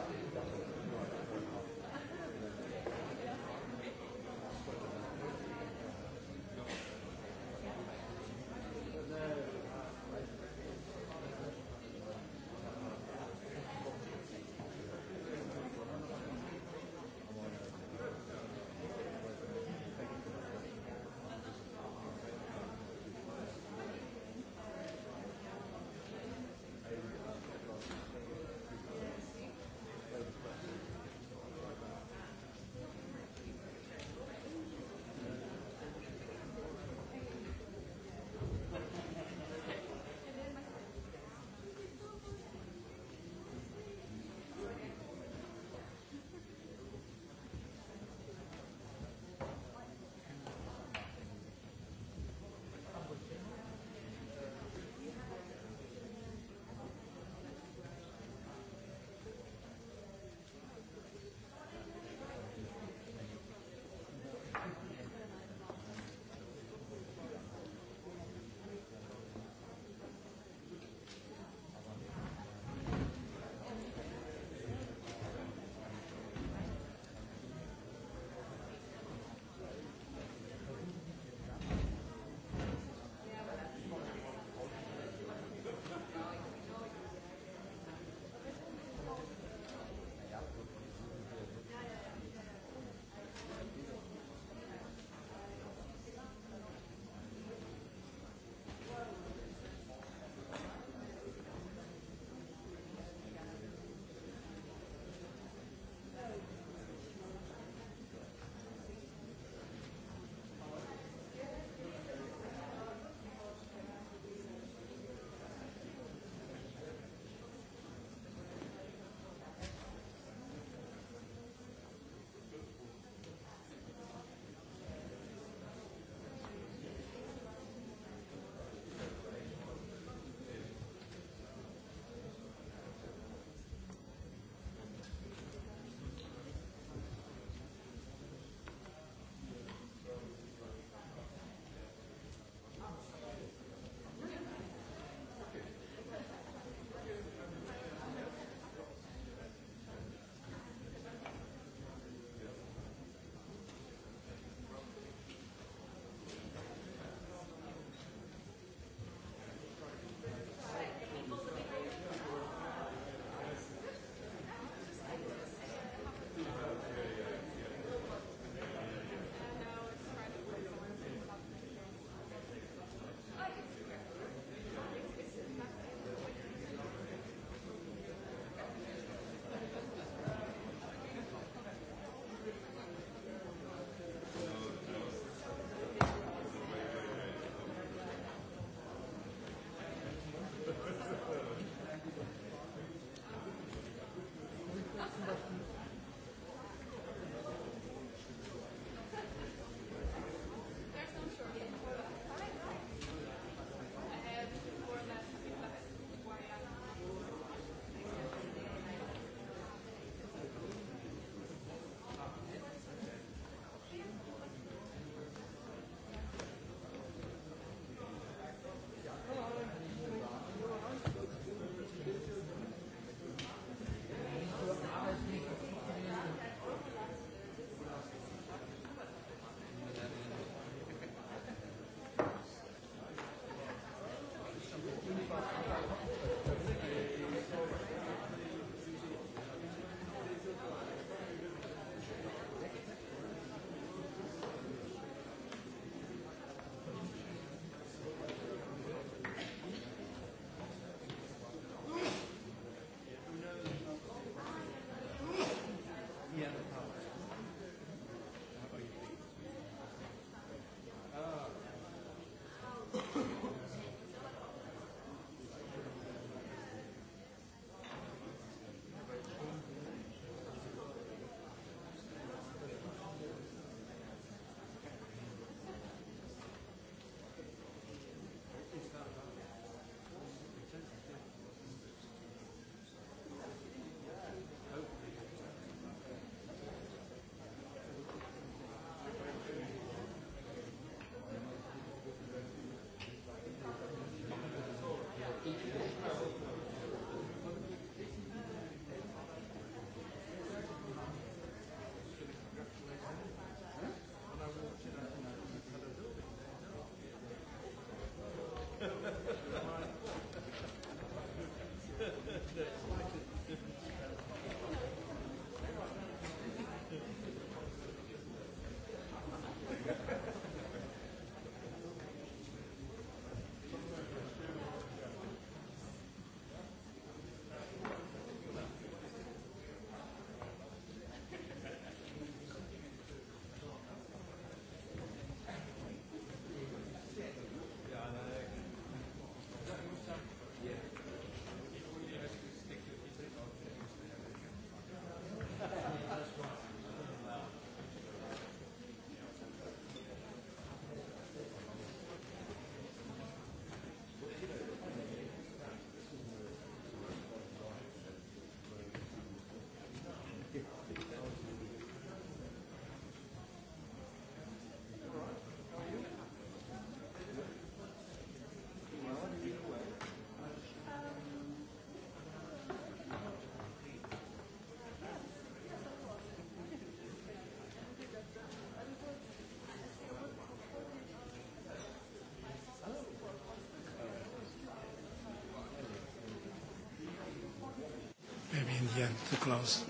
Indian to close.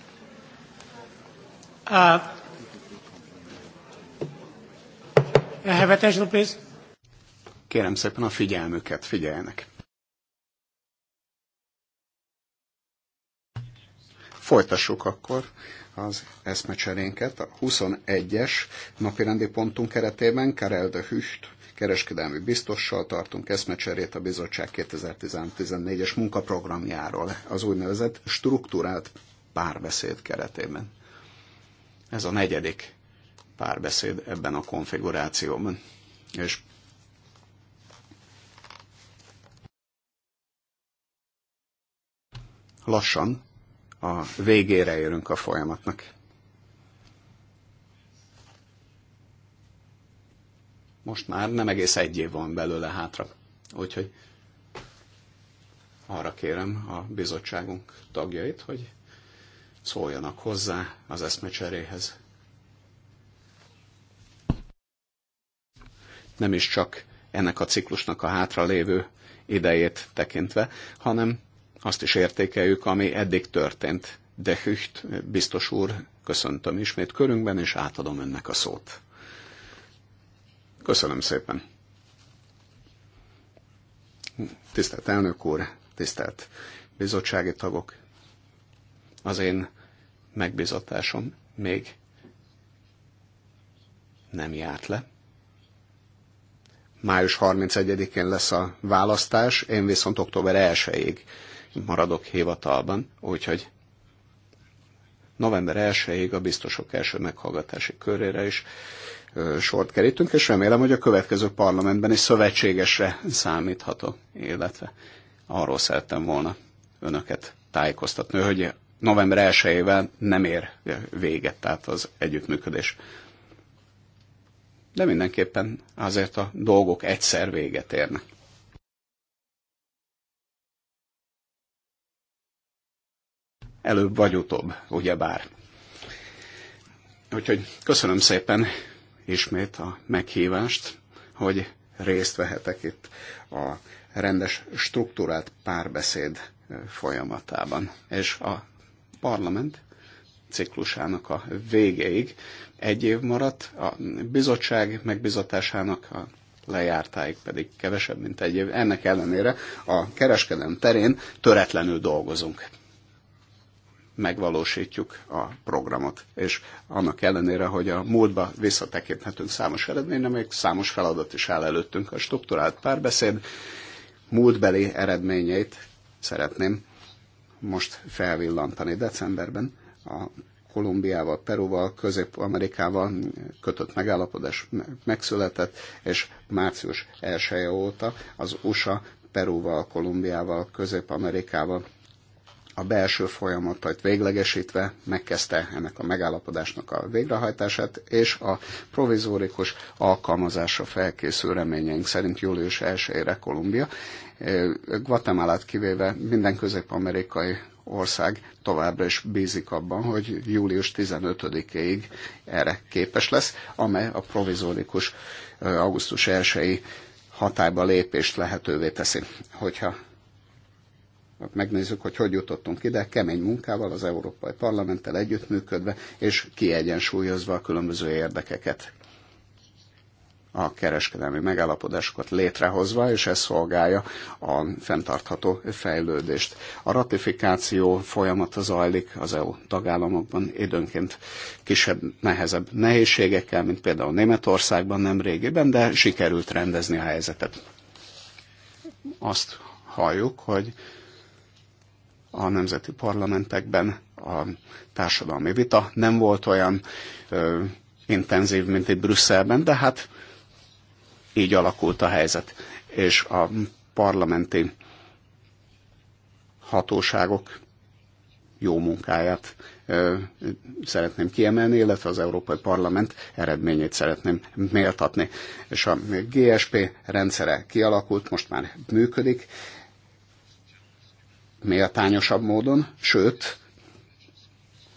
Uh, have attention, please. Kérem szépen a figyelmüket, figyeljenek. Folytassuk akkor az eszmecserénket. A 21-es napirendi pontunk keretében Karel de Hüst kereskedelmi biztossal tartunk eszmecserét a bizottság 2014-es munkaprogramjáról, az úgynevezett struktúrált párbeszéd keretében. Ez a negyedik párbeszéd ebben a konfigurációban. És lassan a végére érünk a folyamatnak. most már nem egész egy év van belőle hátra. Úgyhogy arra kérem a bizottságunk tagjait, hogy szóljanak hozzá az eszmecseréhez. Nem is csak ennek a ciklusnak a hátralévő idejét tekintve, hanem azt is értékeljük, ami eddig történt. De Hücht, biztos úr, köszöntöm ismét körünkben, és átadom önnek a szót. Köszönöm szépen. Tisztelt elnök úr, tisztelt bizottsági tagok, az én megbizatásom még nem járt le. Május 31-én lesz a választás, én viszont október 1-ig maradok hivatalban, úgyhogy november 1-ig a biztosok első meghallgatási körére is sort kerítünk, és remélem, hogy a következő parlamentben is szövetségesre számítható, illetve arról szerettem volna önöket tájékoztatni, hogy november 1-ével nem ér véget, tehát az együttműködés. De mindenképpen azért a dolgok egyszer véget érnek. Előbb vagy utóbb, ugyebár. Úgyhogy köszönöm szépen ismét a meghívást, hogy részt vehetek itt a rendes struktúrát párbeszéd folyamatában. És a parlament ciklusának a végéig egy év maradt, a bizottság megbizatásának a lejártáig pedig kevesebb, mint egy év. Ennek ellenére a kereskedelem terén töretlenül dolgozunk megvalósítjuk a programot. És annak ellenére, hogy a múltba visszatekinthetünk számos eredményre, még számos feladat is áll előttünk. A struktúrált párbeszéd múltbeli eredményeit szeretném most felvillantani decemberben a Kolumbiával, Peruval, Közép-Amerikával kötött megállapodás megszületett, és március 1 -e óta az USA Peruval, Kolumbiával, Közép-Amerikával a belső folyamatait véglegesítve megkezdte ennek a megállapodásnak a végrehajtását, és a provizórikus alkalmazásra felkészül reményeink szerint július 1-ére Kolumbia. Guatemalát kivéve minden közép-amerikai ország továbbra is bízik abban, hogy július 15-ig erre képes lesz, amely a provizórikus augusztus 1-i hatályba lépést lehetővé teszi. Hogyha Hát megnézzük, hogy hogy jutottunk ide, kemény munkával, az Európai Parlamenttel együttműködve, és kiegyensúlyozva a különböző érdekeket a kereskedelmi megállapodásokat létrehozva, és ez szolgálja a fenntartható fejlődést. A ratifikáció folyamata zajlik az EU tagállamokban időnként kisebb, nehezebb nehézségekkel, mint például Németországban nem régiben, de sikerült rendezni a helyzetet. Azt halljuk, hogy a nemzeti parlamentekben a társadalmi vita nem volt olyan ö, intenzív, mint itt Brüsszelben, de hát így alakult a helyzet. És a parlamenti hatóságok jó munkáját ö, szeretném kiemelni, illetve az Európai Parlament eredményét szeretném méltatni. És a GSP rendszere kialakult, most már működik, méltányosabb módon, sőt,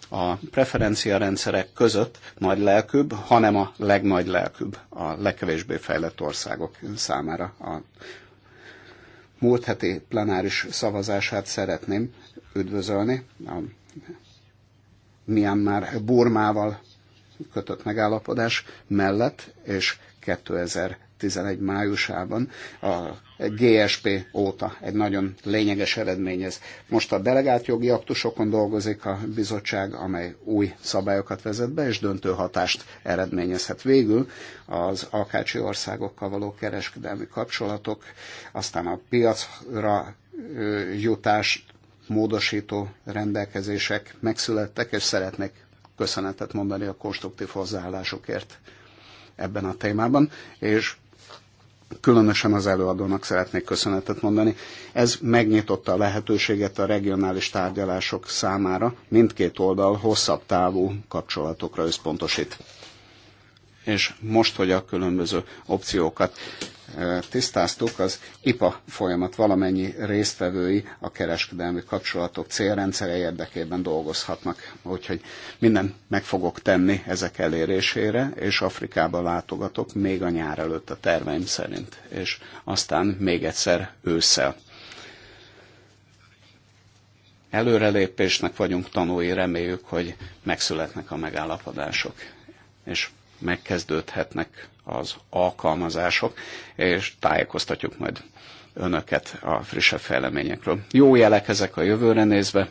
a preferencia rendszerek között nagy lelkűbb, hanem a legnagy lelkűbb a legkevésbé fejlett országok számára. A múlt heti plenáris szavazását szeretném üdvözölni a Myanmar Burmával kötött megállapodás mellett, és 2000 2011 májusában a GSP óta egy nagyon lényeges eredmény ez. Most a delegált jogi aktusokon dolgozik a bizottság, amely új szabályokat vezet be, és döntő hatást eredményezhet. Végül az akácsi országokkal való kereskedelmi kapcsolatok, aztán a piacra jutás módosító rendelkezések megszülettek, és szeretnék köszönetet mondani a konstruktív hozzáállásokért ebben a témában, és különösen az előadónak szeretnék köszönetet mondani. Ez megnyitotta a lehetőséget a regionális tárgyalások számára, mindkét oldal hosszabb távú kapcsolatokra összpontosít. És most, hogy a különböző opciókat tisztáztuk, az IPA folyamat valamennyi résztvevői a kereskedelmi kapcsolatok célrendszere érdekében dolgozhatnak. Úgyhogy minden meg fogok tenni ezek elérésére, és Afrikába látogatok még a nyár előtt a terveim szerint, és aztán még egyszer ősszel előrelépésnek vagyunk tanúi, reméljük, hogy megszületnek a megállapodások, és megkezdődhetnek az alkalmazások, és tájékoztatjuk majd önöket a frissebb fejleményekről. Jó jelek ezek a jövőre nézve,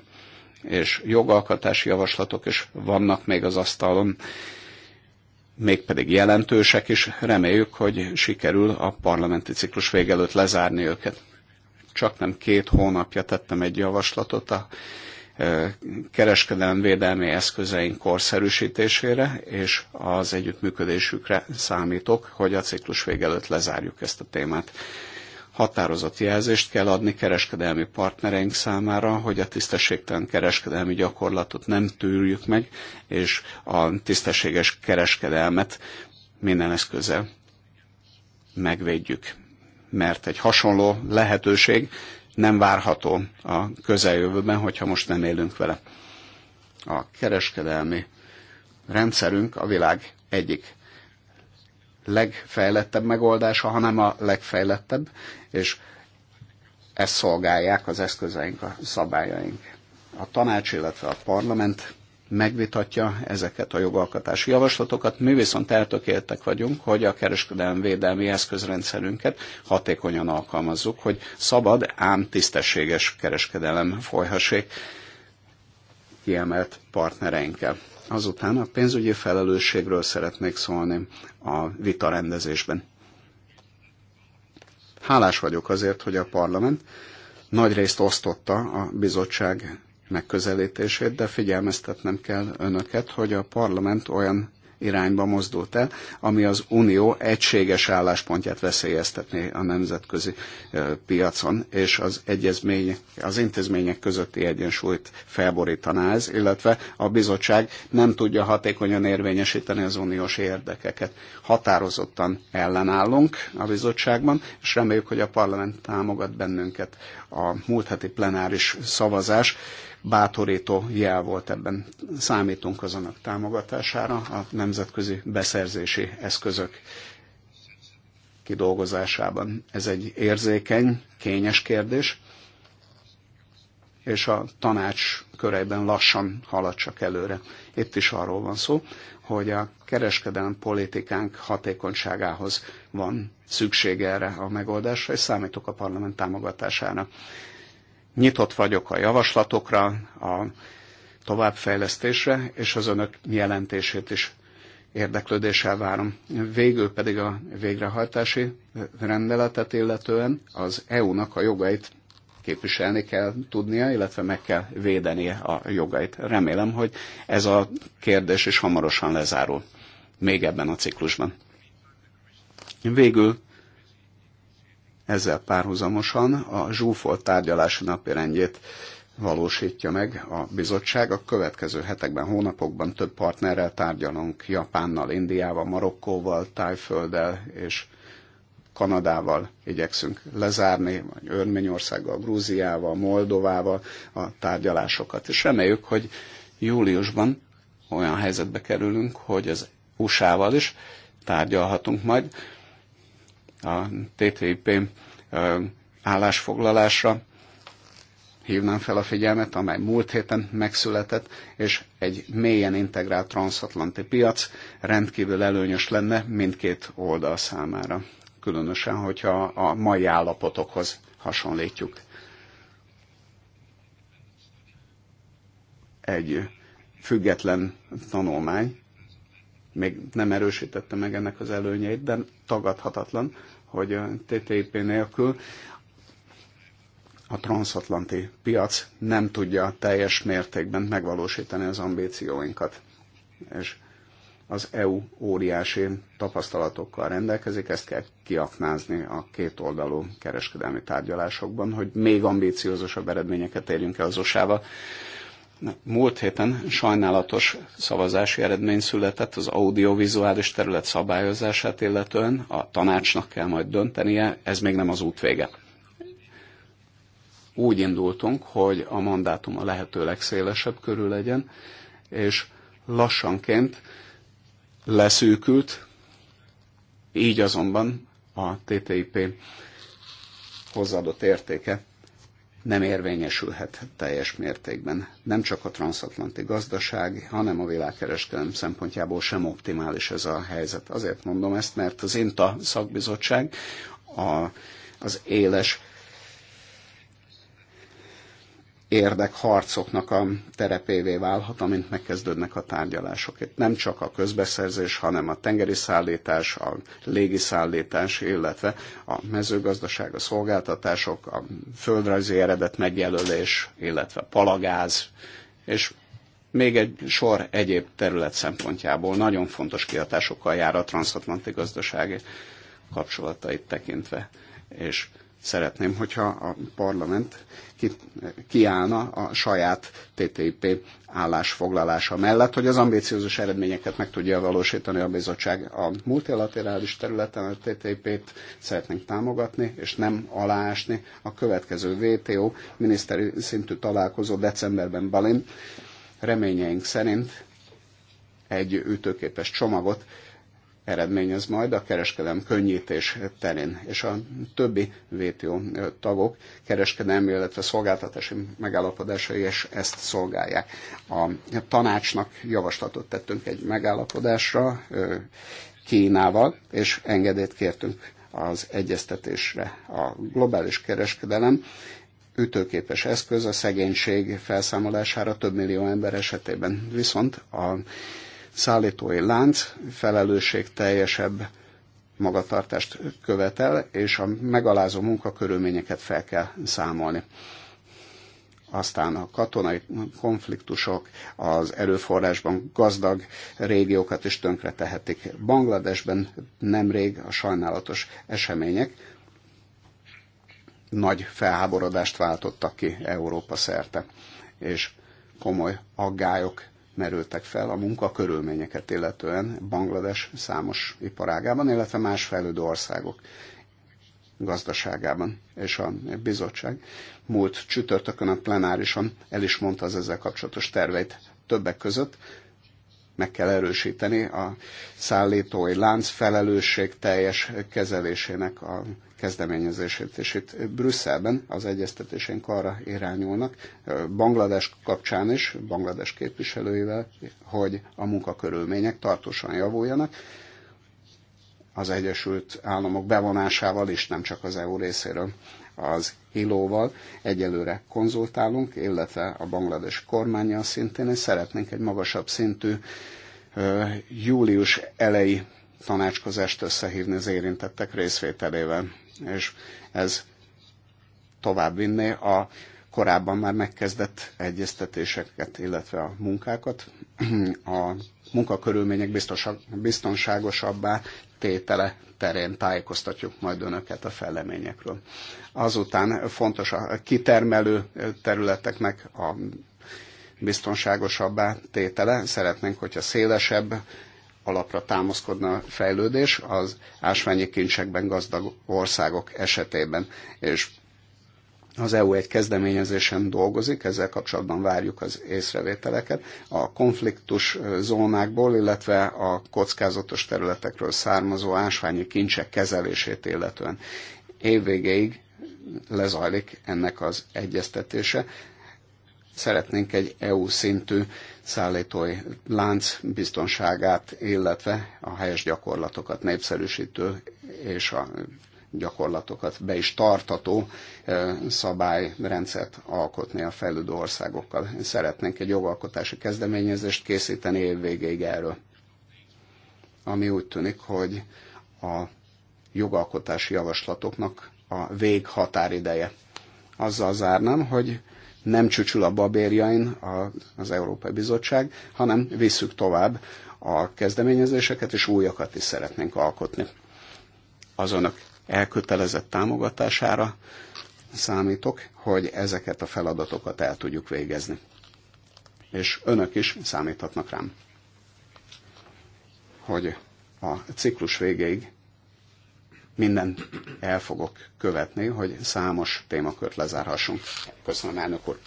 és jogalkatási javaslatok is vannak még az asztalon, mégpedig jelentősek is. Reméljük, hogy sikerül a parlamenti ciklus végelőtt lezárni őket. Csak nem két hónapja tettem egy javaslatot a kereskedelem védelmi eszközeink korszerűsítésére, és az együttműködésükre számítok, hogy a ciklus vége előtt lezárjuk ezt a témát. Határozott jelzést kell adni kereskedelmi partnereink számára, hogy a tisztességtelen kereskedelmi gyakorlatot nem tűrjük meg, és a tisztességes kereskedelmet minden eszközzel megvédjük. Mert egy hasonló lehetőség nem várható a közeljövőben, hogyha most nem élünk vele. A kereskedelmi rendszerünk a világ egyik legfejlettebb megoldása, hanem a legfejlettebb, és ezt szolgálják az eszközeink, a szabályaink. A tanács, illetve a parlament megvitatja ezeket a jogalkotási javaslatokat. Mi viszont eltökéltek vagyunk, hogy a kereskedelmi védelmi eszközrendszerünket hatékonyan alkalmazzuk, hogy szabad, ám tisztességes kereskedelem folyhassék kiemelt partnereinkkel. Azután a pénzügyi felelősségről szeretnék szólni a vitarendezésben. Hálás vagyok azért, hogy a parlament nagy részt osztotta a bizottság megközelítését, de figyelmeztetnem kell önöket, hogy a parlament olyan irányba mozdult el, ami az unió egységes álláspontját veszélyeztetné a nemzetközi piacon, és az, egyezmény, az intézmények közötti egyensúlyt felborítaná ez, illetve a bizottság nem tudja hatékonyan érvényesíteni az uniós érdekeket. Határozottan ellenállunk a bizottságban, és reméljük, hogy a parlament támogat bennünket. A múlt heti plenáris szavazás bátorító jel volt ebben. Számítunk az önök támogatására a nemzetközi beszerzési eszközök kidolgozásában. Ez egy érzékeny, kényes kérdés, és a tanács körében lassan halad csak előre. Itt is arról van szó, hogy a kereskedelmi politikánk hatékonyságához van szükség erre a megoldásra, és számítok a parlament támogatására. Nyitott vagyok a javaslatokra, a továbbfejlesztésre, és az önök jelentését is érdeklődéssel várom. Végül pedig a végrehajtási rendeletet illetően az EU-nak a jogait képviselni kell tudnia, illetve meg kell védenie a jogait. Remélem, hogy ez a kérdés is hamarosan lezárul, még ebben a ciklusban. Végül ezzel párhuzamosan a zsúfolt tárgyalási napirendjét valósítja meg a bizottság. A következő hetekben, hónapokban több partnerrel tárgyalunk Japánnal, Indiával, Marokkóval, Tájfölddel és Kanadával igyekszünk lezárni, vagy Örményországgal, Grúziával, Moldovával a tárgyalásokat. És reméljük, hogy júliusban olyan helyzetbe kerülünk, hogy az USA-val is tárgyalhatunk majd a TTIP állásfoglalásra hívnám fel a figyelmet, amely múlt héten megszületett, és egy mélyen integrált transatlanti piac rendkívül előnyös lenne mindkét oldal számára. Különösen, hogyha a mai állapotokhoz hasonlítjuk. Egy független tanulmány még nem erősítette meg ennek az előnyeit, de tagadhatatlan, hogy a TTIP nélkül a transatlanti piac nem tudja teljes mértékben megvalósítani az ambícióinkat. És az EU óriási tapasztalatokkal rendelkezik, ezt kell kiaknázni a kétoldalú kereskedelmi tárgyalásokban, hogy még ambíciózusabb eredményeket érjünk el az osa -val múlt héten sajnálatos szavazási eredmény született az audiovizuális terület szabályozását illetően, a tanácsnak kell majd döntenie, ez még nem az út vége. Úgy indultunk, hogy a mandátum a lehető legszélesebb körül legyen, és lassanként leszűkült, így azonban a TTIP hozzáadott értéke nem érvényesülhet teljes mértékben. Nem csak a transatlanti gazdaság, hanem a világkereskedelem szempontjából sem optimális ez a helyzet. Azért mondom ezt, mert az INTA szakbizottság a, az éles érdekharcoknak a terepévé válhat, amint megkezdődnek a tárgyalások. Itt nem csak a közbeszerzés, hanem a tengeri szállítás, a légiszállítás, illetve a mezőgazdaság, a szolgáltatások, a földrajzi eredet megjelölés, illetve a palagáz, és még egy sor egyéb terület szempontjából nagyon fontos kihatásokkal jár a transatlanti gazdasági kapcsolatait tekintve. És Szeretném, hogyha a parlament ki, kiállna a saját TTIP állásfoglalása mellett, hogy az ambíciózus eredményeket meg tudja valósítani a bizottság a multilaterális területen, a TTIP-t szeretnénk támogatni, és nem aláásni. A következő WTO miniszteri szintű találkozó decemberben Balin reményeink szerint egy ütőképes csomagot eredményez majd a kereskedelem könnyítés terén, és a többi VTO tagok kereskedelmi, illetve szolgáltatási megállapodásai és ezt szolgálják. A tanácsnak javaslatot tettünk egy megállapodásra Kínával, és engedélyt kértünk az egyeztetésre. A globális kereskedelem ütőképes eszköz a szegénység felszámolására több millió ember esetében. Viszont a szállítói lánc felelősségteljesebb magatartást követel, és a megalázó munkakörülményeket fel kell számolni. Aztán a katonai konfliktusok az erőforrásban gazdag régiókat is tönkre tehetik. Bangladesben nemrég a sajnálatos események nagy felháborodást váltottak ki Európa szerte, és komoly aggályok merültek fel a munkakörülményeket illetően Banglades számos iparágában, illetve más fejlődő országok gazdaságában. És a bizottság múlt csütörtökön a plenárison el is mondta az ezzel kapcsolatos terveit többek között, meg kell erősíteni a szállítói lánc felelősség teljes kezelésének a kezdeményezését, és itt Brüsszelben az egyeztetésénk arra irányulnak, Banglades kapcsán is, Banglades képviselőivel, hogy a munkakörülmények tartósan javuljanak, az Egyesült Államok bevonásával is, nem csak az EU részéről, az Hilóval egyelőre konzultálunk, illetve a Banglades kormányjal szintén, és szeretnénk egy magasabb szintű július elejé tanácskozást összehívni az érintettek részvételével és ez továbbvinné a korábban már megkezdett egyeztetéseket, illetve a munkákat, a munkakörülmények biztonságosabbá tétele terén tájékoztatjuk majd önöket a felleményekről. Azután fontos a kitermelő területeknek a biztonságosabbá tétele. Szeretnénk, hogyha szélesebb alapra támaszkodna a fejlődés az ásványi kincsekben gazdag országok esetében. És az EU egy kezdeményezésen dolgozik, ezzel kapcsolatban várjuk az észrevételeket. A konfliktus zónákból, illetve a kockázatos területekről származó ásványi kincsek kezelését illetően évvégéig lezajlik ennek az egyeztetése szeretnénk egy EU szintű szállítói lánc biztonságát, illetve a helyes gyakorlatokat népszerűsítő és a gyakorlatokat be is tartató e, szabályrendszert alkotni a fejlődő országokkal. Szeretnénk egy jogalkotási kezdeményezést készíteni évvégéig erről, ami úgy tűnik, hogy a jogalkotási javaslatoknak a véghatárideje. Azzal zárnám, hogy nem csücsül a babérjain az Európai Bizottság, hanem visszük tovább a kezdeményezéseket, és újakat is szeretnénk alkotni. Az önök elkötelezett támogatására számítok, hogy ezeket a feladatokat el tudjuk végezni. És önök is számíthatnak rám, hogy a ciklus végéig mindent el fogok követni, hogy számos témakört lezárhassunk. Köszönöm, elnök úr.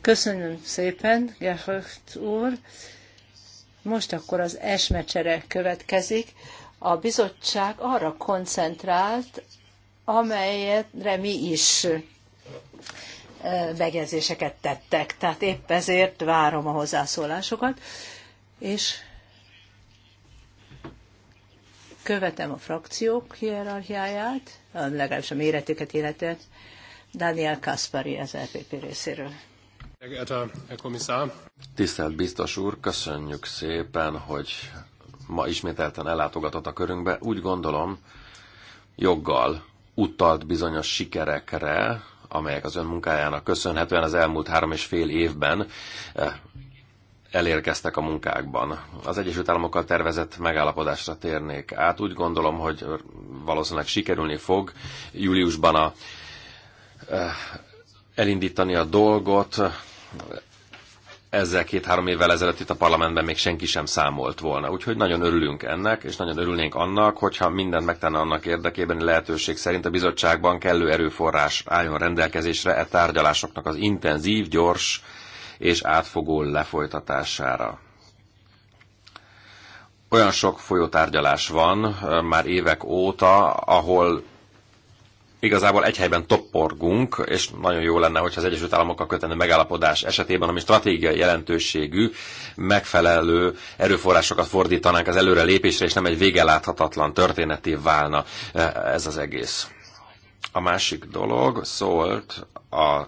Köszönöm szépen, Gerhard úr. Most akkor az esmecsere következik. A bizottság arra koncentrált, amelyre mi is megjegyzéseket tettek. Tehát épp ezért várom a hozzászólásokat, és követem a frakciók hierarchiáját, legalábbis a méretüket illetően. Daniel Kaspari az LPP e részéről. Tisztelt biztos úr, köszönjük szépen, hogy ma ismételten ellátogatott a körünkbe. Úgy gondolom, joggal utalt bizonyos sikerekre, amelyek az ön munkájának köszönhetően az elmúlt három és fél évben eh, elérkeztek a munkákban. Az Egyesült Államokkal tervezett megállapodásra térnék át. Úgy gondolom, hogy valószínűleg sikerülni fog júliusban a, eh, elindítani a dolgot. Ezzel két-három évvel ezelőtt itt a parlamentben még senki sem számolt volna. Úgyhogy nagyon örülünk ennek, és nagyon örülnénk annak, hogyha mindent megtenne annak érdekében, lehetőség szerint a bizottságban kellő erőforrás álljon rendelkezésre e tárgyalásoknak az intenzív, gyors, és átfogó lefolytatására. Olyan sok folyótárgyalás van már évek óta, ahol igazából egy helyben topporgunk, és nagyon jó lenne, hogyha az Egyesült Államokkal kötendő megállapodás esetében, ami stratégiai jelentőségű, megfelelő erőforrásokat fordítanánk az előre lépésre, és nem egy vége láthatatlan történeté válna ez az egész. A másik dolog szólt a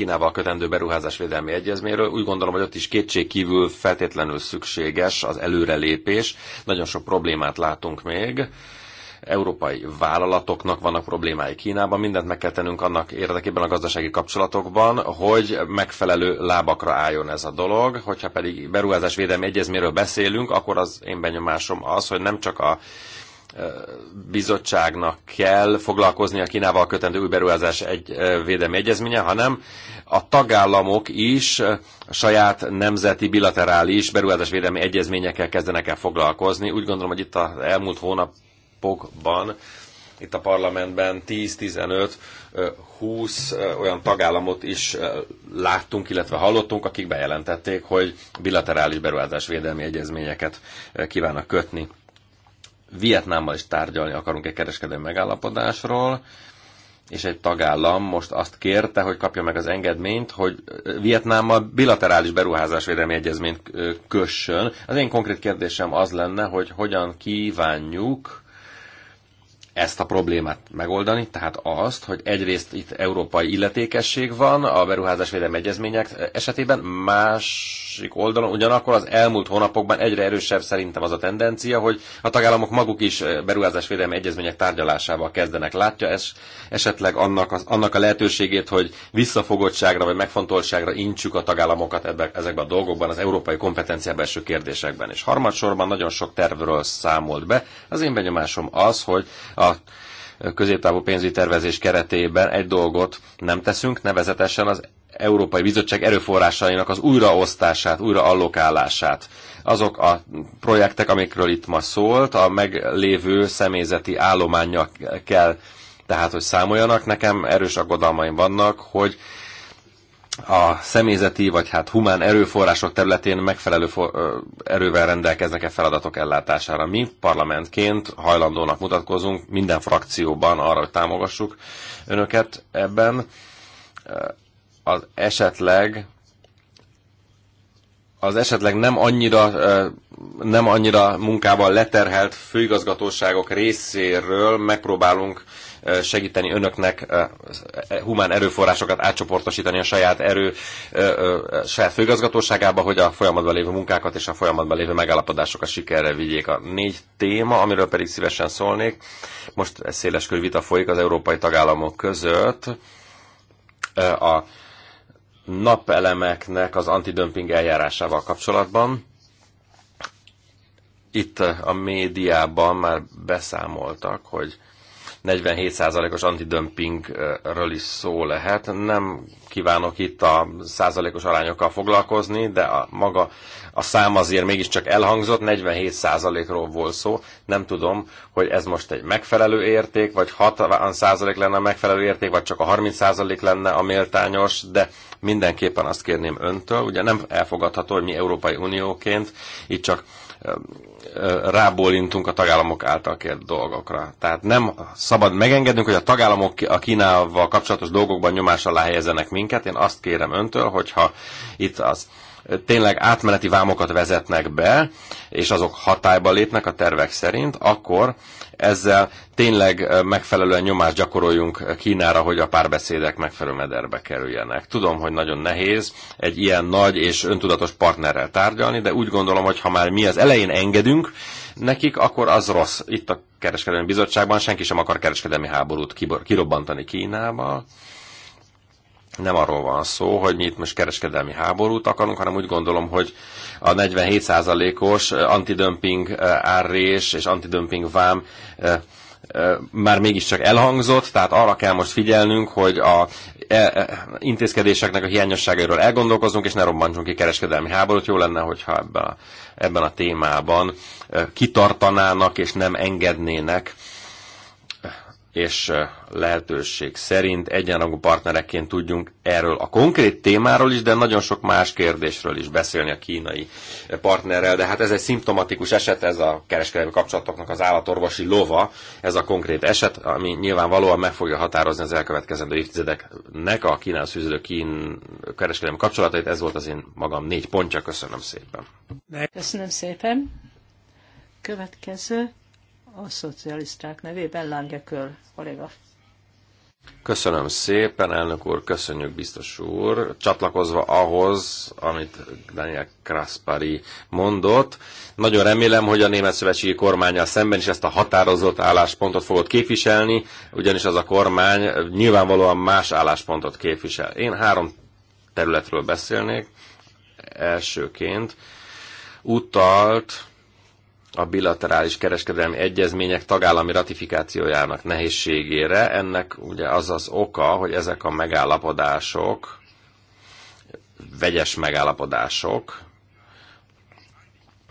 Kínával kötendő beruházásvédelmi egyezményről. Úgy gondolom, hogy ott is kétség kívül feltétlenül szükséges az előrelépés. Nagyon sok problémát látunk még. Európai vállalatoknak vannak problémái Kínában, mindent meg kell tennünk annak érdekében a gazdasági kapcsolatokban, hogy megfelelő lábakra álljon ez a dolog. Hogyha pedig beruházásvédelmi egyezményről beszélünk, akkor az én benyomásom az, hogy nem csak a bizottságnak kell foglalkozni a Kínával kötendő új beruházás egy védelmi egyezménye, hanem a tagállamok is a saját nemzeti bilaterális beruházás védelmi egyezményekkel kezdenek el foglalkozni. Úgy gondolom, hogy itt az elmúlt hónapokban itt a parlamentben 10-15-20 olyan tagállamot is láttunk, illetve hallottunk, akik bejelentették, hogy bilaterális beruházás védelmi egyezményeket kívánnak kötni. Vietnámmal is tárgyalni akarunk egy kereskedelmi megállapodásról, és egy tagállam most azt kérte, hogy kapja meg az engedményt, hogy Vietnámmal bilaterális beruházásvédelmi egyezményt kössön. Az én konkrét kérdésem az lenne, hogy hogyan kívánjuk ezt a problémát megoldani, tehát azt, hogy egyrészt itt európai illetékesség van a beruházásvédelmi egyezmények esetében, más másik oldalon, ugyanakkor az elmúlt hónapokban egyre erősebb szerintem az a tendencia, hogy a tagállamok maguk is eh, beruházásvédelmi egyezmények tárgyalásával kezdenek. Látja ez esetleg annak, az, annak a lehetőségét, hogy visszafogottságra vagy megfontoltságra intsük a tagállamokat ebbe, ezekben a dolgokban, az európai kompetenciába eső kérdésekben. És harmadsorban nagyon sok tervről számolt be. Az én benyomásom az, hogy a középtávú pénzügyi tervezés keretében egy dolgot nem teszünk, nevezetesen az Európai Bizottság erőforrásainak az újraosztását, újraallokálását. Azok a projektek, amikről itt ma szólt, a meglévő személyzeti állományjal kell tehát, hogy számoljanak. Nekem erős aggodalmaim vannak, hogy a személyzeti, vagy hát humán erőforrások területén megfelelő erővel rendelkeznek-e feladatok ellátására. Mi parlamentként hajlandónak mutatkozunk minden frakcióban arra, hogy támogassuk önöket ebben az esetleg az esetleg nem annyira, nem annyira munkával leterhelt főigazgatóságok részéről megpróbálunk segíteni önöknek e, humán erőforrásokat átcsoportosítani a saját erő saját főigazgatóságába, hogy a folyamatban lévő munkákat és a folyamatban lévő megállapodásokat sikerre vigyék. A négy téma, amiről pedig szívesen szólnék, most széles vita folyik az európai tagállamok között, a napelemeknek az antidömping eljárásával kapcsolatban. Itt a médiában már beszámoltak, hogy 47%-os antidömpingről is szó lehet. Nem kívánok itt a százalékos arányokkal foglalkozni, de a maga a szám azért mégiscsak elhangzott, 47%-ról volt szó. Nem tudom, hogy ez most egy megfelelő érték, vagy 60% lenne a megfelelő érték, vagy csak a 30% lenne a méltányos, de mindenképpen azt kérném öntől, ugye nem elfogadható, hogy mi Európai Unióként itt csak rábólintunk a tagállamok által kért dolgokra. Tehát nem szabad megengednünk, hogy a tagállamok a Kínával kapcsolatos dolgokban nyomás alá helyezenek minket. Én azt kérem öntől, hogyha itt az tényleg átmeneti vámokat vezetnek be, és azok hatályba lépnek a tervek szerint, akkor ezzel tényleg megfelelően nyomást gyakoroljunk Kínára, hogy a párbeszédek megfelelő mederbe kerüljenek. Tudom, hogy nagyon nehéz egy ilyen nagy és öntudatos partnerrel tárgyalni, de úgy gondolom, hogy ha már mi az elején engedünk nekik, akkor az rossz. Itt a kereskedelmi bizottságban senki sem akar kereskedelmi háborút kirobbantani Kínába nem arról van szó, hogy mi itt most kereskedelmi háborút akarunk, hanem úgy gondolom, hogy a 47%-os eh, antidömping eh, árrés és antidömping vám eh, már mégiscsak elhangzott, tehát arra kell most figyelnünk, hogy a intézkedéseknek a hiányosságairól elgondolkozunk, és ne robbantsunk ki kereskedelmi háborút. Jó lenne, hogyha ebben a, ebben a témában kitartanának, és nem engednének és lehetőség szerint egyenrangú partnereként tudjunk erről a konkrét témáról is, de nagyon sok más kérdésről is beszélni a kínai partnerrel. De hát ez egy szimptomatikus eset, ez a kereskedelmi kapcsolatoknak az állatorvosi lova, ez a konkrét eset, ami nyilvánvalóan meg fogja határozni az elkövetkezendő évtizedeknek a kínai fűződő kín kereskedelmi kapcsolatait. Ez volt az én magam négy pontja. Köszönöm szépen. Köszönöm szépen. Következő a szocialisták nevében Langekör kolléga. Köszönöm szépen, elnök úr, köszönjük biztos úr. Csatlakozva ahhoz, amit Daniel Kraspari mondott, nagyon remélem, hogy a Német Szövetségi Kormányjal szemben is ezt a határozott álláspontot fogod képviselni, ugyanis az a kormány nyilvánvalóan más álláspontot képvisel. Én három területről beszélnék. Elsőként utalt a bilaterális kereskedelmi egyezmények tagállami ratifikációjának nehézségére. Ennek ugye az az oka, hogy ezek a megállapodások, vegyes megállapodások,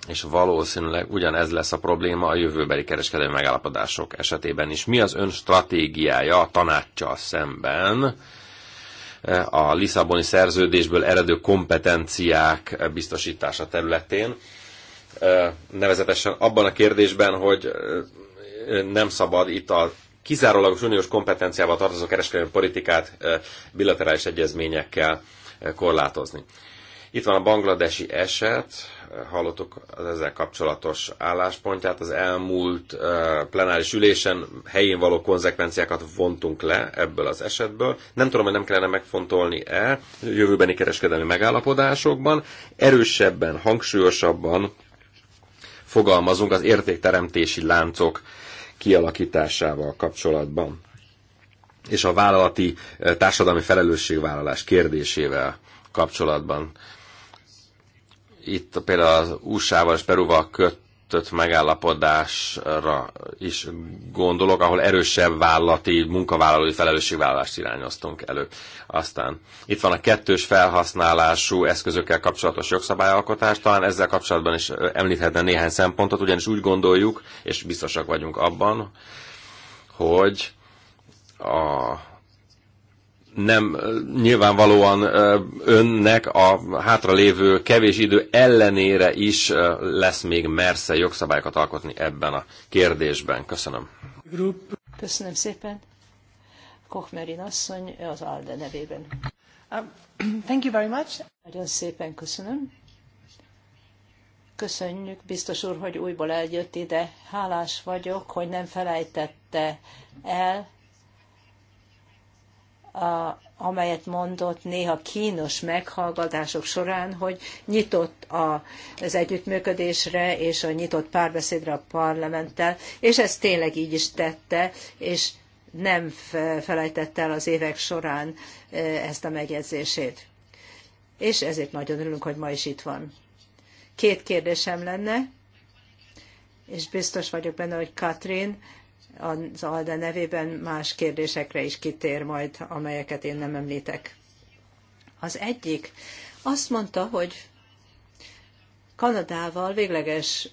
és valószínűleg ugyanez lesz a probléma a jövőbeli kereskedelmi megállapodások esetében is. Mi az ön stratégiája a tanácssal szemben a Lisszaboni szerződésből eredő kompetenciák biztosítása területén? nevezetesen abban a kérdésben, hogy nem szabad itt a kizárólagos uniós kompetenciával tartozó kereskedelmi politikát bilaterális egyezményekkel korlátozni. Itt van a bangladesi eset, hallottuk az ezzel kapcsolatos álláspontját. Az elmúlt plenáris ülésen helyén való konzekvenciákat vontunk le ebből az esetből. Nem tudom, hogy nem kellene megfontolni-e jövőbeni kereskedelmi megállapodásokban, erősebben, hangsúlyosabban fogalmazunk az értékteremtési láncok kialakításával kapcsolatban, és a vállalati eh, társadalmi felelősségvállalás kérdésével kapcsolatban. Itt például az USA-val és Peruval köt kötött megállapodásra is gondolok, ahol erősebb vállati, munkavállalói felelősségvállalást irányoztunk elő. Aztán itt van a kettős felhasználású eszközökkel kapcsolatos jogszabályalkotás. Talán ezzel kapcsolatban is említhetne néhány szempontot, ugyanis úgy gondoljuk, és biztosak vagyunk abban, hogy a nem nyilvánvalóan önnek a hátralévő kevés idő ellenére is lesz még mersze jogszabályokat alkotni ebben a kérdésben. Köszönöm. Köszönöm szépen. Kochmerin asszony az ALDE nevében. Um, [CLEARS THROAT] thank you very much. Nagyon szépen köszönöm. Köszönjük, biztos úr, hogy újból eljött ide. Hálás vagyok, hogy nem felejtette el, a, amelyet mondott néha kínos meghallgatások során, hogy nyitott a, az együttműködésre és a nyitott párbeszédre a parlamenttel, és ezt tényleg így is tette, és nem felejtette el az évek során e, ezt a megjegyzését. És ezért nagyon örülünk, hogy ma is itt van. Két kérdésem lenne, és biztos vagyok benne, hogy Katrin az ALDE nevében más kérdésekre is kitér majd, amelyeket én nem említek. Az egyik azt mondta, hogy Kanadával végleges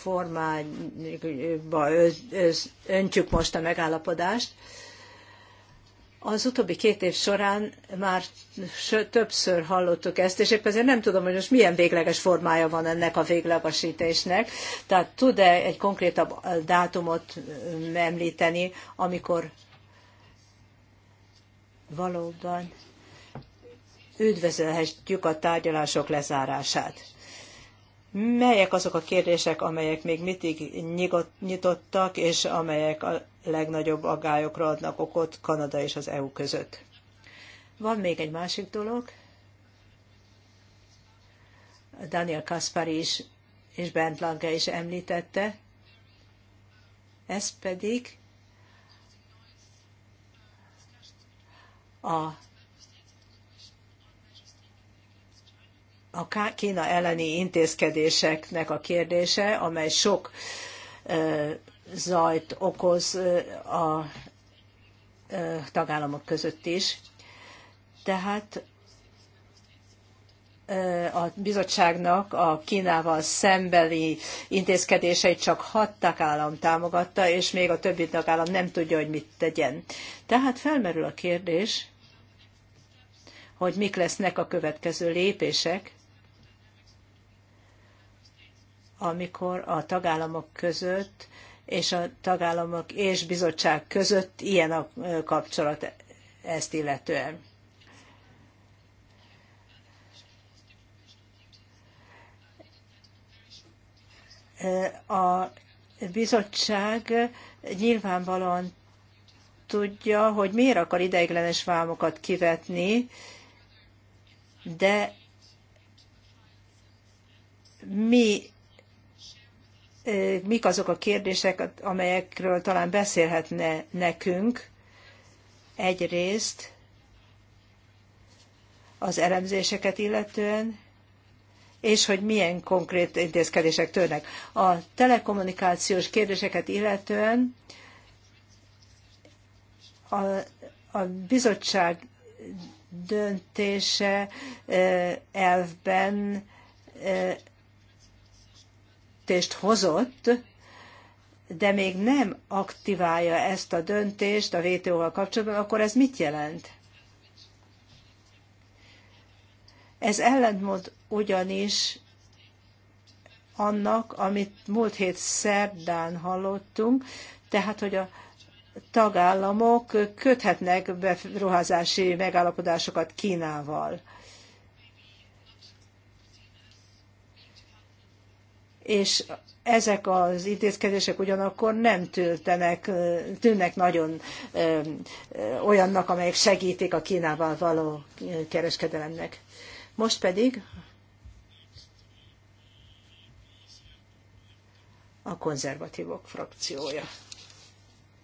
formányba öntjük most a megállapodást, az utóbbi két év során már többször hallottuk ezt, és épp ezért nem tudom, hogy most milyen végleges formája van ennek a véglegesítésnek. Tehát tud-e egy konkrétabb dátumot említeni, amikor valóban üdvözölhetjük a tárgyalások lezárását. Melyek azok a kérdések, amelyek még mindig nyitottak, és amelyek legnagyobb aggályokra adnak okot Kanada és az EU között. Van még egy másik dolog. Daniel Kaspari is, és Bent Lange is említette. Ez pedig a a Kína elleni intézkedéseknek a kérdése, amely sok zajt okoz a tagállamok között is. Tehát a bizottságnak a Kínával szembeli intézkedéseit csak hat tagállam támogatta, és még a többi tagállam nem tudja, hogy mit tegyen. Tehát felmerül a kérdés, hogy mik lesznek a következő lépések, amikor a tagállamok között és a tagállamok és bizottság között ilyen a kapcsolat ezt illetően. A bizottság nyilvánvalóan tudja, hogy miért akar ideiglenes vámokat kivetni, de mi mik azok a kérdések, amelyekről talán beszélhetne nekünk egyrészt az elemzéseket illetően, és hogy milyen konkrét intézkedések törnek. A telekommunikációs kérdéseket illetően a, a bizottság döntése elvben döntést hozott, de még nem aktiválja ezt a döntést a WTO-val kapcsolatban, akkor ez mit jelent? Ez ellentmond ugyanis annak, amit múlt hét szerdán hallottunk, tehát, hogy a tagállamok köthetnek beruházási megállapodásokat Kínával. és ezek az intézkedések ugyanakkor nem tűntenek, tűnnek nagyon olyannak, amelyek segítik a Kínával való kereskedelemnek. Most pedig a konzervatívok frakciója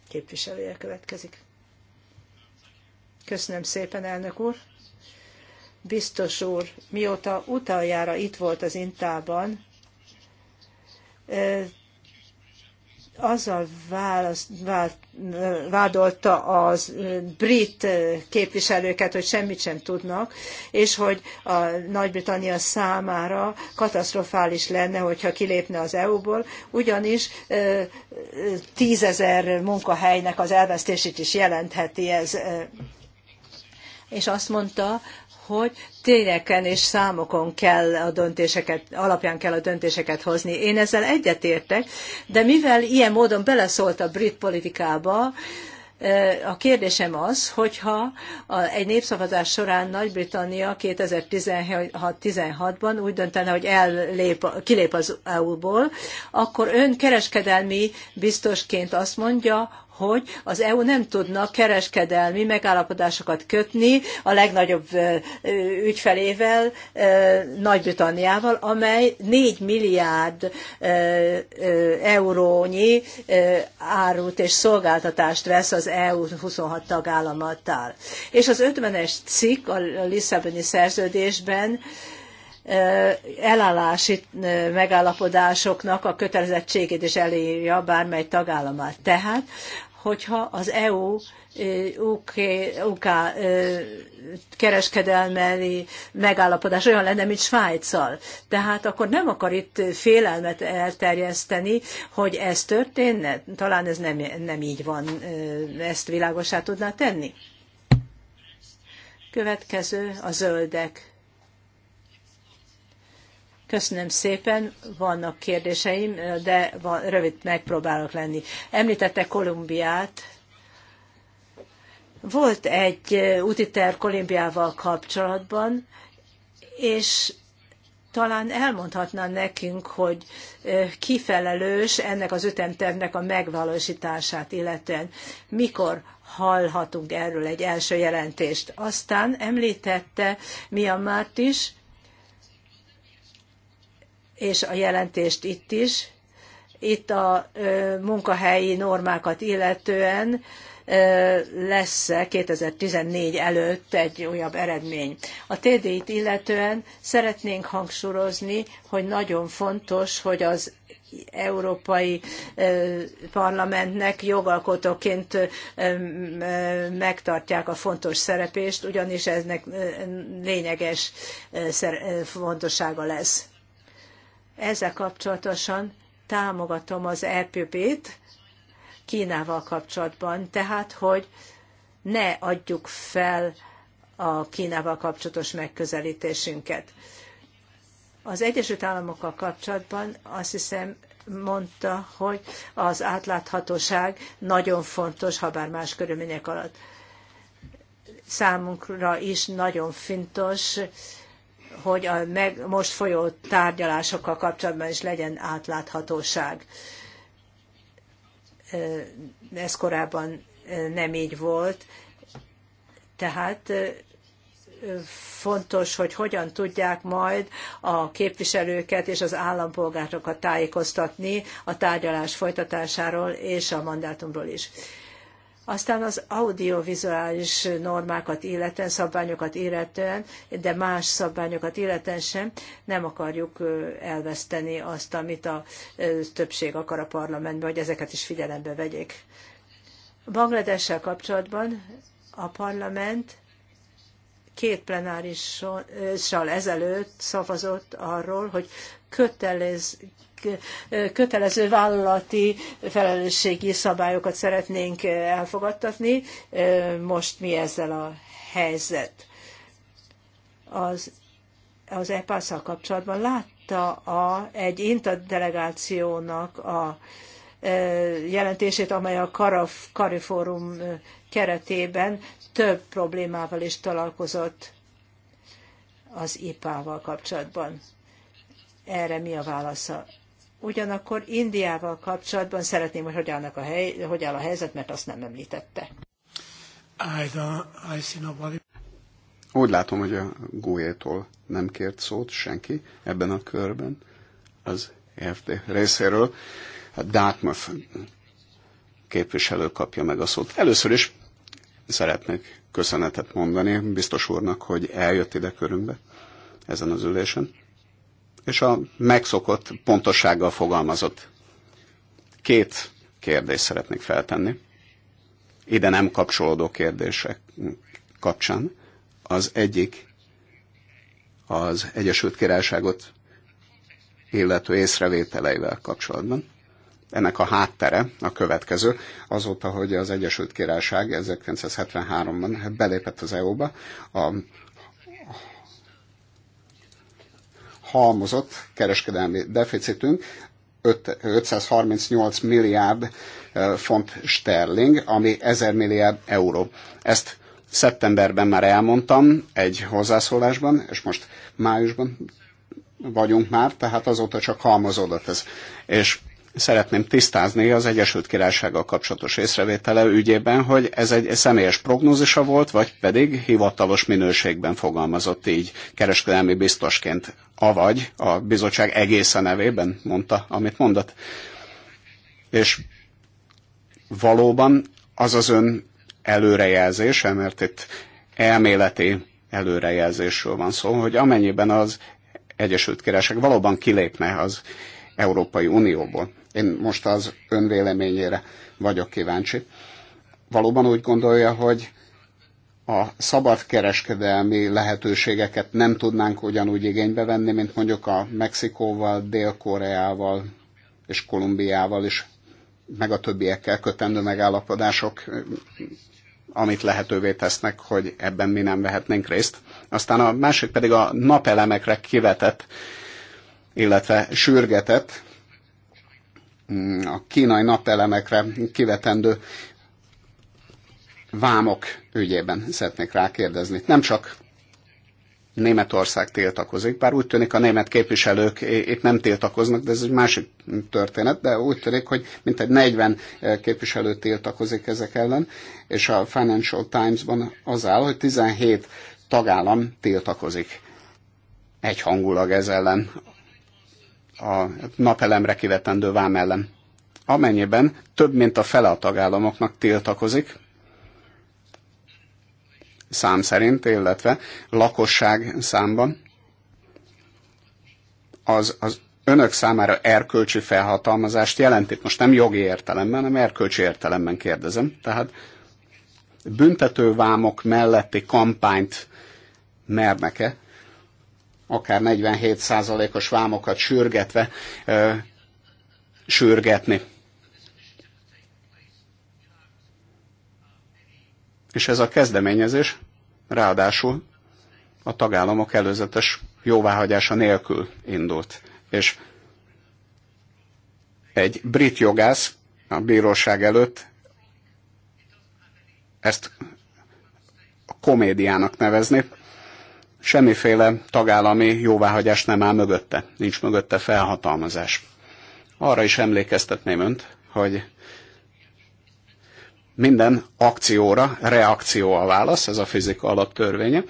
képviselője következik. Köszönöm szépen, elnök úr! Biztos úr, mióta utaljára itt volt az Intában, azzal választ, vált, vádolta az brit képviselőket, hogy semmit sem tudnak, és hogy a Nagy-Britannia számára katasztrofális lenne, hogyha kilépne az EU-ból, ugyanis tízezer munkahelynek az elvesztését is jelentheti ez. És azt mondta, hogy tényeken és számokon kell a döntéseket, alapján kell a döntéseket hozni. Én ezzel egyetértek, de mivel ilyen módon beleszólt a brit politikába, a kérdésem az, hogyha egy népszavazás során Nagy-Britannia 2016-ban úgy döntene, hogy ellép, kilép az EU-ból, akkor ön kereskedelmi biztosként azt mondja, hogy az EU nem tudna kereskedelmi megállapodásokat kötni a legnagyobb ügyfelével, Nagy-Britanniával, amely 4 milliárd eurónyi árut és szolgáltatást vesz az EU 26 tagállamattal. És az 50-es cikk a Lisszaboni szerződésben elállási megállapodásoknak a kötelezettségét is elírja bármely tagállamát. Tehát, hogyha az EU UK, UK kereskedelmi megállapodás olyan lenne, mint Svájccal. Tehát akkor nem akar itt félelmet elterjeszteni, hogy ez történne. Talán ez nem, nem így van, ezt világosá tudná tenni. Következő a zöldek Köszönöm szépen, vannak kérdéseim, de van, rövid megpróbálok lenni. Említette Kolumbiát. Volt egy útiterv Kolumbiával kapcsolatban, és talán elmondhatná nekünk, hogy kifelelős ennek az ütemtervnek a megvalósítását illetően. Mikor hallhatunk erről egy első jelentést? Aztán említette Miamárt is, és a jelentést itt is. Itt a munkahelyi normákat illetően lesz 2014 előtt egy újabb eredmény. A TD-t illetően szeretnénk hangsúlyozni, hogy nagyon fontos, hogy az Európai Parlamentnek jogalkotóként megtartják a fontos szerepést, ugyanis eznek lényeges fontossága lesz. Ezzel kapcsolatosan támogatom az epp t Kínával kapcsolatban, tehát hogy ne adjuk fel a Kínával kapcsolatos megközelítésünket. Az Egyesült Államokkal kapcsolatban azt hiszem mondta, hogy az átláthatóság nagyon fontos, ha bár más körülmények alatt. Számunkra is nagyon fontos, hogy a meg most folyó tárgyalásokkal kapcsolatban is legyen átláthatóság. Ez korábban nem így volt. Tehát fontos, hogy hogyan tudják majd a képviselőket és az állampolgárokat tájékoztatni a tárgyalás folytatásáról és a mandátumról is. Aztán az audiovizuális normákat illetően, szabványokat illetően, de más szabványokat illetően sem nem akarjuk elveszteni azt, amit a többség akar a parlamentben, hogy ezeket is figyelembe vegyék. Bangladessel kapcsolatban a parlament két plenárissal ezelőtt szavazott arról, hogy kötelez, kötelező vállalati felelősségi szabályokat szeretnénk elfogadtatni. Most mi ezzel a helyzet? Az, az epasz szal kapcsolatban látta a, egy delegációnak a e, jelentését, amely a Karaf, Kariforum keretében több problémával is találkozott az IPA-val kapcsolatban. Erre mi a válasza? Ugyanakkor Indiával kapcsolatban szeretném, hogy hogy, a hely, hogy áll a helyzet, mert azt nem említette. I I see nobody. Úgy látom, hogy a Gué-tól nem kért szót senki ebben a körben az EFD részéről. A Dartmouth képviselő kapja meg a szót. Először is szeretnék köszönetet mondani biztos úrnak, hogy eljött ide körünkbe ezen az ülésen és a megszokott pontossággal fogalmazott. Két kérdést szeretnék feltenni. Ide nem kapcsolódó kérdések kapcsán. Az egyik az Egyesült Királyságot illető észrevételeivel kapcsolatban. Ennek a háttere a következő. Azóta, hogy az Egyesült Királyság 1973-ban belépett az EU-ba, a halmozott kereskedelmi deficitünk 538 milliárd font sterling, ami 1000 milliárd euró. Ezt szeptemberben már elmondtam egy hozzászólásban, és most májusban vagyunk már, tehát azóta csak halmozódott ez. És szeretném tisztázni az Egyesült Királysággal kapcsolatos észrevétele ügyében, hogy ez egy személyes prognózisa volt, vagy pedig hivatalos minőségben fogalmazott így kereskedelmi biztosként, avagy a bizottság egészen nevében mondta, amit mondott. És valóban az az ön előrejelzése, mert itt elméleti előrejelzésről van szó, hogy amennyiben az Egyesült Királyság valóban kilépne az Európai Unióból, én most az önvéleményére vagyok kíváncsi. Valóban úgy gondolja, hogy a szabad kereskedelmi lehetőségeket nem tudnánk ugyanúgy igénybe venni, mint mondjuk a Mexikóval, Dél-Koreával és Kolumbiával is, meg a többiekkel kötendő megállapodások, amit lehetővé tesznek, hogy ebben mi nem vehetnénk részt. Aztán a másik pedig a napelemekre kivetett, illetve sürgetett Mm, a kínai napelemekre kivetendő vámok ügyében szeretnék rákérdezni. Nem csak Németország tiltakozik, bár úgy tűnik a német képviselők itt nem tiltakoznak, de ez egy másik történet, de úgy tűnik, hogy mintegy 40 e, képviselő tiltakozik ezek ellen, és a Financial Times-ban az áll, hogy 17 tagállam tiltakozik egyhangulag ez ellen a napelemre kivetendő vám ellen. Amennyiben több mint a fele a tagállamoknak tiltakozik, szám szerint, illetve lakosság számban, az, az önök számára erkölcsi felhatalmazást jelent. Itt most nem jogi értelemben, hanem erkölcsi értelemben kérdezem. Tehát büntetővámok melletti kampányt mernek-e akár 47%-os vámokat sürgetve ö, sürgetni. És ez a kezdeményezés ráadásul a tagállamok előzetes jóváhagyása nélkül indult. És egy brit jogász a bíróság előtt ezt a komédiának nevezni, semmiféle tagállami jóváhagyás nem áll mögötte, nincs mögötte felhatalmazás. Arra is emlékeztetném önt, hogy minden akcióra reakció a válasz, ez a fizika alaptörvénye.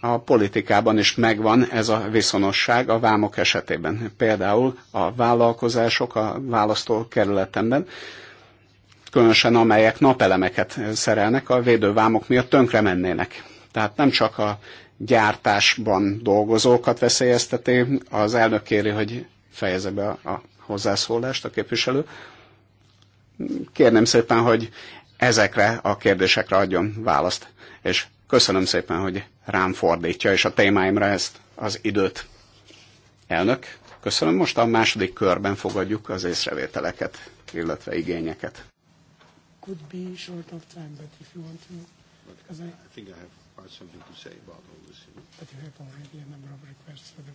A politikában is megvan ez a viszonosság a vámok esetében. Például a vállalkozások a választókerületemben, különösen amelyek napelemeket szerelnek, a védővámok miatt tönkre mennének. Tehát nem csak a gyártásban dolgozókat veszélyezteti. Az elnök kéri, hogy fejeze be a hozzászólást a képviselő. Kérném szépen, hogy ezekre a kérdésekre adjon választ. És köszönöm szépen, hogy rám fordítja, és a témáimra ezt az időt. Elnök, köszönöm. Most a második körben fogadjuk az észrevételeket, illetve igényeket. Could be short of time, but if you want to, because I, I think I have quite something to say about all this. You know? But you have already a number of requests for the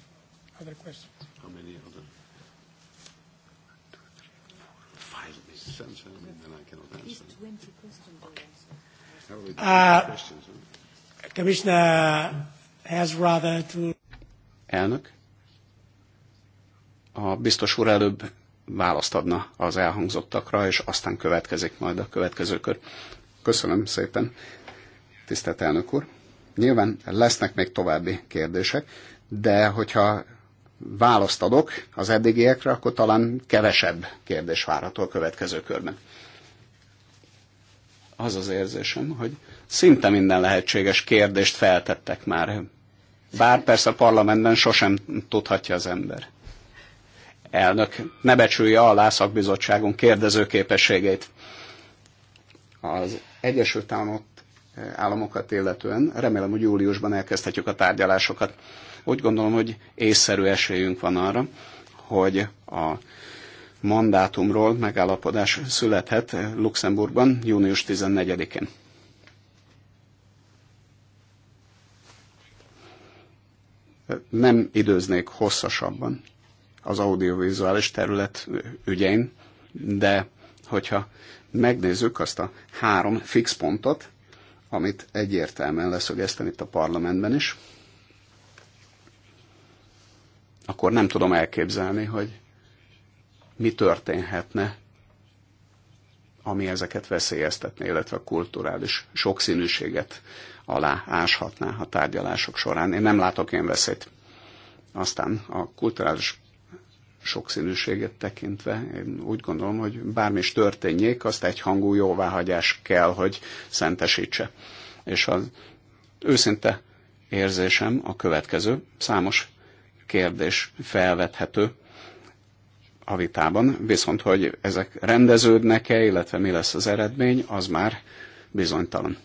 other questions. How many other? Five makes sense, I mean, then I cannot answer. At least 20 questions Uh, Commissioner has rather to... Elnök? A biztos úr előbb választ adna az elhangzottakra, és aztán következik majd a következő kör. Köszönöm szépen, tisztelt elnök úr. Nyilván lesznek még további kérdések, de hogyha választ adok az eddigiekre, akkor talán kevesebb kérdés várható a következő körben. Az az érzésem, hogy szinte minden lehetséges kérdést feltettek már. Bár persze a parlamentben sosem tudhatja az ember. Elnök, ne becsülje alá szakbizottságunk kérdezőképességét. Az Egyesült Államok államokat illetően. Remélem, hogy júliusban elkezdhetjük a tárgyalásokat. Úgy gondolom, hogy észszerű esélyünk van arra, hogy a mandátumról megállapodás születhet Luxemburgban június 14-én. Nem időznék hosszasabban az audiovizuális terület ügyein, de hogyha megnézzük azt a három fix pontot, amit egyértelműen leszögeztem itt a parlamentben is, akkor nem tudom elképzelni, hogy mi történhetne, ami ezeket veszélyeztetné, illetve a kulturális sokszínűséget alá áshatná a tárgyalások során. Én nem látok ilyen veszélyt. Aztán a kulturális sokszínűséget tekintve, én úgy gondolom, hogy bármi is történjék, azt egy hangú jóváhagyás kell, hogy szentesítse. És az őszinte érzésem a következő, számos kérdés felvethető a vitában, viszont hogy ezek rendeződnek-e, illetve mi lesz az eredmény, az már bizonytalan.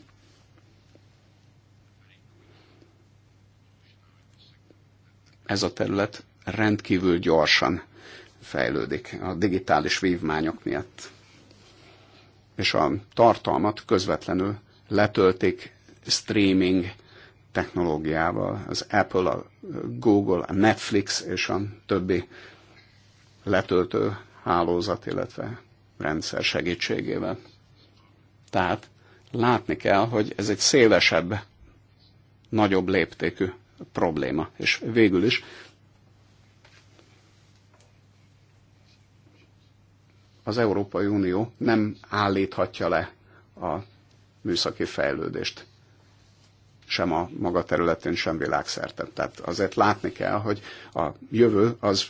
Ez a terület rendkívül gyorsan fejlődik a digitális vívmányok miatt. És a tartalmat közvetlenül letöltik streaming technológiával, az Apple, a Google, a Netflix és a többi letöltő hálózat, illetve rendszer segítségével. Tehát látni kell, hogy ez egy szélesebb, nagyobb léptékű probléma, és végül is az Európai Unió nem állíthatja le a műszaki fejlődést sem a maga területén, sem világszerte. Tehát azért látni kell, hogy a jövő az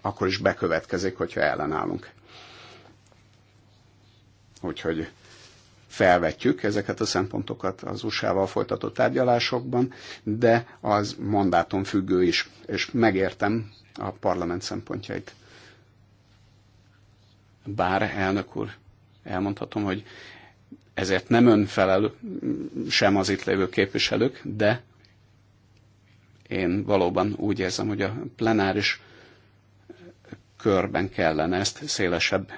akkor is bekövetkezik, hogyha ellenállunk. Úgyhogy felvetjük ezeket a szempontokat az USA-val folytatott tárgyalásokban, de az mandátum függő is, és megértem a parlament szempontjait. Bár, elnök úr, elmondhatom, hogy ezért nem önfelelő, sem az itt lévő képviselők, de én valóban úgy érzem, hogy a plenáris körben kellene ezt szélesebb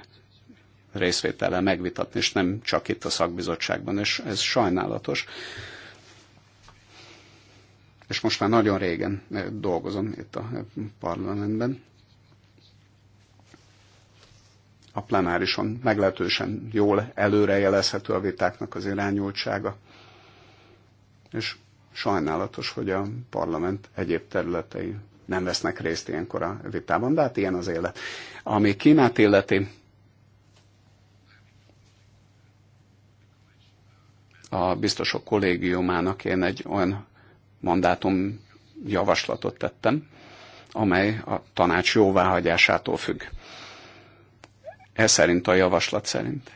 részvétele megvitatni, és nem csak itt a szakbizottságban, és ez sajnálatos. És most már nagyon régen dolgozom itt a parlamentben, a plenárison meglehetősen jól előrejelezhető a vitáknak az irányultsága. És sajnálatos, hogy a parlament egyéb területei nem vesznek részt ilyenkor a vitában, de hát ilyen az élet. Ami Kínát illeti, a biztosok kollégiumának én egy olyan mandátum javaslatot tettem, amely a tanács jóváhagyásától függ. Ez szerint a javaslat szerint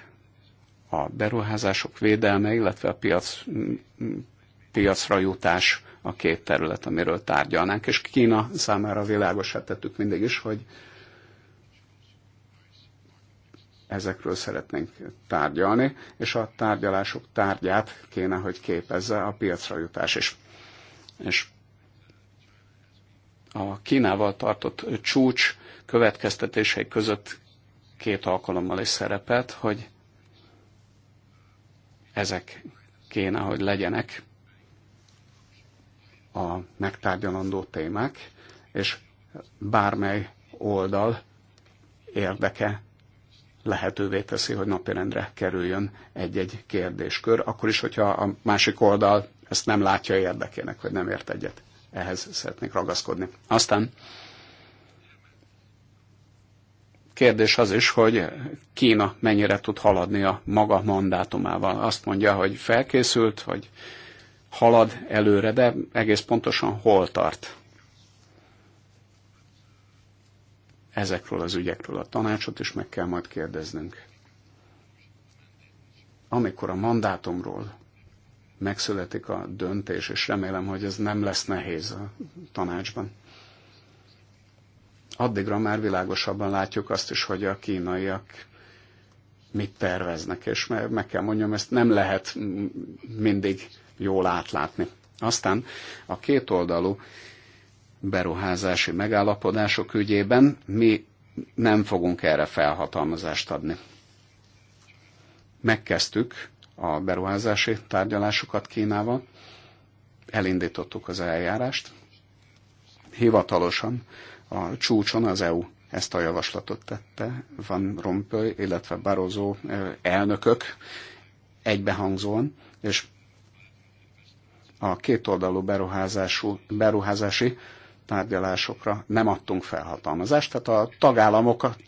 a beruházások védelme, illetve a piac, piacra jutás a két terület, amiről tárgyalnánk, és Kína számára világosát tettük mindig is, hogy ezekről szeretnénk tárgyalni, és a tárgyalások tárgyát kéne, hogy képezze a piacra jutás is. És a Kínával tartott csúcs következtetései között két alkalommal is szerepelt, hogy ezek kéne, hogy legyenek a megtárgyalandó témák, és bármely oldal érdeke lehetővé teszi, hogy napirendre kerüljön egy-egy kérdéskör, akkor is, hogyha a másik oldal ezt nem látja érdekének, vagy nem ért egyet. Ehhez szeretnék ragaszkodni. Aztán Kérdés az is, hogy Kína mennyire tud haladni a maga mandátumával. Azt mondja, hogy felkészült, hogy halad előre, de egész pontosan hol tart. Ezekről az ügyekről a tanácsot is meg kell majd kérdeznünk. Amikor a mandátumról megszületik a döntés, és remélem, hogy ez nem lesz nehéz a tanácsban addigra már világosabban látjuk azt is, hogy a kínaiak mit terveznek, és meg kell mondjam, ezt nem lehet mindig jól átlátni. Aztán a kétoldalú beruházási megállapodások ügyében mi nem fogunk erre felhatalmazást adni. Megkezdtük a beruházási tárgyalásokat Kínával, elindítottuk az eljárást, hivatalosan a csúcson az EU ezt a javaslatot tette, Van Rompuy, illetve Barozó elnökök egybehangzóan, és a kétoldalú beruházási tárgyalásokra nem adtunk felhatalmazást, tehát a tagállamokat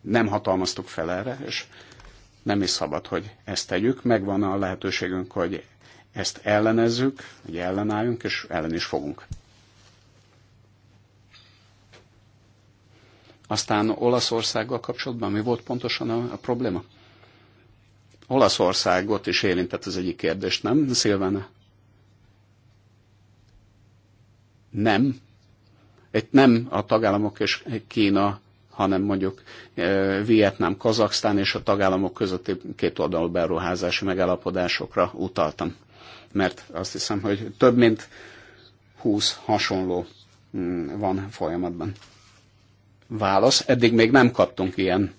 nem hatalmaztuk fel erre, és nem is szabad, hogy ezt tegyük. Megvan a lehetőségünk, hogy ezt ellenezzük, hogy ellenálljunk, és ellen is fogunk. Aztán Olaszországgal kapcsolatban mi volt pontosan a, a probléma? Olaszországot is érintett az egyik kérdés, nem, Szilvána? Nem. Egy nem a tagállamok és Kína, hanem mondjuk e, Vietnám, Kazaksztán és a tagállamok közötti oldalú beruházási megállapodásokra utaltam. Mert azt hiszem, hogy több mint 20 hasonló mm, van folyamatban válasz. Eddig még nem kaptunk ilyen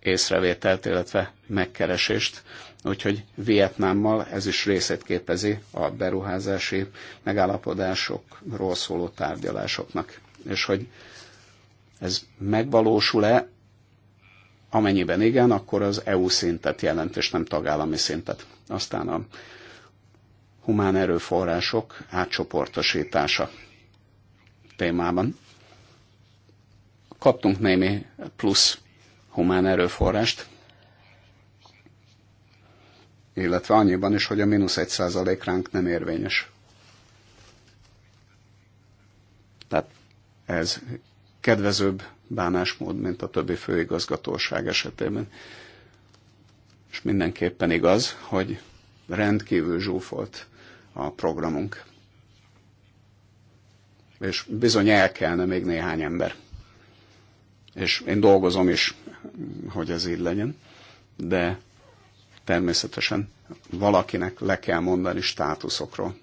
észrevételt, illetve megkeresést, úgyhogy Vietnámmal ez is részét képezi a beruházási megállapodásokról szóló tárgyalásoknak. És hogy ez megvalósul-e, amennyiben igen, akkor az EU szintet jelent, és nem tagállami szintet. Aztán a humán erőforrások átcsoportosítása témában kaptunk némi plusz humán erőforrást, illetve annyiban is, hogy a mínusz egy százalék ránk nem érvényes. Tehát ez kedvezőbb bánásmód, mint a többi főigazgatóság esetében. És mindenképpen igaz, hogy rendkívül zsúfolt a programunk. És bizony el kellene még néhány ember és én dolgozom is, hogy ez így legyen, de természetesen valakinek le kell mondani státuszokról.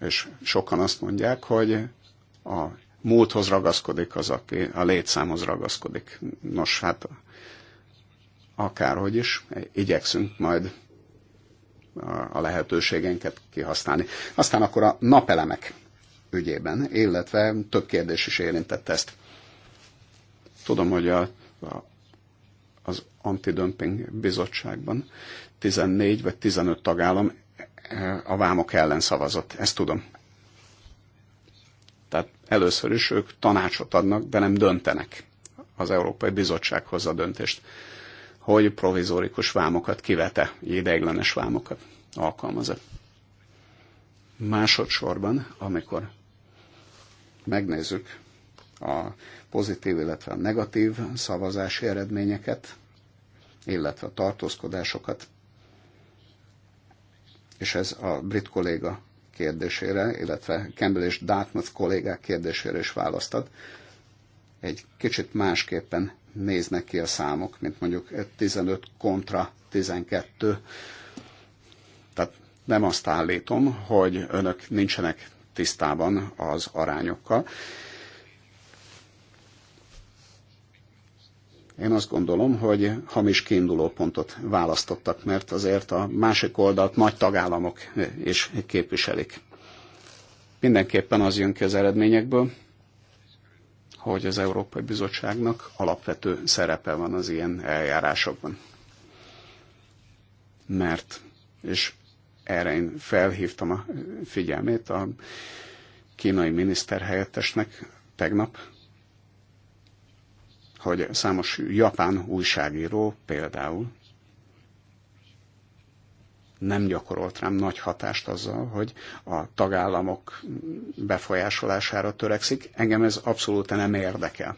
És sokan azt mondják, hogy a múlthoz ragaszkodik az, aki a létszámhoz ragaszkodik. Nos, hát akárhogy is, igyekszünk majd a lehetőségeinket kihasználni. Aztán akkor a napelemek ügyében, illetve több kérdés is érintett ezt. Tudom, hogy a, a, az Antidömping Bizottságban 14 vagy 15 tagállam eh, a vámok ellen szavazott, ezt tudom. Tehát először is ők tanácsot adnak, de nem döntenek. Az Európai Bizottság hozza a döntést, hogy provizórikus vámokat kivete, ideiglenes vámokat alkalmaz-e. Másodszorban, amikor megnézzük a pozitív, illetve a negatív szavazási eredményeket, illetve a tartózkodásokat. És ez a brit kolléga kérdésére, illetve Campbell és Dartmouth kollégák kérdésére is választad. Egy kicsit másképpen néznek ki a számok, mint mondjuk 15 kontra 12. Tehát nem azt állítom, hogy önök nincsenek tisztában az arányokkal, Én azt gondolom, hogy hamis kiinduló pontot választottak, mert azért a másik oldalt nagy tagállamok is képviselik. Mindenképpen az jön ki az eredményekből, hogy az Európai Bizottságnak alapvető szerepe van az ilyen eljárásokban. Mert, és erre én felhívtam a figyelmét a kínai miniszterhelyettesnek tegnap, hogy számos japán újságíró például nem gyakorolt rám nagy hatást azzal, hogy a tagállamok befolyásolására törekszik. Engem ez abszolút nem érdekel.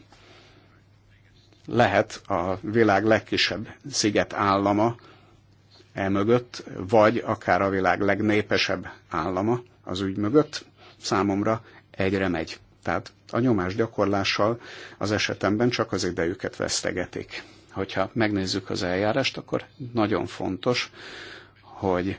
Lehet a világ legkisebb sziget állama elmögött, vagy akár a világ legnépesebb állama az ügy mögött, számomra egyre megy. Tehát a nyomás gyakorlással az esetemben csak az idejüket vesztegetik. Hogyha megnézzük az eljárást, akkor nagyon fontos, hogy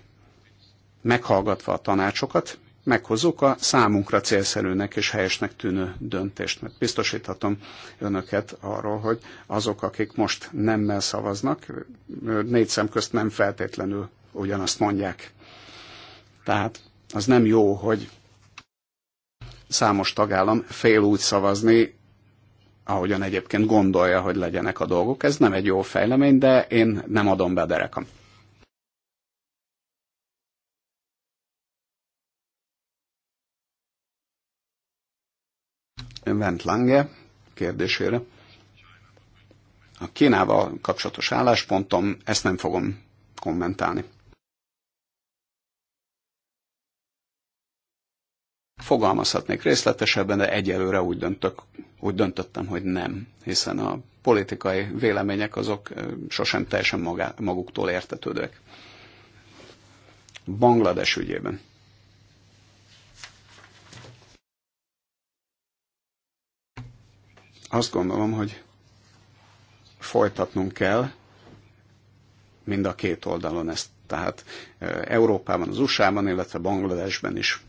meghallgatva a tanácsokat, meghozzuk a számunkra célszerűnek és helyesnek tűnő döntést. Mert biztosíthatom önöket arról, hogy azok, akik most nemmel szavaznak, négy szem közt nem feltétlenül ugyanazt mondják. Tehát az nem jó, hogy számos tagállam fél úgy szavazni, ahogyan egyébként gondolja, hogy legyenek a dolgok. Ez nem egy jó fejlemény, de én nem adom be derekam. Vent Lange kérdésére. A Kínával kapcsolatos álláspontom, ezt nem fogom kommentálni. Fogalmazhatnék részletesebben, de egyelőre úgy, döntök, úgy döntöttem, hogy nem, hiszen a politikai vélemények azok sosem teljesen magá, maguktól értetődőek. Banglades ügyében. Azt gondolom, hogy folytatnunk kell mind a két oldalon ezt. Tehát Európában, az USA-ban, illetve Bangladesben is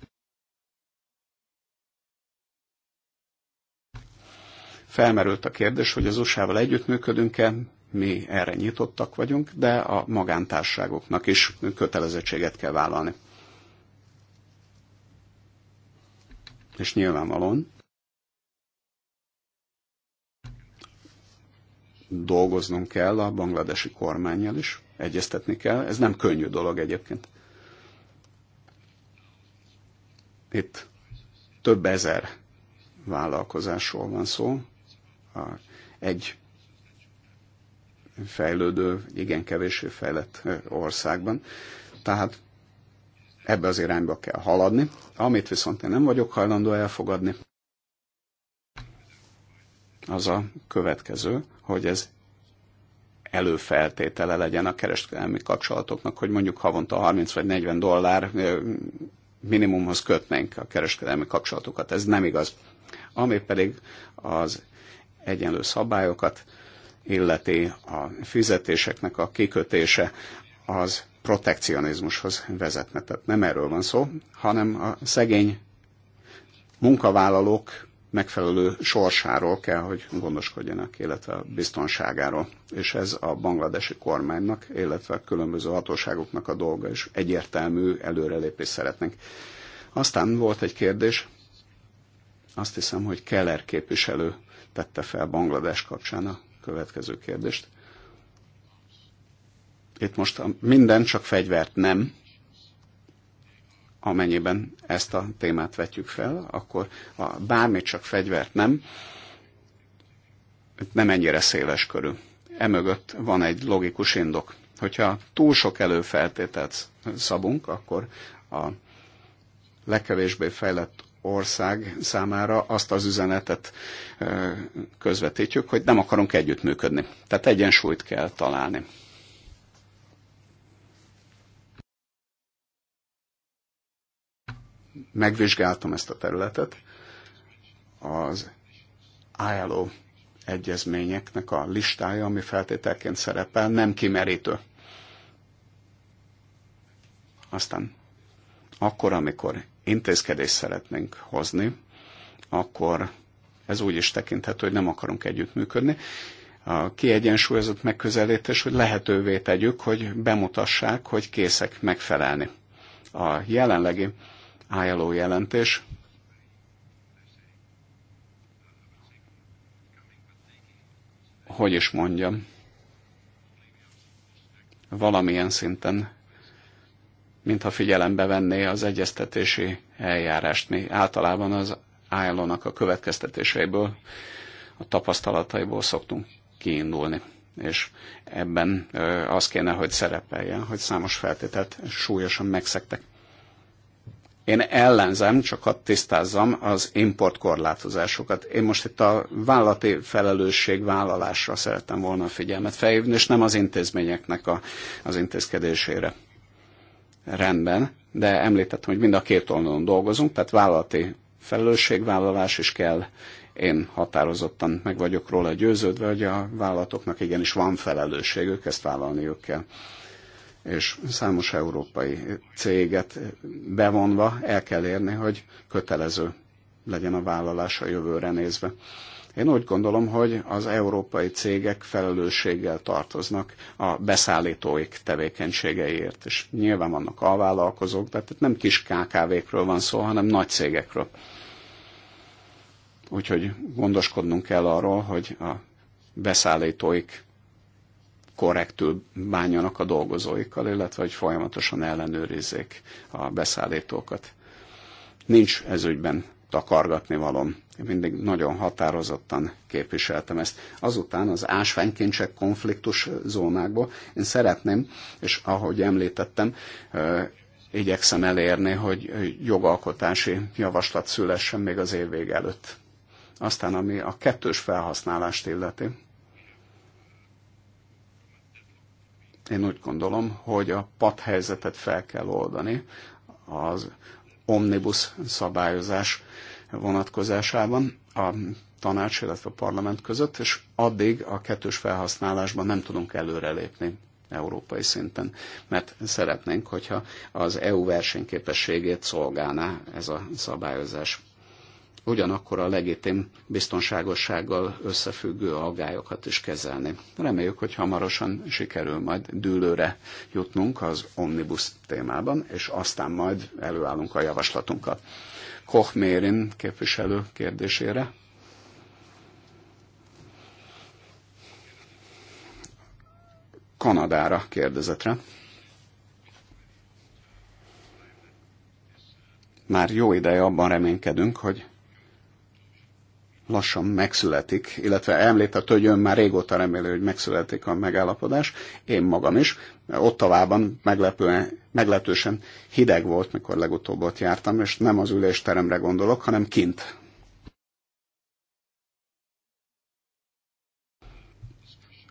Felmerült a kérdés, hogy az USA-val együttműködünk-e, mi erre nyitottak vagyunk, de a magántárságoknak is kötelezettséget kell vállalni. És nyilvánvalóan dolgoznunk kell a bangladesi kormányjal is, egyeztetni kell. Ez nem könnyű dolog egyébként. Itt több ezer vállalkozásról van szó, egy fejlődő, igen kevésbé fejlett országban. Tehát ebbe az irányba kell haladni, amit viszont én nem vagyok hajlandó elfogadni, az a következő, hogy ez előfeltétele legyen a kereskedelmi kapcsolatoknak, hogy mondjuk havonta 30 vagy 40 dollár minimumhoz kötnénk a kereskedelmi kapcsolatokat. Ez nem igaz. Ami pedig az egyenlő szabályokat illeti, a fizetéseknek a kikötése az protekcionizmushoz vezetne. Tehát nem erről van szó, hanem a szegény munkavállalók megfelelő sorsáról kell, hogy gondoskodjanak, illetve a biztonságáról. És ez a bangladesi kormánynak, illetve a különböző hatóságoknak a dolga, és egyértelmű előrelépés szeretnénk. Aztán volt egy kérdés, azt hiszem, hogy Keller képviselő tette fel Banglades kapcsán a következő kérdést. Itt most minden csak fegyvert nem, amennyiben ezt a témát vetjük fel, akkor a bármit csak fegyvert nem, nem ennyire széles körű. Emögött van egy logikus indok. Hogyha túl sok előfeltételt szabunk, akkor a legkevésbé fejlett ország számára azt az üzenetet közvetítjük, hogy nem akarunk együttműködni. Tehát egyensúlyt kell találni. Megvizsgáltam ezt a területet. Az ILO egyezményeknek a listája, ami feltételként szerepel, nem kimerítő. Aztán akkor, amikor intézkedést szeretnénk hozni, akkor ez úgy is tekinthető, hogy nem akarunk együttműködni. A kiegyensúlyozott megközelítés, hogy lehetővé tegyük, hogy bemutassák, hogy készek megfelelni. A jelenlegi álló jelentés hogy is mondjam, valamilyen szinten mintha figyelembe venné az egyeztetési eljárást. Mi általában az ilo a következtetéseiből, a tapasztalataiból szoktunk kiindulni. És ebben az kéne, hogy szerepeljen, hogy számos feltételt súlyosan megszektek. Én ellenzem, csak hadd tisztázzam az importkorlátozásokat. Én most itt a vállalati vállalásra szerettem volna a figyelmet felhívni, és nem az intézményeknek a, az intézkedésére rendben, de említettem, hogy mind a két oldalon dolgozunk, tehát vállalati felelősségvállalás is kell. Én határozottan meg vagyok róla győződve, hogy a vállalatoknak igenis van felelősségük, ezt vállalniuk kell. És számos európai céget bevonva el kell érni, hogy kötelező legyen a vállalás a jövőre nézve. Én úgy gondolom, hogy az európai cégek felelősséggel tartoznak a beszállítóik tevékenységeiért, és nyilván vannak alvállalkozók, de tehát nem kis KKV-kről van szó, hanem nagy cégekről. Úgyhogy gondoskodnunk kell arról, hogy a beszállítóik korrektül bánjanak a dolgozóikkal, illetve hogy folyamatosan ellenőrizzék a beszállítókat. Nincs ezügyben takargatni valom. Én mindig nagyon határozottan képviseltem ezt. Azután az ásványkincsek konfliktus zónákból én szeretném, és ahogy említettem, igyekszem elérni, hogy jogalkotási javaslat szülessen még az év előtt. Aztán, ami a kettős felhasználást illeti, én úgy gondolom, hogy a helyzetet fel kell oldani, az omnibus szabályozás vonatkozásában a tanács, illetve a parlament között, és addig a kettős felhasználásban nem tudunk előrelépni európai szinten, mert szeretnénk, hogyha az EU versenyképességét szolgálná ez a szabályozás. Ugyanakkor a legitim biztonságossággal összefüggő aggályokat is kezelni. Reméljük, hogy hamarosan sikerül majd dűlőre jutnunk az omnibus témában, és aztán majd előállunk a javaslatunkkal. Kochmérin képviselő kérdésére. Kanadára kérdezetre. Már jó ideje abban reménykedünk, hogy lassan megszületik, illetve említett, hogy ön már régóta reméli, hogy megszületik a megállapodás, én magam is. Ott meglepően, meglehetősen hideg volt, mikor legutóbb ott jártam, és nem az ülésteremre gondolok, hanem kint.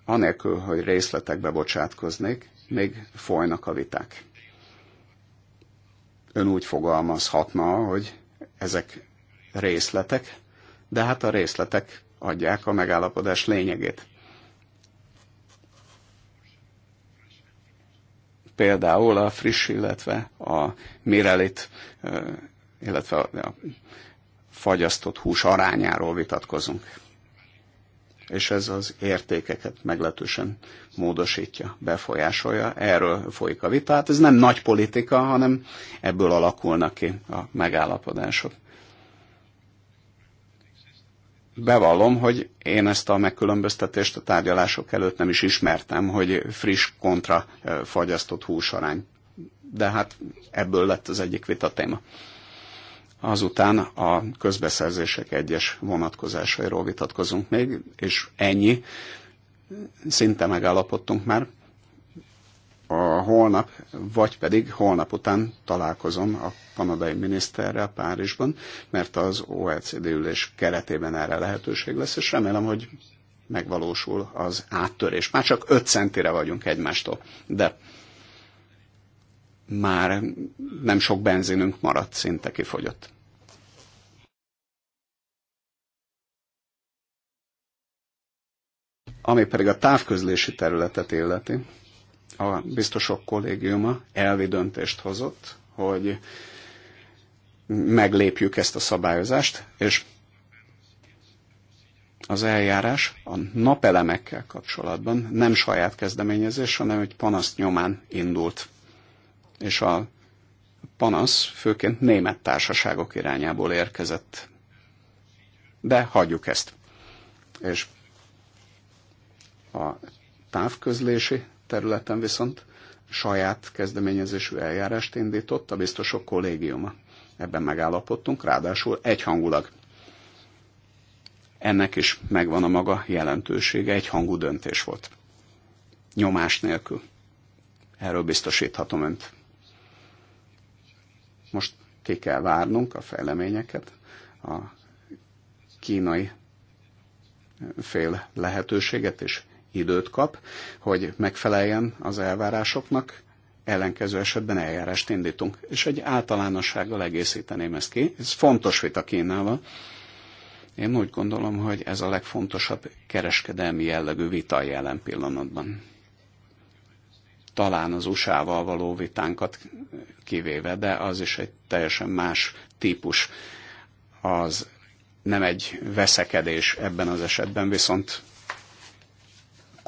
Anélkül, hogy részletekbe bocsátkoznék, még folynak a viták. Ön úgy fogalmazhatna, hogy ezek részletek, de hát a részletek adják a megállapodás lényegét. Például a friss, illetve a mirelit, illetve a fagyasztott hús arányáról vitatkozunk. És ez az értékeket meglehetősen módosítja, befolyásolja. Erről folyik a vita. Hát ez nem nagy politika, hanem ebből alakulnak ki a megállapodások bevallom, hogy én ezt a megkülönböztetést a tárgyalások előtt nem is ismertem, hogy friss kontra fagyasztott húsarány. De hát ebből lett az egyik vita téma. Azután a közbeszerzések egyes vonatkozásairól vitatkozunk még, és ennyi. Szinte megállapodtunk már, a holnap, vagy pedig holnap után találkozom a kanadai miniszterrel Párizsban, mert az OECD ülés keretében erre lehetőség lesz, és remélem, hogy megvalósul az áttörés. Már csak 5 centire vagyunk egymástól, de már nem sok benzinünk maradt, szinte kifogyott. Ami pedig a távközlési területet illeti, a biztosok kollégiuma elvi döntést hozott, hogy meglépjük ezt a szabályozást, és az eljárás a napelemekkel kapcsolatban nem saját kezdeményezés, hanem egy panaszt nyomán indult. És a panasz főként német társaságok irányából érkezett. De hagyjuk ezt. És a távközlési területen viszont saját kezdeményezésű eljárást indított a biztosok kollégiuma. Ebben megállapodtunk, ráadásul egyhangulag. Ennek is megvan a maga jelentősége, Egy hangú döntés volt. Nyomás nélkül. Erről biztosíthatom önt. Most ki kell várnunk a fejleményeket, a kínai fél lehetőséget és időt kap, hogy megfeleljen az elvárásoknak, ellenkező esetben eljárást indítunk. És egy általánossággal egészíteném ezt ki. Ez fontos vita Kínával. Én úgy gondolom, hogy ez a legfontosabb kereskedelmi jellegű vita jelen pillanatban. Talán az USA-val való vitánkat kivéve, de az is egy teljesen más típus. Az nem egy veszekedés ebben az esetben, viszont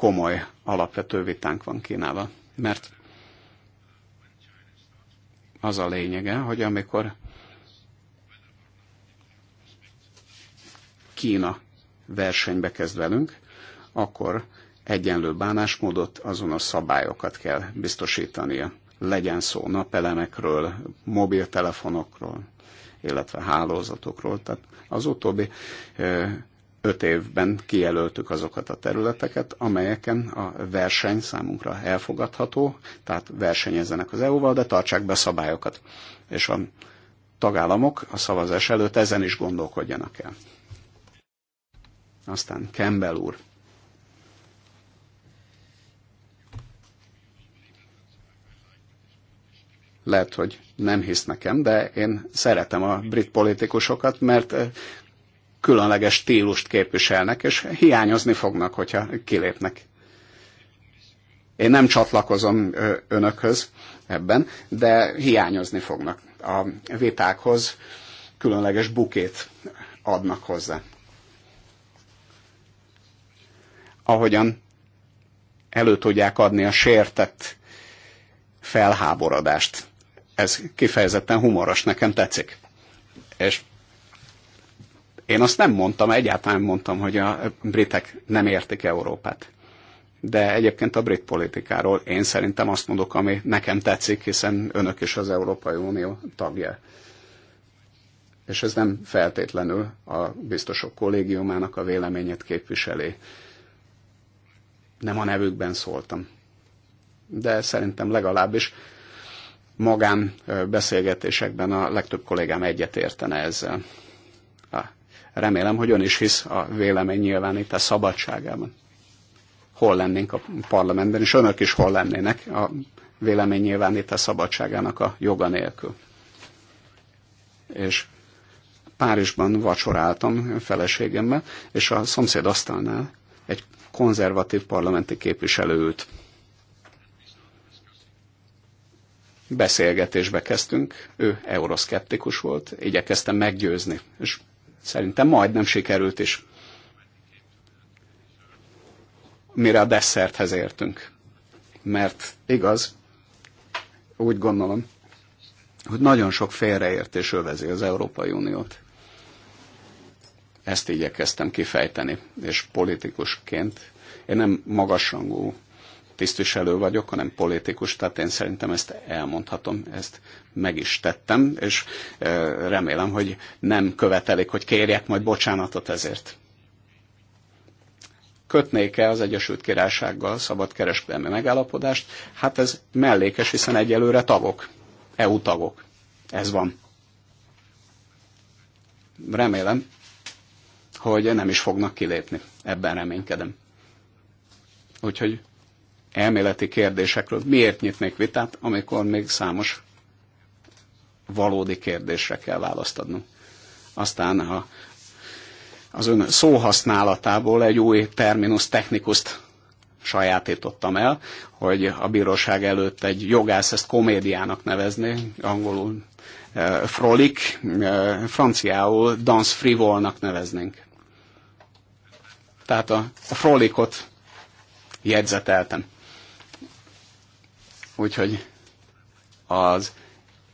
komoly alapvető vitánk van Kínával. Mert az a lényege, hogy amikor Kína versenybe kezd velünk, akkor egyenlő bánásmódot, azonos szabályokat kell biztosítania. Legyen szó napelemekről, mobiltelefonokról, illetve hálózatokról. Tehát az utóbbi öt évben kijelöltük azokat a területeket, amelyeken a verseny számunkra elfogadható, tehát versenyezzenek az EU-val, de tartsák be a szabályokat. És a tagállamok a szavazás előtt ezen is gondolkodjanak el. Aztán Campbell úr. lehet, hogy nem hisz nekem, de én szeretem a brit politikusokat, mert különleges stílust képviselnek, és hiányozni fognak, hogyha kilépnek. Én nem csatlakozom önökhöz ebben, de hiányozni fognak. A vitákhoz különleges bukét adnak hozzá. Ahogyan elő tudják adni a sértett felháborodást. Ez kifejezetten humoros, nekem tetszik. És én azt nem mondtam, egyáltalán mondtam, hogy a britek nem értik Európát. De egyébként a brit politikáról én szerintem azt mondok, ami nekem tetszik, hiszen önök is az Európai Unió tagja. És ez nem feltétlenül a biztosok kollégiumának a véleményét képviseli. Nem a nevükben szóltam. De szerintem legalábbis magán beszélgetésekben a legtöbb kollégám egyet értene ezzel. Remélem, hogy ön is hisz a vélemény nyilvánítás szabadságában. Hol lennénk a parlamentben, és önök is hol lennének a vélemény nyilvánítás szabadságának a joga nélkül. És Párizsban vacsoráltam feleségemmel, és a szomszéd asztalnál egy konzervatív parlamenti képviselő ült. Beszélgetésbe kezdtünk, ő euroszkeptikus volt, igyekeztem meggyőzni, és Szerintem majdnem sikerült is. Mire a desszerthez értünk. Mert igaz, úgy gondolom, hogy nagyon sok félreértés övezi az Európai Uniót. Ezt igyekeztem kifejteni, és politikusként én nem magasrangú tisztviselő vagyok, hanem politikus, tehát én szerintem ezt elmondhatom, ezt meg is tettem, és e, remélem, hogy nem követelik, hogy kérjek majd bocsánatot ezért. Kötnék-e az Egyesült Királysággal kereskedelmi megállapodást? Hát ez mellékes, hiszen egyelőre tagok, EU tagok. Ez van. Remélem, hogy nem is fognak kilépni. Ebben reménykedem. Úgyhogy elméleti kérdésekről miért nyitnék vitát, amikor még számos valódi kérdésre kell választ adnunk. Aztán ha az ön szóhasználatából egy új terminus technikust sajátítottam el, hogy a bíróság előtt egy jogász ezt komédiának nevezni, angolul eh, frolik, eh, franciául dance frivolnak neveznénk. Tehát a, a frolikot jegyzeteltem. Úgyhogy az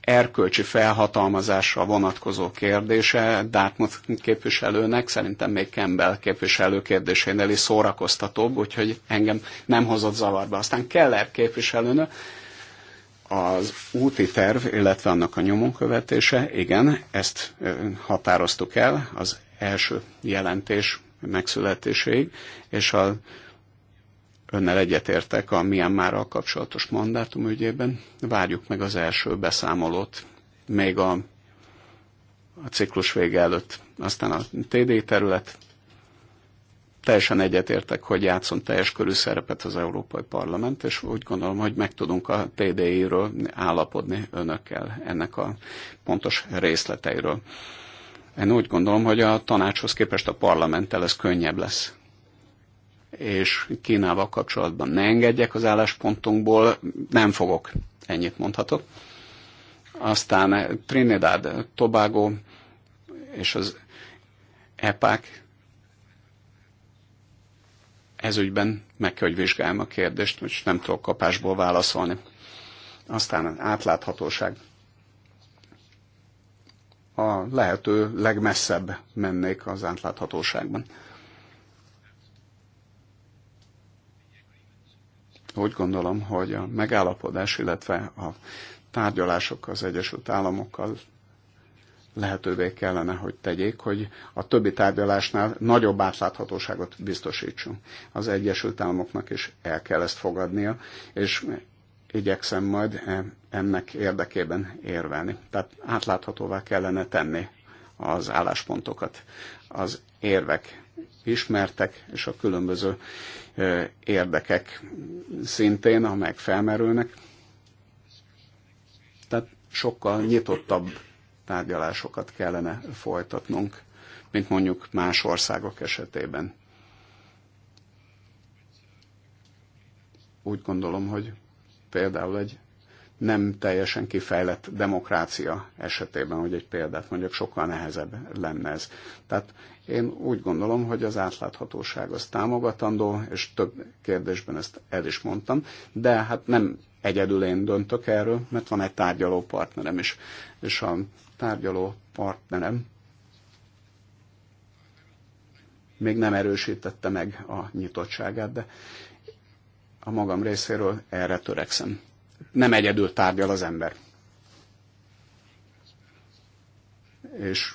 erkölcsi felhatalmazásra vonatkozó kérdése Dartmouth képviselőnek, szerintem még Campbell képviselő kérdésénél is szórakoztatóbb, úgyhogy engem nem hozott zavarba. Aztán Keller képviselőnő, az úti terv, illetve annak a nyomonkövetése, igen, ezt határoztuk el az első jelentés megszületéséig, és a önnel egyetértek a Myanmarral kapcsolatos mandátum ügyében. Várjuk meg az első beszámolót, még a, a ciklus vége előtt. Aztán a TD terület. Teljesen egyetértek, hogy játszon teljes körű szerepet az Európai Parlament, és úgy gondolom, hogy meg tudunk a TDI-ről állapodni önökkel ennek a pontos részleteiről. Én úgy gondolom, hogy a tanácshoz képest a parlamenttel ez könnyebb lesz és Kínával kapcsolatban ne engedjek az álláspontunkból, nem fogok. Ennyit mondhatok. Aztán eh, Trinidad, Tobago és az EPÁK ezügyben meg kell, hogy vizsgáljam a kérdést, és nem tudok kapásból válaszolni. Aztán az átláthatóság. A lehető legmesszebb mennék az átláthatóságban. Úgy gondolom, hogy a megállapodás, illetve a tárgyalások az Egyesült Államokkal lehetővé kellene, hogy tegyék, hogy a többi tárgyalásnál nagyobb átláthatóságot biztosítsunk. Az Egyesült Államoknak is el kell ezt fogadnia, és igyekszem majd e, ennek érdekében érvelni. Tehát átláthatóvá kellene tenni az álláspontokat, az érvek ismertek, és a különböző érdekek szintén, amelyek felmerülnek. Tehát sokkal nyitottabb tárgyalásokat kellene folytatnunk, mint mondjuk más országok esetében. Úgy gondolom, hogy például egy nem teljesen kifejlett demokrácia esetében, hogy egy példát mondjuk sokkal nehezebb lenne ez. Tehát én úgy gondolom, hogy az átláthatóság az támogatandó, és több kérdésben ezt el is mondtam, de hát nem egyedül én döntök erről, mert van egy tárgyaló partnerem is, és a tárgyaló partnerem még nem erősítette meg a nyitottságát, de a magam részéről erre törekszem nem egyedül tárgyal az ember. És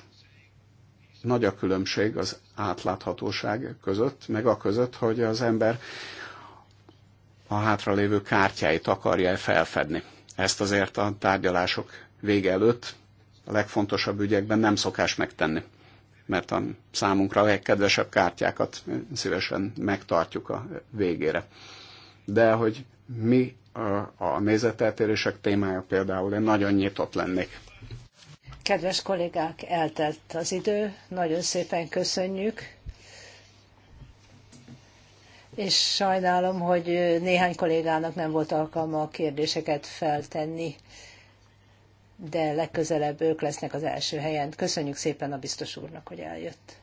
nagy a különbség az átláthatóság között, meg a között, hogy az ember a hátralévő kártyáit akarja felfedni. Ezt azért a tárgyalások vége előtt a legfontosabb ügyekben nem szokás megtenni, mert a számunkra a legkedvesebb kártyákat szívesen megtartjuk a végére. De hogy mi a nézeteltérések témája például, én nagyon nyitott lennék. Kedves kollégák, eltelt az idő, nagyon szépen köszönjük, és sajnálom, hogy néhány kollégának nem volt alkalma a kérdéseket feltenni, de legközelebb ők lesznek az első helyen. Köszönjük szépen a biztos úrnak, hogy eljött.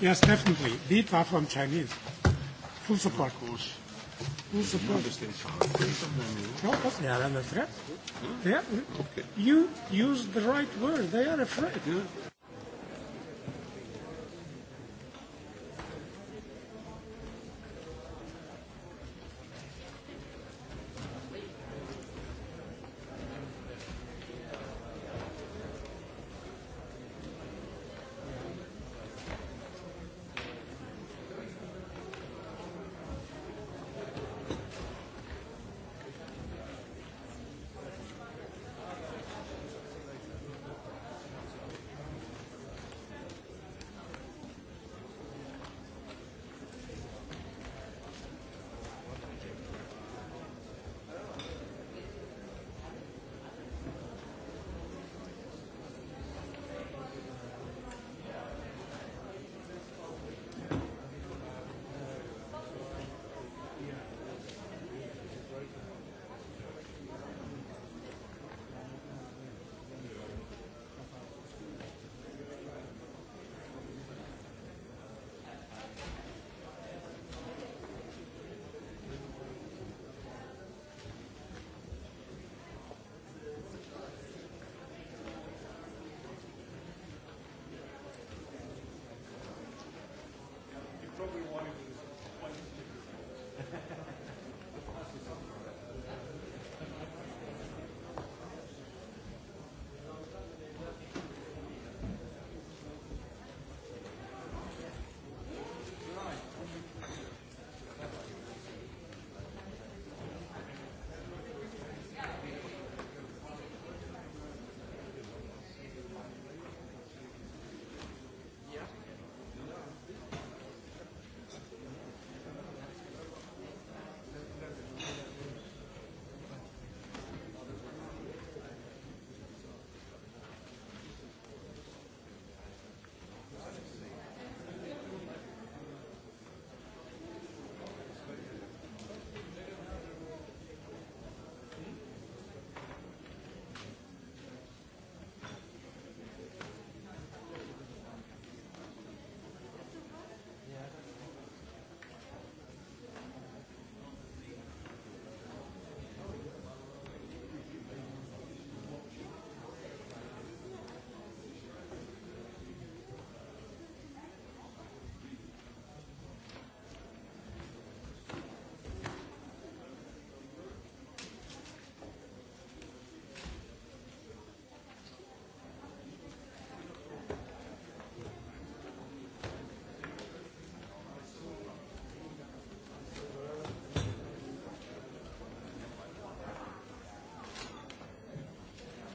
Yes, definitely. Deep from Chinese. Full support. Who's supposed to? No, they are under threat. Yeah. You use the right word. They are afraid. Yeah.